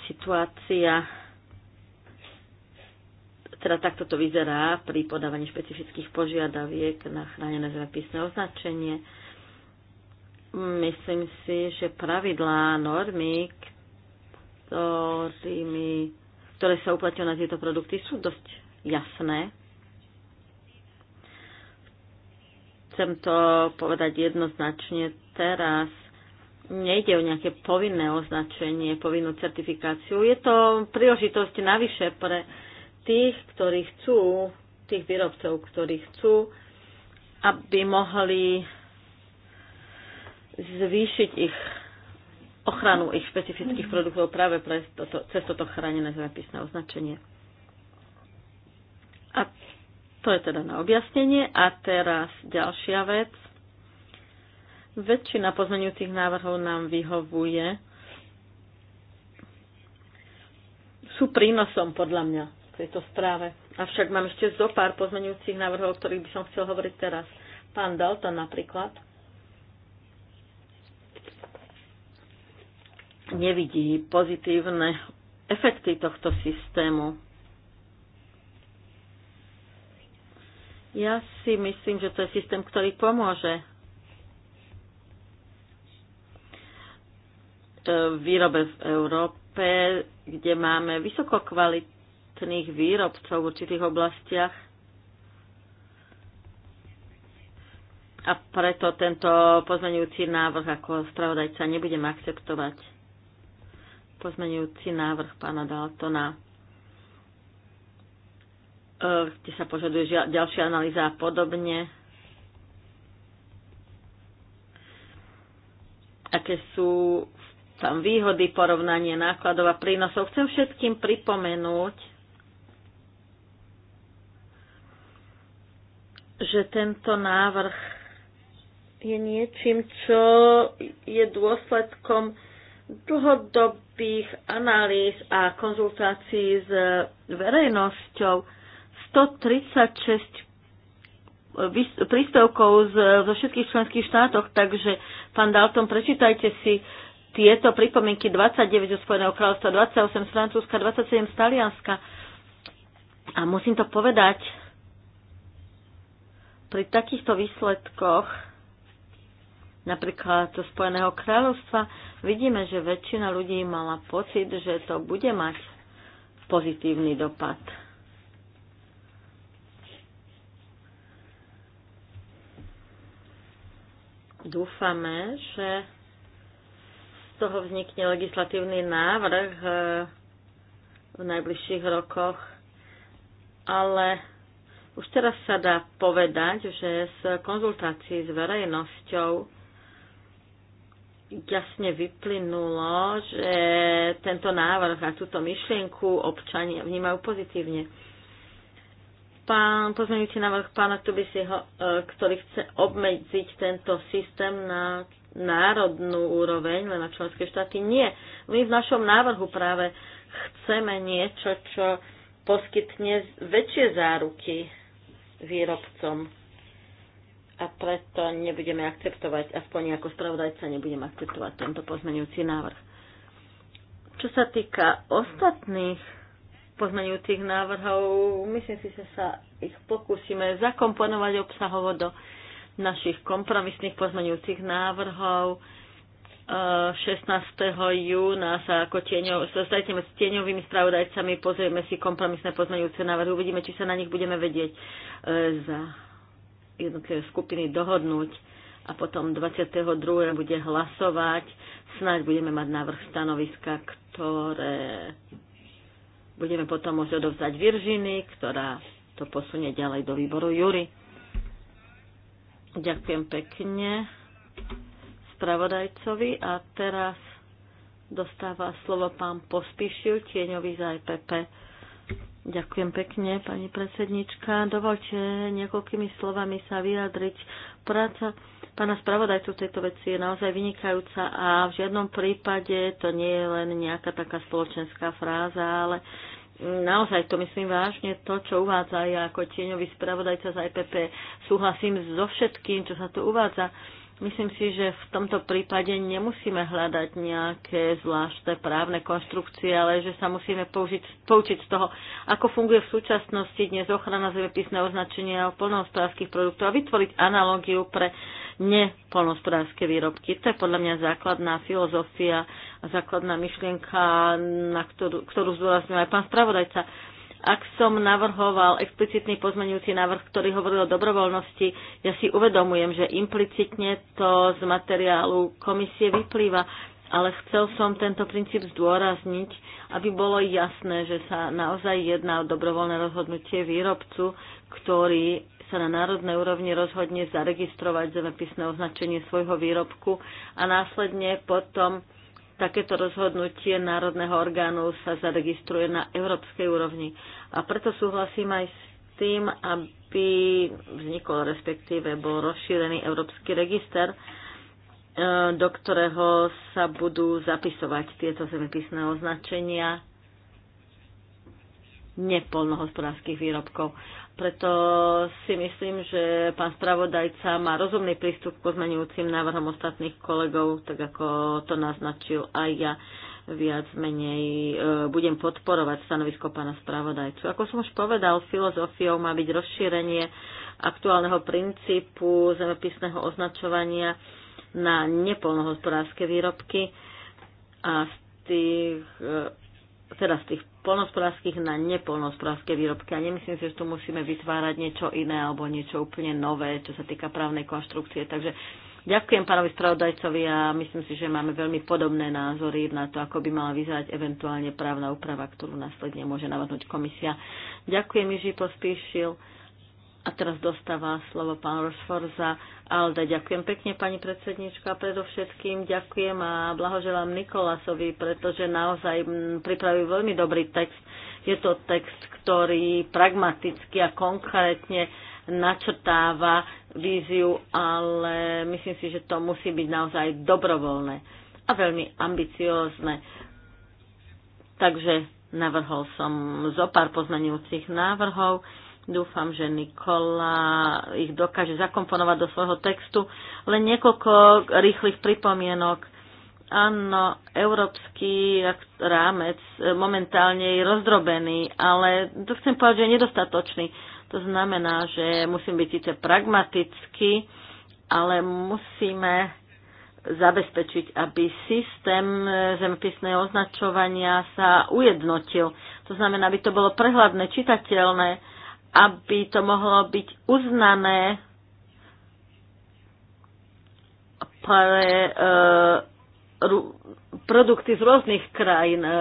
Speaker 4: Situácia teda takto to vyzerá pri podávaní špecifických požiadaviek na chránené zemepisné označenie. Myslím si, že pravidlá, normy, ktorými ktoré sa uplatňujú na tieto produkty, sú dosť jasné. Chcem to povedať jednoznačne teraz. Nejde o nejaké povinné označenie, povinnú certifikáciu. Je to príležitosť navyše pre tých, ktorí chcú, tých výrobcov, ktorí chcú, aby mohli zvýšiť ich ochranu ich špecifických produktov práve pre toto, cez toto chránené zemepisné označenie. A to je teda na objasnenie. A teraz ďalšia vec. Väčšina pozmeňujúcich návrhov nám vyhovuje. Sú prínosom podľa mňa v tejto správe. Avšak mám ešte zo pár pozmeňujúcich návrhov, o ktorých by som chcel hovoriť teraz. Pán Dalton napríklad nevidí pozitívne efekty tohto systému. Ja si myslím, že to je systém, ktorý pomôže e, výrobe v Európe, kde máme vysokokvalitných výrobcov v určitých oblastiach. A preto tento pozmeňujúci návrh ako spravodajca nebudem akceptovať pozmenujúci návrh pána Daltona, e, kde sa požaduje ďalšia analýza a podobne. Aké sú tam výhody, porovnanie nákladov a prínosov. Chcem všetkým pripomenúť, že tento návrh je niečím, čo je dôsledkom dlhodobých analýz a konzultácií s verejnosťou 136 príspevkov zo všetkých členských štátoch, takže pán Dalton, prečítajte si tieto pripomienky 29 zo Spojeného kráľovstva, 28 z Francúzska, 27 z Talianska. A musím to povedať, pri takýchto výsledkoch napríklad zo Spojeného kráľovstva, vidíme, že väčšina ľudí mala pocit, že to bude mať pozitívny dopad. Dúfame, že z toho vznikne legislatívny návrh e, v najbližších rokoch, ale už teraz sa dá povedať, že z konzultácií s verejnosťou jasne vyplynulo, že tento návrh a túto myšlienku občania vnímajú pozitívne. Pán pozmeňujúci návrh pána Tubisiho, e, ktorý chce obmedziť tento systém na národnú úroveň, len na členské štáty, nie. My v našom návrhu práve chceme niečo, čo poskytne väčšie záruky výrobcom a preto nebudeme akceptovať, aspoň ako spravodajca nebudem akceptovať tento pozmenujúci návrh. Čo sa týka ostatných pozmenujúcich návrhov, myslím si, že sa ich pokúsime zakomponovať obsahovo do našich kompromisných pozmenujúcich návrhov. 16. E, júna sa ako tieňov, sa stretneme s tieňovými spravodajcami, pozrieme si kompromisné pozmenujúce návrhy, uvidíme, či sa na nich budeme vedieť e, za jednotlivé skupiny dohodnúť a potom 22. bude hlasovať. Snáď budeme mať návrh stanoviska, ktoré budeme potom môcť odovzdať Viržiny, ktorá to posunie ďalej do výboru Jury. Ďakujem pekne spravodajcovi a teraz dostáva slovo pán Pospíšil, tieňový za EPP. Ďakujem pekne, pani predsednička. Dovolte niekoľkými slovami sa vyjadriť. Práca pána spravodajcu tejto veci je naozaj vynikajúca a v žiadnom prípade to nie je len nejaká taká spoločenská fráza, ale naozaj to myslím vážne, to, čo uvádza ja ako tieňový spravodajca z IPP, e súhlasím so všetkým, čo sa tu uvádza. Myslím si, že v tomto prípade nemusíme hľadať nejaké zvláštne právne konštrukcie, ale že sa musíme použiť, poučiť z toho, ako funguje v súčasnosti dnes ochrana zemepisného označenia o polnohospodárských produktov a vytvoriť analógiu pre nepolnohospodárske výrobky. To je podľa mňa základná filozofia a základná myšlienka, na ktorú, ktorú zdôrazňuje aj pán spravodajca. Ak som navrhoval explicitný pozmenujúci návrh, ktorý hovoril o dobrovoľnosti, ja si uvedomujem, že implicitne to z materiálu komisie vyplýva, ale chcel som tento princíp zdôrazniť, aby bolo jasné, že sa naozaj jedná o dobrovoľné rozhodnutie výrobcu, ktorý sa na národnej úrovni rozhodne zaregistrovať zemepisné označenie svojho výrobku a následne potom takéto rozhodnutie národného orgánu sa zaregistruje na európskej úrovni. A preto súhlasím aj s tým, aby vznikol, respektíve bol rozšírený európsky register, e, do ktorého sa budú zapisovať tieto zemepisné označenia nepolnohospodárských výrobkov. Preto si myslím, že pán spravodajca má rozumný prístup k pozmenujúcim návrhom ostatných kolegov, tak ako to naznačil aj ja viac menej e, budem podporovať stanovisko pána spravodajcu. Ako som už povedal, filozofiou má byť rozšírenie aktuálneho princípu zemepisného označovania na nepolnohospodárske výrobky a z tých e, teda z tých polnospodárských na nepolnospodárske výrobky. A nemyslím si, že tu musíme vytvárať niečo iné alebo niečo úplne nové, čo sa týka právnej konštrukcie. Takže ďakujem pánovi spravodajcovi a myslím si, že máme veľmi podobné názory na to, ako by mala vyzerať eventuálne právna úprava, ktorú následne môže navadnúť komisia. Ďakujem, Iži Pospíšil. A teraz dostáva slovo pán Rosforza Alda. Ďakujem pekne, pani predsednička. Predovšetkým ďakujem a blahoželám Nikolasovi, pretože naozaj pripravil veľmi dobrý text. Je to text, ktorý pragmaticky a konkrétne načrtáva víziu, ale myslím si, že to musí byť naozaj dobrovoľné a veľmi ambiciózne. Takže navrhol som zo pár poznaniúcich návrhov Dúfam, že Nikola ich dokáže zakomponovať do svojho textu. Len niekoľko rýchlych pripomienok. Áno, európsky rámec momentálne je rozdrobený, ale to chcem povedať, že je nedostatočný. To znamená, že musím byť síce pragmatický, ale musíme zabezpečiť, aby systém zemepisného označovania sa ujednotil. To znamená, aby to bolo prehľadné, čitateľné, aby to mohlo byť uznané pre eh, produkty z rôznych krajín eh,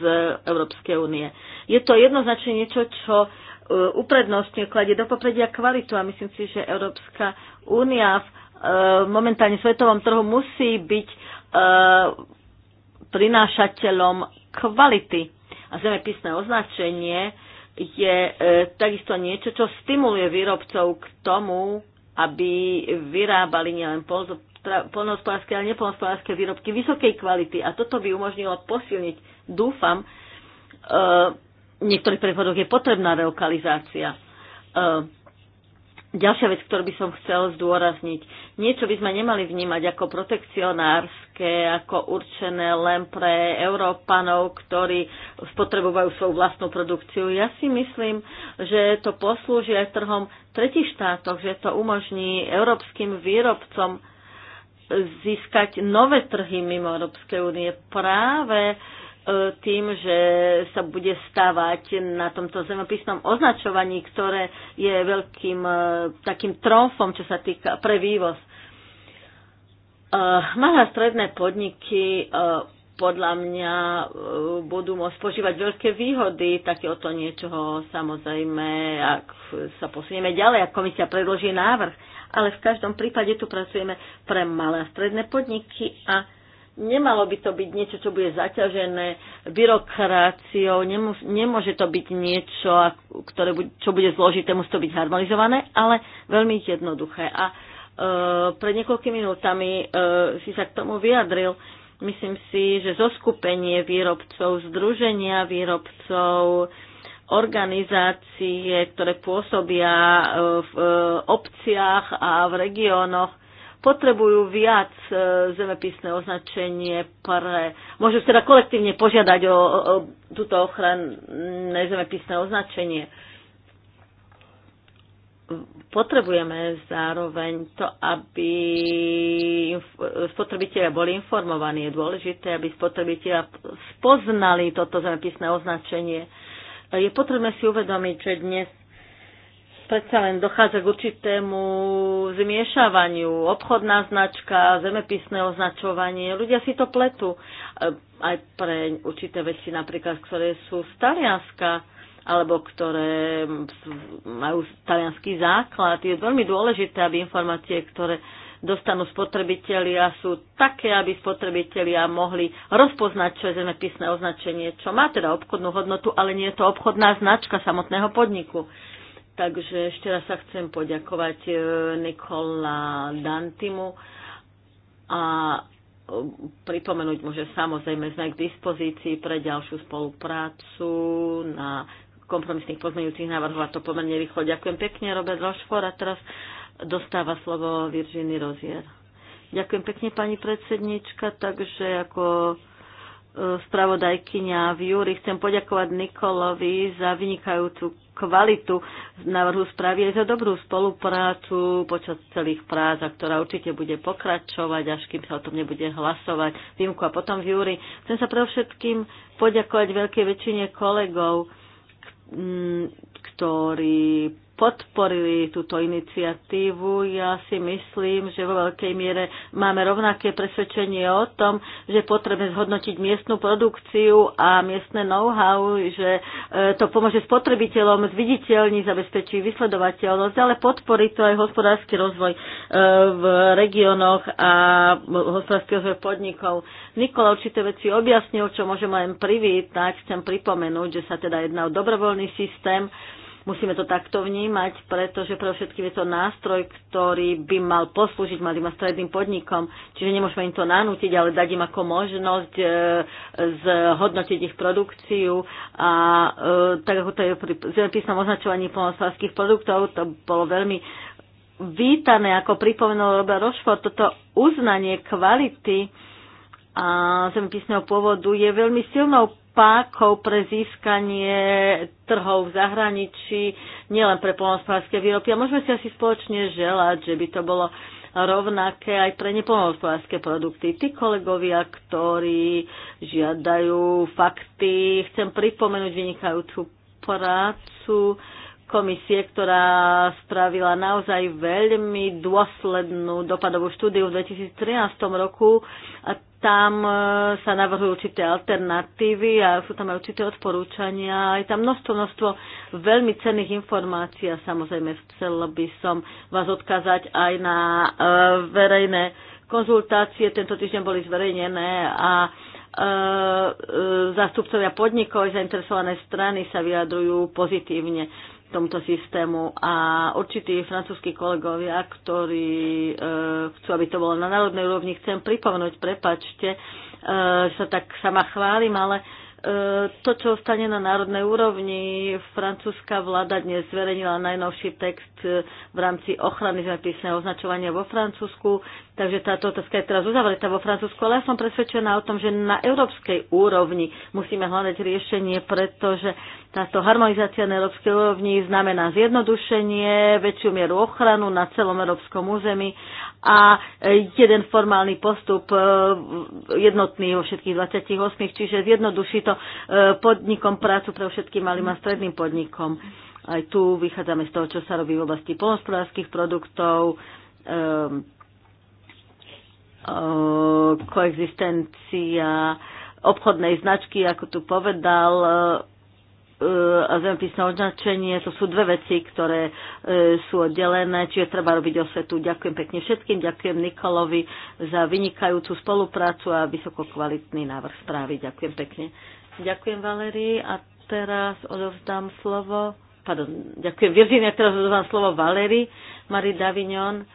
Speaker 4: z Európskej únie. Je to jednoznačne niečo, čo eh, uprednostňuje, kladie do popredia kvalitu a myslím si, že Európska únia v momentálne svetovom trhu musí byť prinášateľom kvality. A zemepisné označenie je e, takisto niečo, čo stimuluje výrobcov k tomu, aby vyrábali nielen polnohospodárske, ale nepolnohospodárske výrobky vysokej kvality. A toto by umožnilo posilniť, dúfam, e, v niektorých prípadoch je potrebná relokalizácia. E, Ďalšia vec, ktorú by som chcel zdôrazniť. Niečo by sme nemali vnímať ako protekcionárske, ako určené len pre Európanov, ktorí spotrebovajú svoju vlastnú produkciu. Ja si myslím, že to poslúži aj trhom tretich štátov, že to umožní európskym výrobcom získať nové trhy mimo Európskej únie práve tým, že sa bude stávať na tomto zemepisnom označovaní, ktoré je veľkým e, takým tromfom, čo sa týka pre vývoz. E, malé a stredné podniky e, podľa mňa budú môcť požívať veľké výhody takéhoto niečoho, samozrejme, ak sa posunieme ďalej, ak komisia predloží návrh. Ale v každom prípade tu pracujeme pre malé a stredné podniky a Nemalo by to byť niečo, čo bude zaťažené byrokraciou, Nemus- nemôže to byť niečo, ktoré bu- čo bude zložité, musí to byť harmonizované, ale veľmi jednoduché. A e, pred niekoľkými minútami e, si sa k tomu vyjadril. Myslím si, že zoskupenie výrobcov, združenia výrobcov, organizácie, ktoré pôsobia e, v e, obciach a v regiónoch, potrebujú viac e, zemepisné označenie pre... Môžu teda kolektívne požiadať o, o, o túto ochranné zemepisné označenie. Potrebujeme zároveň to, aby spotrebitelia boli informovaní. Je dôležité, aby spotrebitelia spoznali toto zemepisné označenie. Je potrebné si uvedomiť, že dnes predsa len dochádza k určitému zmiešavaniu. Obchodná značka, zemepisné označovanie, ľudia si to pletú. Aj pre určité veci, napríklad, ktoré sú z Talianska, alebo ktoré majú talianský základ. Je veľmi dôležité, aby informácie, ktoré dostanú spotrebitelia, sú také, aby spotrebitelia mohli rozpoznať, čo je zemepisné označenie, čo má teda obchodnú hodnotu, ale nie je to obchodná značka samotného podniku. Takže ešte raz sa chcem poďakovať e, Nikola Dantimu a e, pripomenúť mu, že samozrejme sme k dispozícii pre ďalšiu spoluprácu na kompromisných pozmeňujúcich návrhov a to pomerne rýchlo. Ďakujem pekne, Robert Rošfor a teraz dostáva slovo Virginie Rozier. Ďakujem pekne, pani predsednička, takže ako e, spravodajkyňa v Júri chcem poďakovať Nikolovi za vynikajúcu kvalitu návrhu spravili za dobrú spoluprácu počas celých prác, ktorá určite bude pokračovať, až kým sa o tom nebude hlasovať výmku a potom v júri. Chcem sa pre všetkým poďakovať veľkej väčšine kolegov, ktorí podporili túto iniciatívu. Ja si myslím, že vo veľkej miere máme rovnaké presvedčenie o tom, že potrebujeme zhodnotiť miestnu produkciu a miestne know-how, že e, to pomôže spotrebiteľom zviditeľní, zabezpečí vysledovateľnosť, ale podporí to aj hospodársky rozvoj e, v regiónoch a hospodársky rozvoj podnikov. Nikola určité veci objasnil, čo môžem len privítať. Chcem pripomenúť, že sa teda jedná o dobrovoľný systém, Musíme to takto vnímať, pretože pre všetkým je to nástroj, ktorý by mal poslúžiť malým a stredným podnikom. Čiže nemôžeme im to nanútiť, ale dať im ako možnosť e, zhodnotiť ich produkciu. A e, tak ako to je pri zemepísnom označovaní polnospodárských produktov, to bolo veľmi vítané, ako pripomenul Robert Rochefort, toto uznanie kvality a zemepísneho pôvodu je veľmi silnou pákov pre získanie trhov v zahraničí, nielen pre polnospodárske výrobky. A môžeme si asi spoločne želať, že by to bolo rovnaké aj pre nepolnospodárske produkty. Tí kolegovia, ktorí žiadajú fakty, chcem pripomenúť vynikajúcu prácu komisie, ktorá spravila naozaj veľmi dôslednú dopadovú štúdiu v 2013 roku a tam e, sa navrhujú určité alternatívy a sú tam aj určité odporúčania. Je tam množstvo, množstvo veľmi cenných informácií a samozrejme chcela by som vás odkázať aj na e, verejné konzultácie. Tento týždeň boli zverejnené a e, e zástupcovia podnikov a zainteresované strany sa vyjadrujú pozitívne tomto systému a určití francúzskí kolegovia, ktorí e, chcú, aby to bolo na národnej úrovni, chcem pripomenúť, prepačte, e, sa tak sama chválim, ale e, to, čo ostane na národnej úrovni, francúzska vláda dnes zverejnila najnovší text v rámci ochrany zemepisného označovania vo Francúzsku. Takže táto otázka je teraz uzavretá vo Francúzsku, ale ja som presvedčená o tom, že na európskej úrovni musíme hľadať riešenie, pretože táto harmonizácia na európskej úrovni znamená zjednodušenie, väčšiu mieru ochranu na celom európskom území a jeden formálny postup e, jednotný vo všetkých 28, čiže zjednoduší to e, podnikom prácu pre všetkým malým a stredným podnikom. Aj tu vychádzame z toho, čo sa robí v oblasti polnospodárských produktov, e, E, koexistencia obchodnej značky, ako tu povedal, e, e, a zemepisné označenie, to sú dve veci, ktoré sú oddelené, čiže treba robiť osvetu. Ďakujem pekne všetkým, ďakujem Nikolovi za vynikajúcu spoluprácu a vysokokvalitný návrh správy. Ďakujem pekne. Ďakujem Valerii a teraz odovzdám slovo, pardon, ďakujem Virginia, teraz odovzdám slovo Valerii, Marie Davignon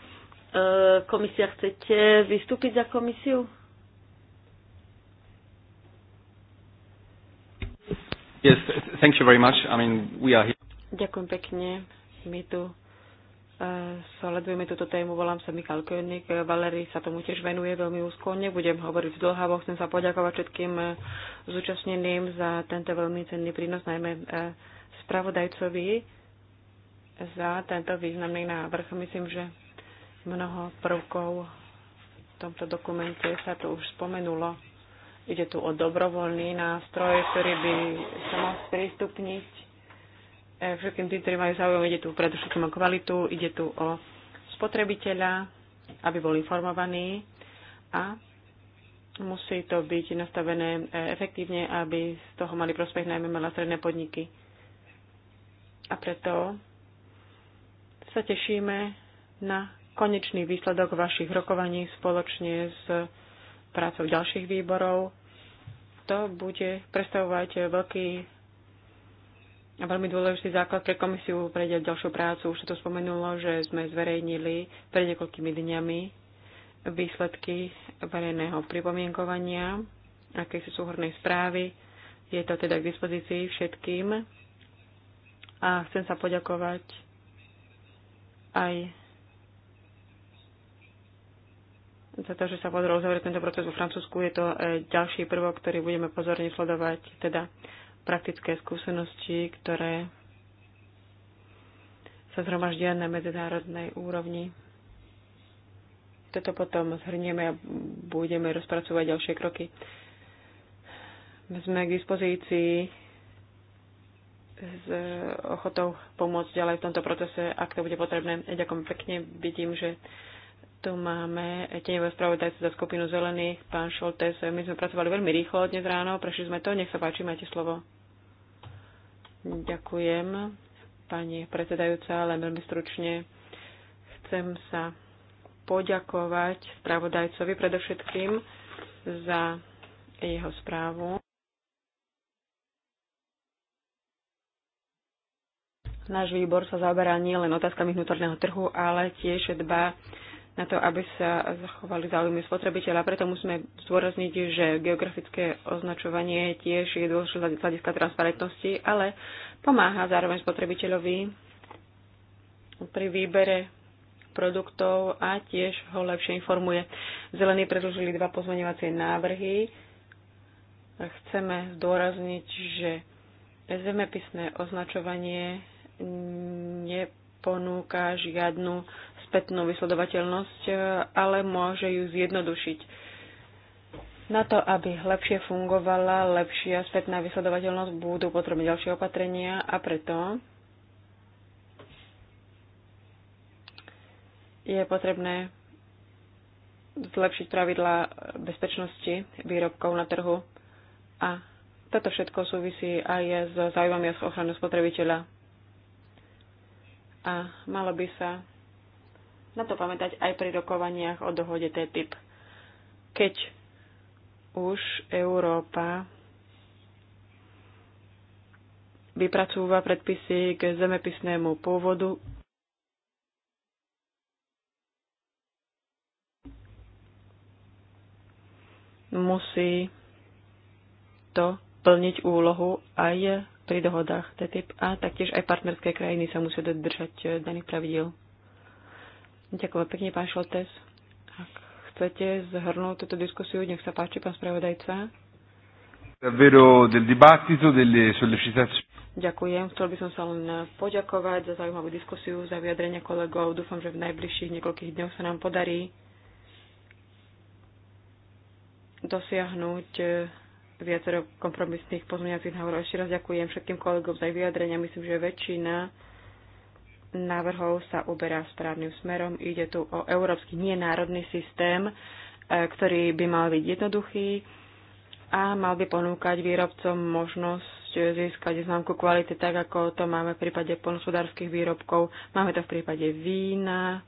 Speaker 4: E, komisia, chcete vystúpiť za komisiu?
Speaker 1: Yes, thank you very much. I mean, we are here. Ďakujem pekne. My tu uh, sledujeme túto tému. Volám sa Michal König. Valery sa tomu tiež venuje veľmi úzko. Nebudem hovoriť v zdlhavo. Chcem sa poďakovať všetkým uh, zúčastneným za tento veľmi cenný prínos, najmä uh, spravodajcovi za tento významný návrh. Myslím, že Mnoho prvkov v tomto dokumente sa tu už spomenulo. Ide tu o dobrovoľný nástroj, ktorý by sa mal sprístupniť e, všetkým tým, ktorí majú záujem. Ide tu predovšetkým o kvalitu, ide tu o spotrebiteľa, aby bol informovaný a musí to byť nastavené e, efektívne, aby z toho mali prospech najmä malé stredné podniky. A preto sa tešíme na konečný výsledok vašich rokovaní spoločne s prácou ďalších výborov. To bude predstavovať veľký a veľmi dôležitý základ pre komisiu pre ďalšiu prácu. Už sa to spomenulo, že sme zverejnili pred niekoľkými dňami výsledky verejného pripomienkovania, aké sú súhrnej správy. Je to teda k dispozícii všetkým. A chcem sa poďakovať aj za to, že sa podarilo uzavrieť tento proces vo Francúzsku. Je to e, ďalší prvok, ktorý budeme pozorne sledovať, teda praktické skúsenosti, ktoré sa zhromaždia na medzinárodnej úrovni. Toto potom zhrnieme a budeme rozpracovať ďalšie kroky. My sme k dispozícii s ochotou pomôcť ďalej v tomto procese, ak to bude potrebné. Ďakujem pekne. Vidím, že tu máme tenevého spravodajce za skupinu zelených, pán Šoltes. My sme pracovali veľmi rýchlo dnes ráno, prešli sme to. Nech sa páči, máte slovo. Ďakujem, pani predsedajúca, len veľmi stručne. Chcem sa poďakovať spravodajcovi predovšetkým za jeho správu. Náš výbor sa zaoberá nielen otázkami vnútorného trhu, ale tiež dba na to, aby sa zachovali záujmy spotrebiteľa. Preto musíme zdôrazniť, že geografické označovanie tiež je dôležité z hľadiska transparentnosti, ale pomáha zároveň spotrebiteľovi pri výbere produktov a tiež ho lepšie informuje. Zelení predložili dva pozmeňovacie návrhy. Chceme zdôrazniť, že zemepisné označovanie neponúka žiadnu spätnú vysledovateľnosť, e, ale môže ju zjednodušiť. Na to, aby lepšie fungovala lepšia spätná vysledovateľnosť, budú potrebné ďalšie opatrenia a preto je potrebné zlepšiť pravidlá bezpečnosti výrobkov na trhu a toto všetko súvisí aj s záujmami a ochranou spotrebiteľa. A malo by sa na to pamätať aj pri rokovaniach o dohode TTIP. Keď už Európa vypracúva predpisy k zemepisnému pôvodu, musí to plniť úlohu aj pri dohodách TTIP a taktiež aj partnerské krajiny sa musia dodržať daných pravidel. Ďakujem pekne, pán Šoltes. Ak chcete zhrnúť túto diskusiu, nech sa páči, pán spravodajca. Ďakujem. Chcel by som sa len poďakovať za zaujímavú diskusiu, za vyjadrenie kolegov. Dúfam, že v najbližších niekoľkých dňoch sa nám podarí dosiahnuť eh, viacero kompromisných pozmeňacích návrhov. Ešte raz ďakujem všetkým kolegom za vyjadrenia. Myslím, že väčšina návrhov sa uberá správnym smerom. Ide tu o európsky, nienárodný systém, e, ktorý by mal byť jednoduchý a mal by ponúkať výrobcom možnosť získať známku kvality, tak ako to máme v prípade polnospodárských výrobkov. Máme to v prípade vína,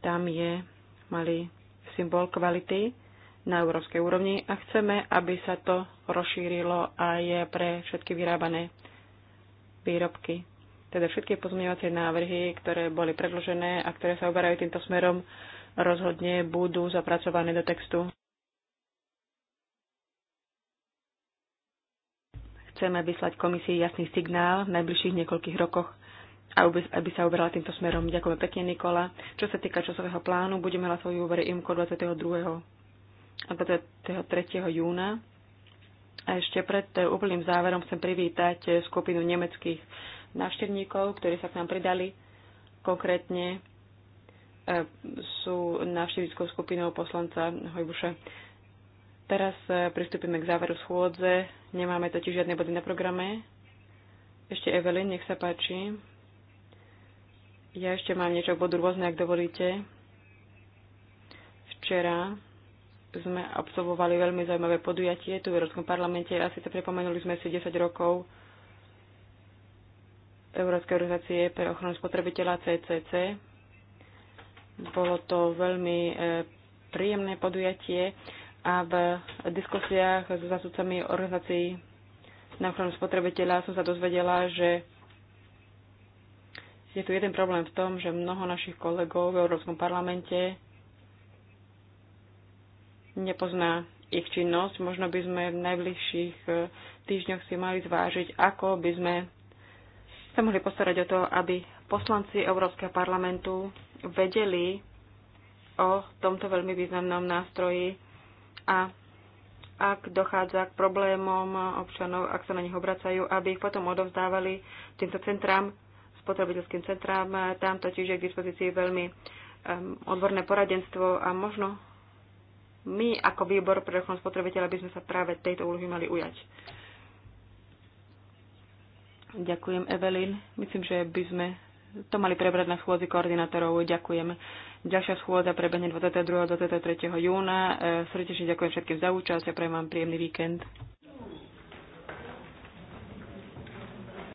Speaker 1: tam je malý symbol kvality na európskej úrovni a chceme, aby sa to rozšírilo aj pre všetky vyrábané výrobky. Teda všetky pozmeňovacie návrhy, ktoré boli predložené a ktoré sa oberajú týmto smerom, rozhodne budú zapracované do textu. Chceme vyslať komisii jasný signál v najbližších niekoľkých rokoch, aby sa uberala týmto smerom. Ďakujem pekne, Nikola. Čo sa týka časového plánu, budeme hlasovať úvere IMCO 22. a 23. júna. A ešte pred úplným záverom chcem privítať skupinu nemeckých návštevníkov, ktorí sa k nám pridali. Konkrétne e, sú návštevníckou skupinou poslanca Hojbuša. Teraz e, pristúpime k záveru schôdze. Nemáme totiž žiadne body na programe. Ešte Evelyn, nech sa páči. Ja ešte mám niečo k bodu rôzne, ak dovolíte. Včera sme absolvovali veľmi zaujímavé podujatie tu v Európskom parlamente asi to pripomenuli sme si 10 rokov Európskej organizácie pre ochranu spotrebiteľa CCC. Bolo to veľmi e, príjemné podujatie a v diskusiách s zástupcami organizácií na ochranu spotrebiteľa som sa dozvedela, že je tu jeden problém v tom, že mnoho našich kolegov v Európskom parlamente nepozná ich činnosť. Možno by sme v najbližších e, týždňoch si mali zvážiť, ako by sme sa mohli postarať o to, aby poslanci Európskeho parlamentu vedeli o tomto veľmi významnom nástroji a ak dochádza k problémom občanov, ak sa na nich obracajú, aby ich potom odovzdávali týmto centrám, spotrebiteľským centrám. Tam totiž je k dispozícii veľmi odborné poradenstvo a možno my ako výbor pre ochranu spotrebiteľa by sme sa práve tejto úlohy mali ujať. Ďakujem, Evelyn. Myslím, že by sme to mali prebrať na schôdzi koordinátorov. Ďakujem. Ďalšia schôdza prebehne 22. a 23. júna. E, srdečne ďakujem všetkým za účasť a ja prajem vám príjemný víkend.